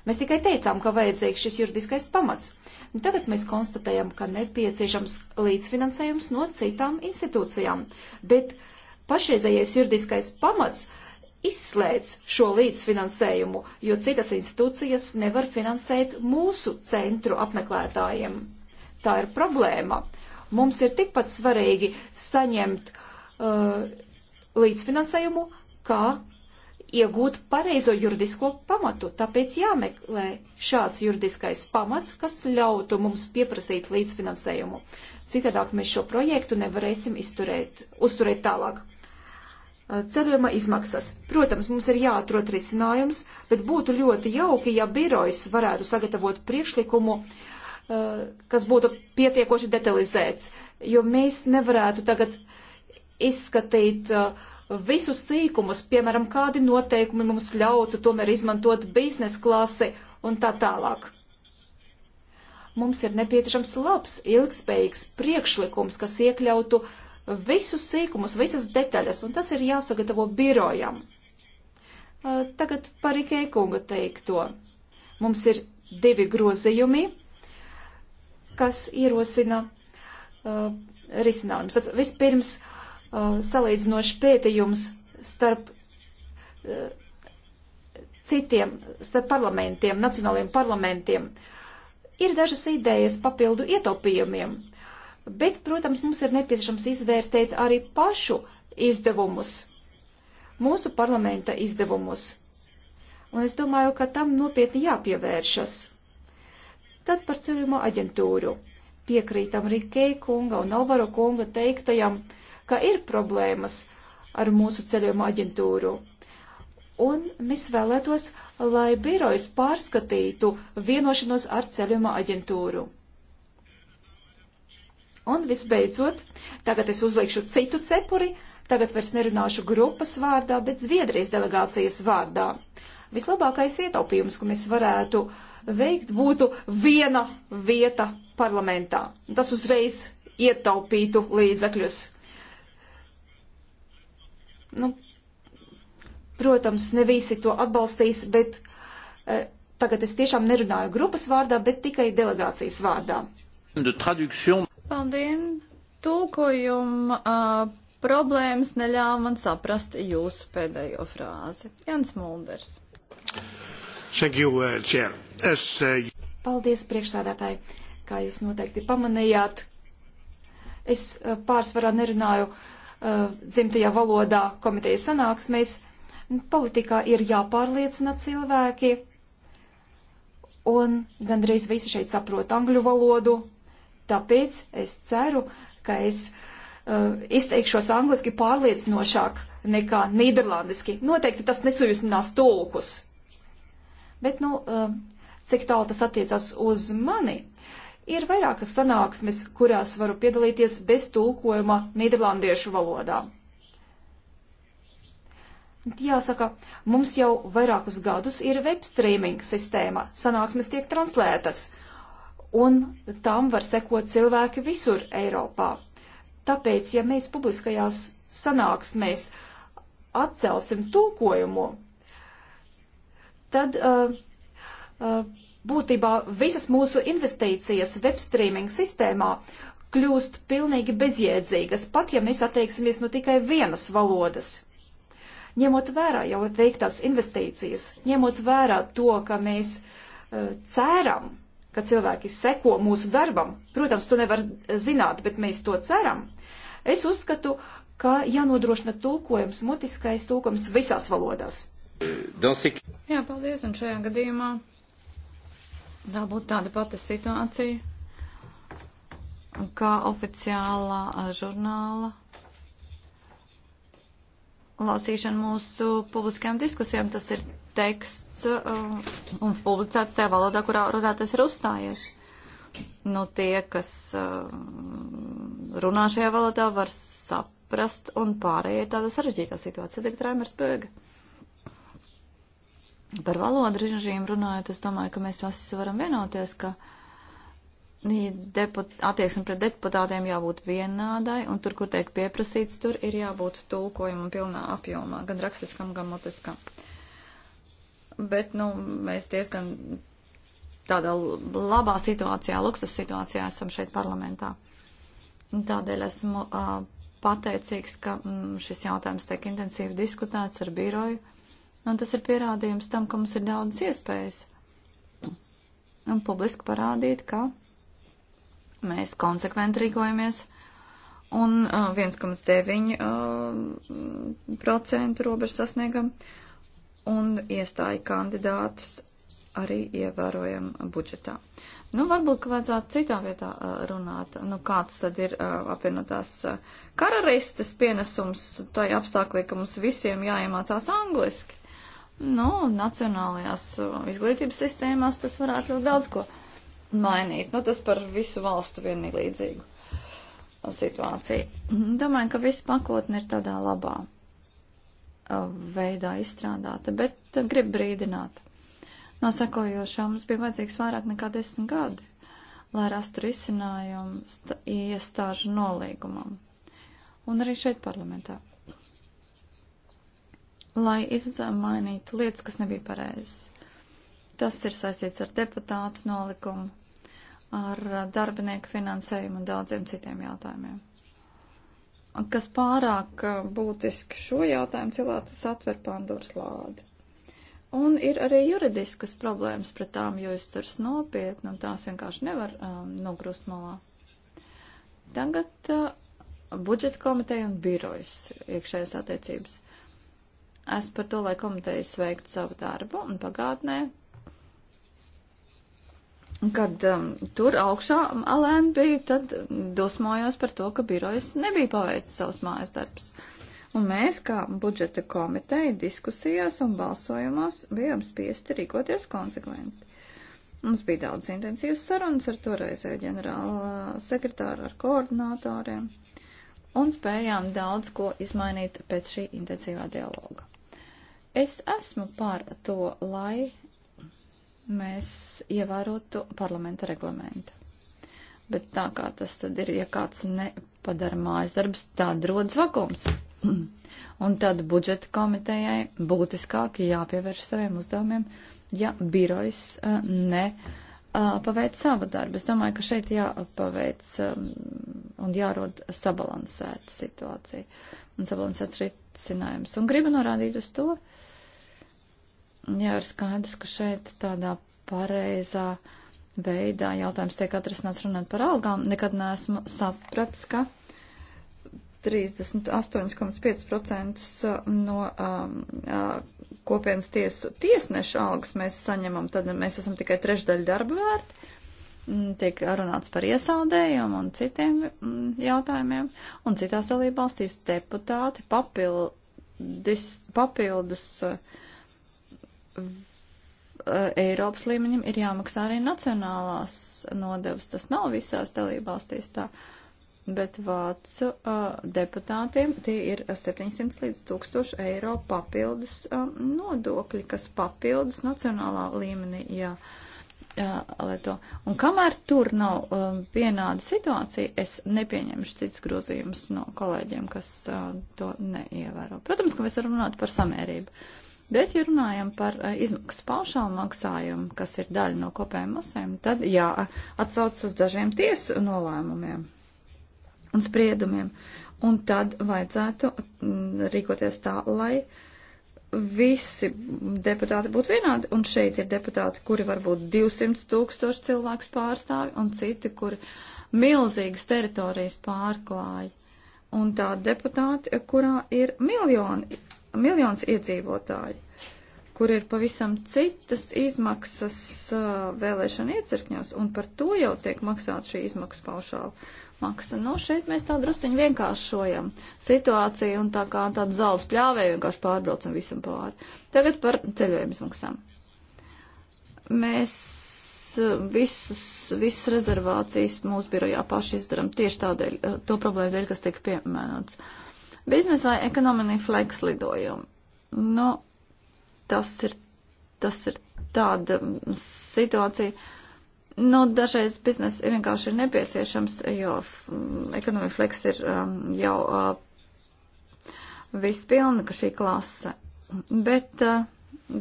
[SPEAKER 4] Mēs tikai teicām, ka vajadzīgs šis juridiskais pamats. Un tagad mēs konstatējam, ka nepieciešams līdzfinansējums no citām institūcijām, bet pašreizējais juridiskais pamats izslēdz šo līdzfinansējumu, jo citas institūcijas nevar finansēt mūsu centru apmeklētājiem. Tā ir problēma. Mums ir tikpat svarīgi saņemt uh, līdzfinansējumu, kā iegūt pareizo juridisko pamatu. Tāpēc jāmeklē šāds juridiskais pamats, kas ļautu mums pieprasīt līdzfinansējumu. Citādāk mēs šo projektu nevarēsim izturēt, uzturēt tālāk. Ceļojuma izmaksas. Protams, mums ir jāatrod risinājums, bet būtu ļoti jauki, ja birojs varētu sagatavot priekšlikumu, kas būtu pietiekoši detalizēts, jo mēs nevarētu tagad izskatīt uh, visus sīkumus, piemēram, kādi noteikumi mums ļautu tomēr izmantot biznesa klasi un tā tālāk. Mums ir nepieciešams labs, ilgspējīgs priekšlikums, kas iekļautu visus sīkumus, visas detaļas, un tas ir jāsagatavo birojam. Tagad par Ikeikunga teikto. Mums ir divi grozījumi, kas ierosina uh, risinājumus. Tad vispirms uh, uh, salīdzinošs pētījums starp
[SPEAKER 1] uh,
[SPEAKER 4] citiem, starp parlamentiem, nacionāliem parlamentiem. Ir dažas idejas papildu ietaupījumiem, bet, protams, mums ir nepieciešams izvērtēt arī pašu izdevumus, mūsu parlamenta izdevumus. Un es domāju, ka tam nopietni jāpievēršas. Tad par ceļojumu aģentūru. Piekrītam Rikē kunga un Alvaro kunga teiktajam, uh, ka ir problēmas ar mūsu ceļojuma aģentūru. Un mēs vēlētos, lai birojas pārskatītu vienošanos ar ceļojuma aģentūru. Un visbeidzot, tagad es uzlikšu citu cepuri, tagad vairs nerunāšu grupas vārdā, bet Zviedrijas delegācijas vārdā. Vislabākais ietaupījums, ko mēs varētu veikt, būtu viena vieta parlamentā. Tas uzreiz ietaupītu līdzakļus. Nu, protams, ne visi to atbalstīs, bet eh, tagad es tiešām nerunāju grupas vārdā, bet tikai delegācijas vārdā. Paldies! Tulkojuma
[SPEAKER 2] uh, problēmas neļāva man saprast jūsu pēdējo frāzi. Jans Mulders.
[SPEAKER 1] You, uh, es, uh...
[SPEAKER 4] Paldies, priekšsādātāji, kā jūs noteikti pamanījāt. Es uh, pārsvarā nerunāju uh, Uh, dzimtajā valodā komitejas sanāksmēs. Politikā ir jāpārliecina cilvēki, un gandrīz visi šeit saprot angļu valodu, tāpēc es ceru, ka es uh, izteikšos angliski pārliecinošāk nekā nīderlandiski. Noteikti tas nesujusminās tulkus. Bet, nu, uh, cik tālu tas attiecas uz mani, uh, Ir vairākas sanāksmes, kurās varu piedalīties bez tulkojuma nīderlandiešu valodā. Jāsaka, mums jau vairākus gadus ir web streaming sistēma, sanāksmes tiek translētas, un tam var sekot cilvēki visur Eiropā. Tāpēc, ja mēs publiskajās sanāksmēs atcelsim tulkojumu, tad uh, uh, Būtībā visas mūsu investīcijas web streaming sistēmā kļūst pilnīgi bezjēdzīgas, pat ja mēs attieksimies no nu tikai vienas valodas. Ņemot vērā jau veiktās investīcijas, ņemot vērā to, ka mēs uh, ceram, ka cilvēki seko mūsu darbam, protams, to nevar zināt, bet mēs to ceram, es uzskatu, ka jānodrošina tulkojums, mutiskais tulkojums visās valodās.
[SPEAKER 1] Jā,
[SPEAKER 4] paldies, un šajā gadījumā Tā būtu tāda pati
[SPEAKER 2] situācija, kā oficiālā žurnāla lasīšana mūsu publiskajām diskusijām. Tas ir teksts um, un publicēts tajā valodā, kurā runātais ir uzstājies. Nu, tie, kas um, runā šajā valodā, var saprast, un pārējie tāda sarežģītā situācija. Tagad Rēmers Bēga. Par valodu režīmu runājot, es domāju, ka mēs visi varam vienoties, ka deput, attieksme pret deputātiem jābūt vienādai, un tur, kur tiek pieprasīts, tur ir jābūt tulkojumam pilnā apjomā, gan rakstiskam, gan motiskam. Bet, nu, mēs diezgan tādā labā situācijā, luksus situācijā esam šeit parlamentā. Tādēļ esmu uh, pateicīgs, ka mm, šis jautājums tiek intensīvi diskutēts ar biroju Un tas ir pierādījums tam, ka mums ir daudz iespējas. Un publiski parādīt, ka mēs konsekventi rīkojamies. Un uh, 1,9% uh, robežu sasniegam. Un iestāja kandidātus arī ievērojam budžetā. Nu, varbūt, ka vajadzētu citā vietā uh, runāt. Nu, kāds tad ir uh, apvienotās uh, karalistes pienesums tai apstākļi, ka mums visiem jāiemācās angliski? Nu, nacionālajās uh, izglītības sistēmās tas varētu ļoti daudz ko mainīt. Nu, tas par visu valstu vienlīdzīgu uh, situāciju. *clears throat* Domāju, ka viss pakotne ir tādā labā uh, veidā izstrādāta, bet grib brīdināt. Nosakojošā mums bija vajadzīgs vairāk nekā desmit gadi, lai rastu risinājumu iestāžu nolīgumam. Un arī šeit parlamentā lai izmainītu lietas, kas nebija pareizas. Tas ir saistīts ar deputātu nolikumu, ar darbinieku finansējumu un daudziem citiem jautājumiem. Kas pārāk būtiski šo jautājumu cilvēks atver Pandoras lādi. Un ir arī juridiskas problēmas pret tām, jo izturs nopietni un tās vienkārši nevar um, nogrūst malā. Tagad uh, budžeta komiteja un birojas iekšējās attiecības. Esmu par to, lai komitejas veiktu savu darbu un pagātnē. Kad um, tur augšā alēna bija, tad dosmojos par to, ka birojas nebija paveicis savus mājas darbus. Un mēs, kā budžeta komiteja, diskusijās un balsojumos bijām spiesti rīkoties konsekventi. Mums bija daudz intensīvas sarunas ar toreizēju ģenerāla sekretāru, ar koordinātoriem, un spējām daudz ko izmainīt pēc šī intensīvā dialoga. Es esmu par to, lai mēs ievērotu parlamenta reglamentu. Bet tā kā tas tad ir, ja kāds nepadara mājas darbus, tad rodas vakums. *clears throat* Un tad budžeta komitejai būtiskāk jāpievērš saviem uzdevumiem, ja birojs ne paveic savu darbu. Es domāju, ka šeit jāpaveic un jārod sabalansēta situācija un sabalansēts risinājums. Un gribu norādīt uz to, uh, Jā, ir skaidrs, ka šeit tādā pareizā veidā jautājums tiek atrisināts runāt par algām. Nekad neesmu sapratis, ka 38,5% no um, kopienas tiesu tiesneša algas mēs saņemam, tad mēs esam tikai trešdaļa darba vērti. Mm, tiek runāts par iesaldējumu un citiem mm, jautājumiem, un citās dalībvalstīs deputāti papildis, papildus. papildus Eh, Eiropas līmeņam ir jāmaksā arī nacionālās nodevas. Tas nav visās dalībvalstīs tā, bet vācu uh, deputātiem tie ir 700 līdz 1000 eiro papildus um, nodokļi, kas papildus nacionālā līmenī jā, jālieto. Un kamēr tur nav um, vienāda situācija, es nepieņemšu cits grozījums no kolēģiem, kas uh, to neievēro. Protams, ka mēs varam runāt par samērību. Uh, Bet, ja runājam par eh, izmaksu paušālu maksājumu, kas ir daļa no kopējiem masēm, tad jā, atsauc uz dažiem tiesu nolēmumiem un spriedumiem. Un tad vajadzētu mm, rīkoties tā, lai visi deputāti būtu vienādi. Un šeit ir deputāti, kuri varbūt 200 tūkstoši cilvēku pārstāvi, un citi, kuri milzīgas teritorijas pārklāja. Un tā deputāti, kurā ir miljoni miljons iedzīvotāju, kur ir pavisam citas izmaksas uh, vēlēšana iecirkņos, un par to jau tiek maksāta šī izmaksu paušāla maksa. Nu, šeit mēs tā drusciņi vienkāršojam situāciju un tā kā tādu zāles pļāvēju vienkārši pārbraucam visam pāri. Tagad par ceļojumu izmaksām. Mēs uh, visus, visas rezervācijas mūsu birojā paši izdaram tieši tādēļ, uh, to problēmu dēļ, kas tika piemēnots. Uh, Biznesa vai ekonomija fleks lidojumi. Nu, tas ir, tas ir tāda mm, situācija. Nu, dažreiz biznesa ir vienkārši nepieciešams, jo mm, ekonomija fleks ir um, jau uh, vispilna, ka šī klase. Bet uh,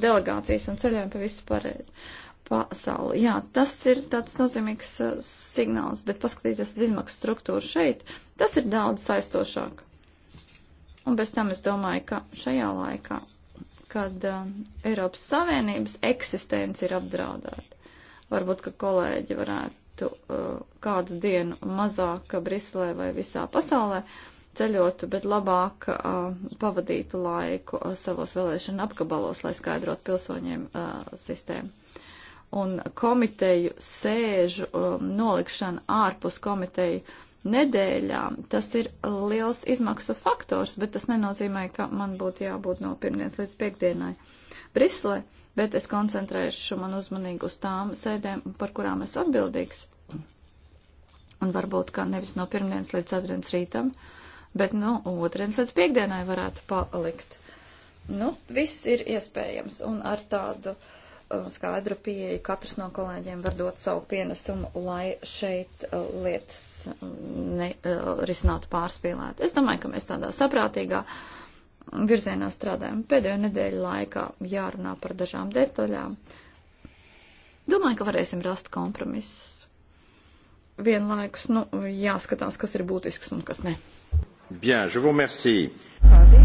[SPEAKER 2] delegācijas un ceļojumi pa visu pareizi pasauli. Jā, tas ir tāds nozīmīgs uh, signāls, bet paskatīties uz izmaksu struktūru šeit, tas ir daudz saistošāk. Un bez tam es domāju, ka šajā laikā, kad uh, Eiropas Savienības eksistence ir apdraudēta, varbūt, ka kolēģi varētu uh, kādu dienu mazāk Briselē vai visā pasaulē ceļotu, bet labāk uh, pavadītu laiku uh, savos vēlēšana apgabalos, lai skaidrotu pilsoņiem uh, sistēmu. Un komiteju sēžu um, nolikšana ārpus komiteju uh, nedēļām. Tas ir liels izmaksu faktors, bet tas nenozīmē, ka man būtu jābūt no pirmdienas līdz piekdienai Brislē, bet es koncentrēšu man uzmanīgi uz tām sēdēm, par kurām es atbildīgs. Un varbūt, ka nevis no pirmdienas līdz ceturtdienas rītam, bet no otrdienas līdz piekdienai varētu palikt. Nu, viss ir iespējams un ar tādu uh, Uh, skaidru pieeju. Katrs no kolēģiem var dot savu pienesumu, lai šeit uh, lietas um, ne, uh, risinātu pārspīlēt. Es domāju, ka mēs tādā saprātīgā virzienā strādājam. Pēdējo nedēļu laikā jārunā par dažām detaļām. Domāju, ka varēsim rast kompromisus. Vienlaikus, nu, jāskatās, kas ir būtisks un kas ne.
[SPEAKER 1] Bien, je vous remercie.
[SPEAKER 3] Paldies.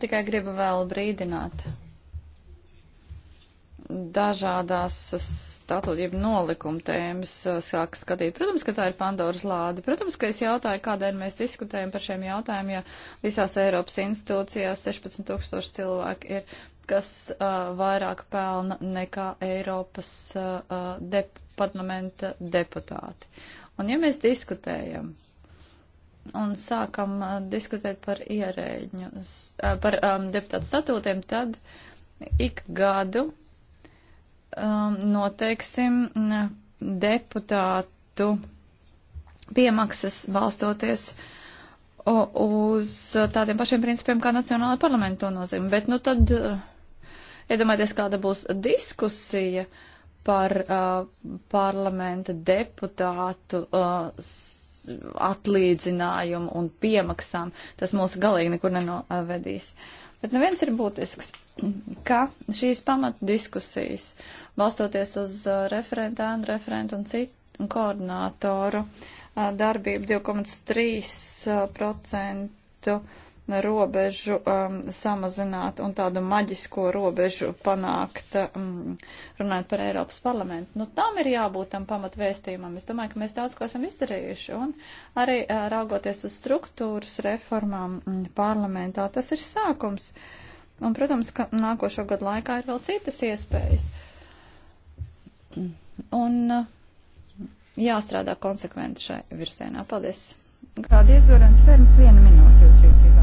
[SPEAKER 3] tikai gribu vēl brīdināt.
[SPEAKER 2] Dažādās statūta, jeb nolikuma tēmas eh, sāk skatīt. Protams, ka tā ir Pandoras lāde. Protams, ka es jautāju, kādēļ mēs diskutējam par šiem jautājumiem, ja visās Eiropas institūcijās 16 tūkstoši cilvēki ir kas uh, vairāk pelna nekā Eiropas uh, dep parlamenta deputāti. Un ja mēs diskutējam un sākam uh, diskutēt par ierēģu, uh, par um, deputātu statūtiem, tad ik gadu um, noteiksim mm, deputātu piemaksas balstoties uz tādiem pašiem principiem, kā Nacionālajā parlamentā to nozīmē. Bet, nu, tad uh, iedomājieties, ja kāda būs diskusija par uh, parlamenta deputātu uh, atlīdzinājumu un piemaksām. Tas mūs galīgi nekur nenovedīs. Bet neviens ir būtisks, *clears throat* ka šīs pamatdiskusijas, balstoties uz referentu, uh, referentu un citu un koordinātoru uh, darbību 2,3% robežu um, samazināt un tādu maģisko robežu panākt, um, runājot par Eiropas parlamentu. Nu, tam ir jābūt tam pamatvēstījumam. Es domāju, ka mēs daudz ko esam izdarījuši. Un arī uh, raugoties uz struktūras reformām um, parlamentā, tas ir sākums. Un, protams, ka nākošo gadu laikā ir vēl citas iespējas. Un uh, jāstrādā konsekventi šai virsienā. Paldies!
[SPEAKER 3] Paldies, Gorans Ferms, viena minūte jūs rīcībā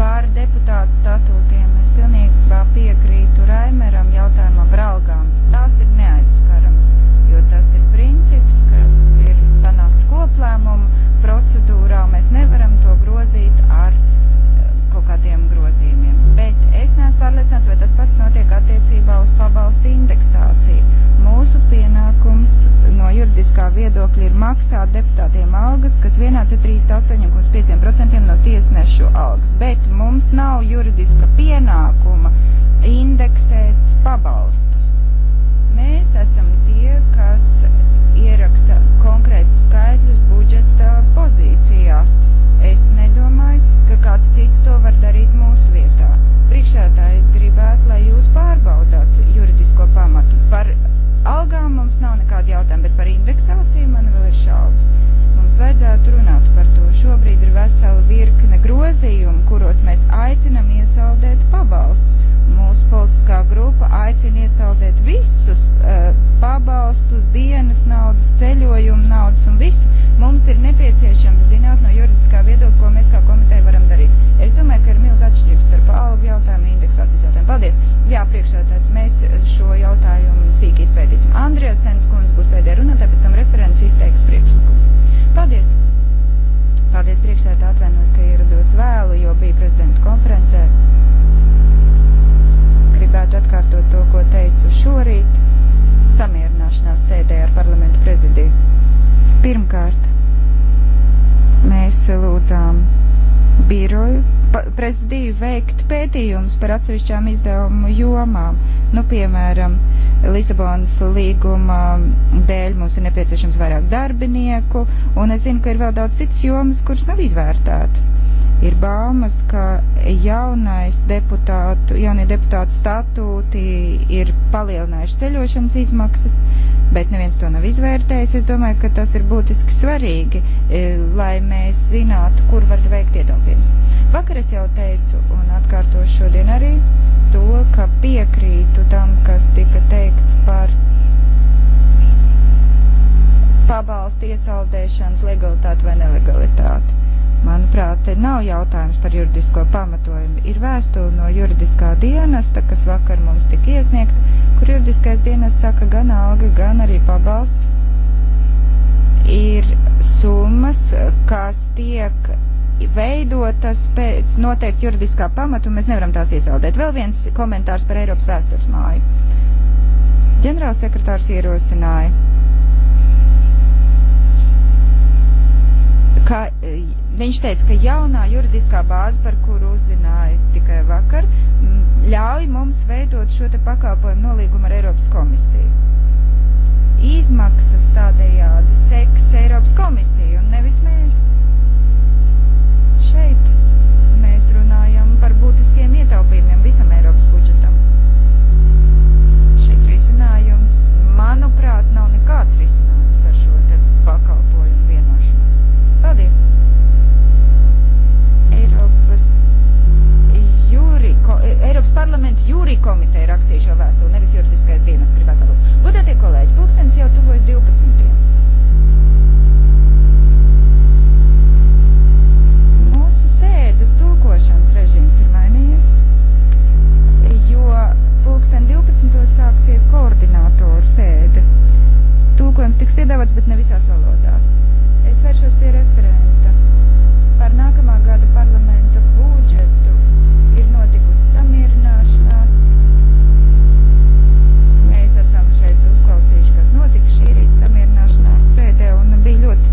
[SPEAKER 3] par deputātu statūtiem. Es pilnībā piekrītu Raimeram jautājumā par algām. Tās ir neaizskaramas, jo tas ir princips, kas ir panākts koplēmumu procedūrā. Mēs nevaram to grozīt ar eh, kaut kādiem grozījumiem bet es neesmu pārliecināts, vai tas pats notiek attiecībā uz pabalstu indeksāciju. Mūsu pienākums no juridiskā viedokļa ir maksāt deputātiem algas, kas vienāds ir 38,5% no tiesnešu algas, bet mums nav juridiska pienākuma indeksēt pabalstus. Mēs esam tie, kas ieraksta konkrētus skaitļus budžeta pozīcijās. Es nedomāju, ka kāds cits to var darīt mūsu vietā priekšsēdāji, es gribētu, lai jūs pārbaudāt juridisko pamatu. Par algām mums nav nekāda jautājuma, bet par indeksāciju man vēl ir šaubas. Mums vajadzētu runāt par to. Šobrīd ir vesela virkne grozījumu, kuros mēs aicinam iesaldēt pabalstus. Mūsu politiskā grupa aicina iesaldēt visus uh, pabalstus, dienas naudas, ceļojumu naudas un visu. Mums ir nepieciešams zināt no juridiskā viedokļa, ko mēs kā komiteja varam darīt Es domāju, ka ir milz atšķirības starp algu jautājumu un indeksācijas jautājumu. Paldies! Jā, priekšsētājs, mēs šo jautājumu sīk izpētīsim. Andrijas Senskundze būs pēdējā runātāja, pēc tam referents izteiks priekšlikumu. Paldies! Paldies priekšsētā atvainojos, ka ierados vēlu, jo bija prezidenta konferencē. Gribētu atkārtot to, ko teicu šorīt samierināšanās sēdē ar parlamentu prezidiju. Pirmkārt, mēs lūdzām biroju prezidiju veikt pētījumus par atsevišķām izdevumu jomām. Nu, piemēram, Lisabonas līguma dēļ mums ir nepieciešams vairāk darbinieku, un es zinu, ka ir vēl daudz citas jomas, kuras nav izvērtētas. Ir baumas, ka jaunais deputātu, jaunie deputātu statūti ir palielinājuši ceļošanas izmaksas bet neviens to nav izvērtējis. Es domāju, ka tas ir būtiski svarīgi, e, lai mēs zinātu, kur var veikt ietaupījumus. Vakar es jau teicu un atkārtošu šodien arī to, ka piekrītu tam, kas tika teikts par pabalstu iesaldēšanas legalitāti vai nelegalitāti Manuprāt, te nav jautājums par juridisko pamatojumu. Ir vēstule no juridiskā dienesta, kas vakar mums tika iesniegta, kur juridiskais dienests saka, gan alga, gan arī pabalsts ir summas, kas tiek veidotas pēc noteikti juridiskā pamata, un mēs nevaram tās iesaldēt. Vēl viens komentārs par Eiropas vēstures māju. Ģenerālsekretārs ierosināja, ka viņš teica, ka jaunā juridiskā bāze, par kuru uzzināju tikai vakar, ļauj mums veidot šo te pakalpojumu nolīgumu ar Eiropas komisiju. Izmaksas tādējādi seks Eiropas komisija un nevis mēs. Šeit mēs runājam par būtiskiem ietaupījumiem visam Eiropas budžetam. Šis risinājums, manuprāt, nav nekāds risinājums. Eiropas parlamenta jūrī komiteja rakstīja šo vēstuli, nevis juridiskais dienas gribētu labot. Godātie kolēģi, pulkstens jau tuvojas 12. Mūsu sēdes tulkošanas režīms ir mainījies, jo pulksten 12. sāksies koordinātoru sēde. Tulkojums tiks piedāvāts, bet ne visās valodās. Es vēršos pie referenta par nākamā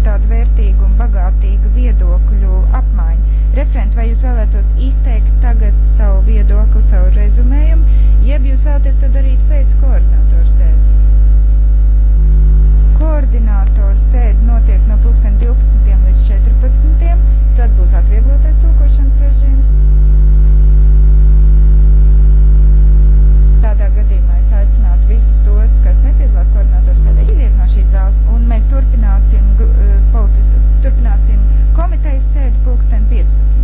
[SPEAKER 3] tādu vērtīgu un bagātīgu viedokļu apmaiņu. Referent, vai jūs vēlētos izteikt tagad savu viedokli, savu rezumējumu, jeb jūs vēlaties to darīt pēc koordinatoru sēdes? Koordinatoru sēde notiek no 2012. līdz 14. Tad būs atvieglotais tulkošanas režīms. Tādā gadījumā es aicinātu visus tos, kas nepiedalās koordinatoru jāpiecās, un mēs turpināsim, politi, turpināsim komitejas sēdi pulksten 15.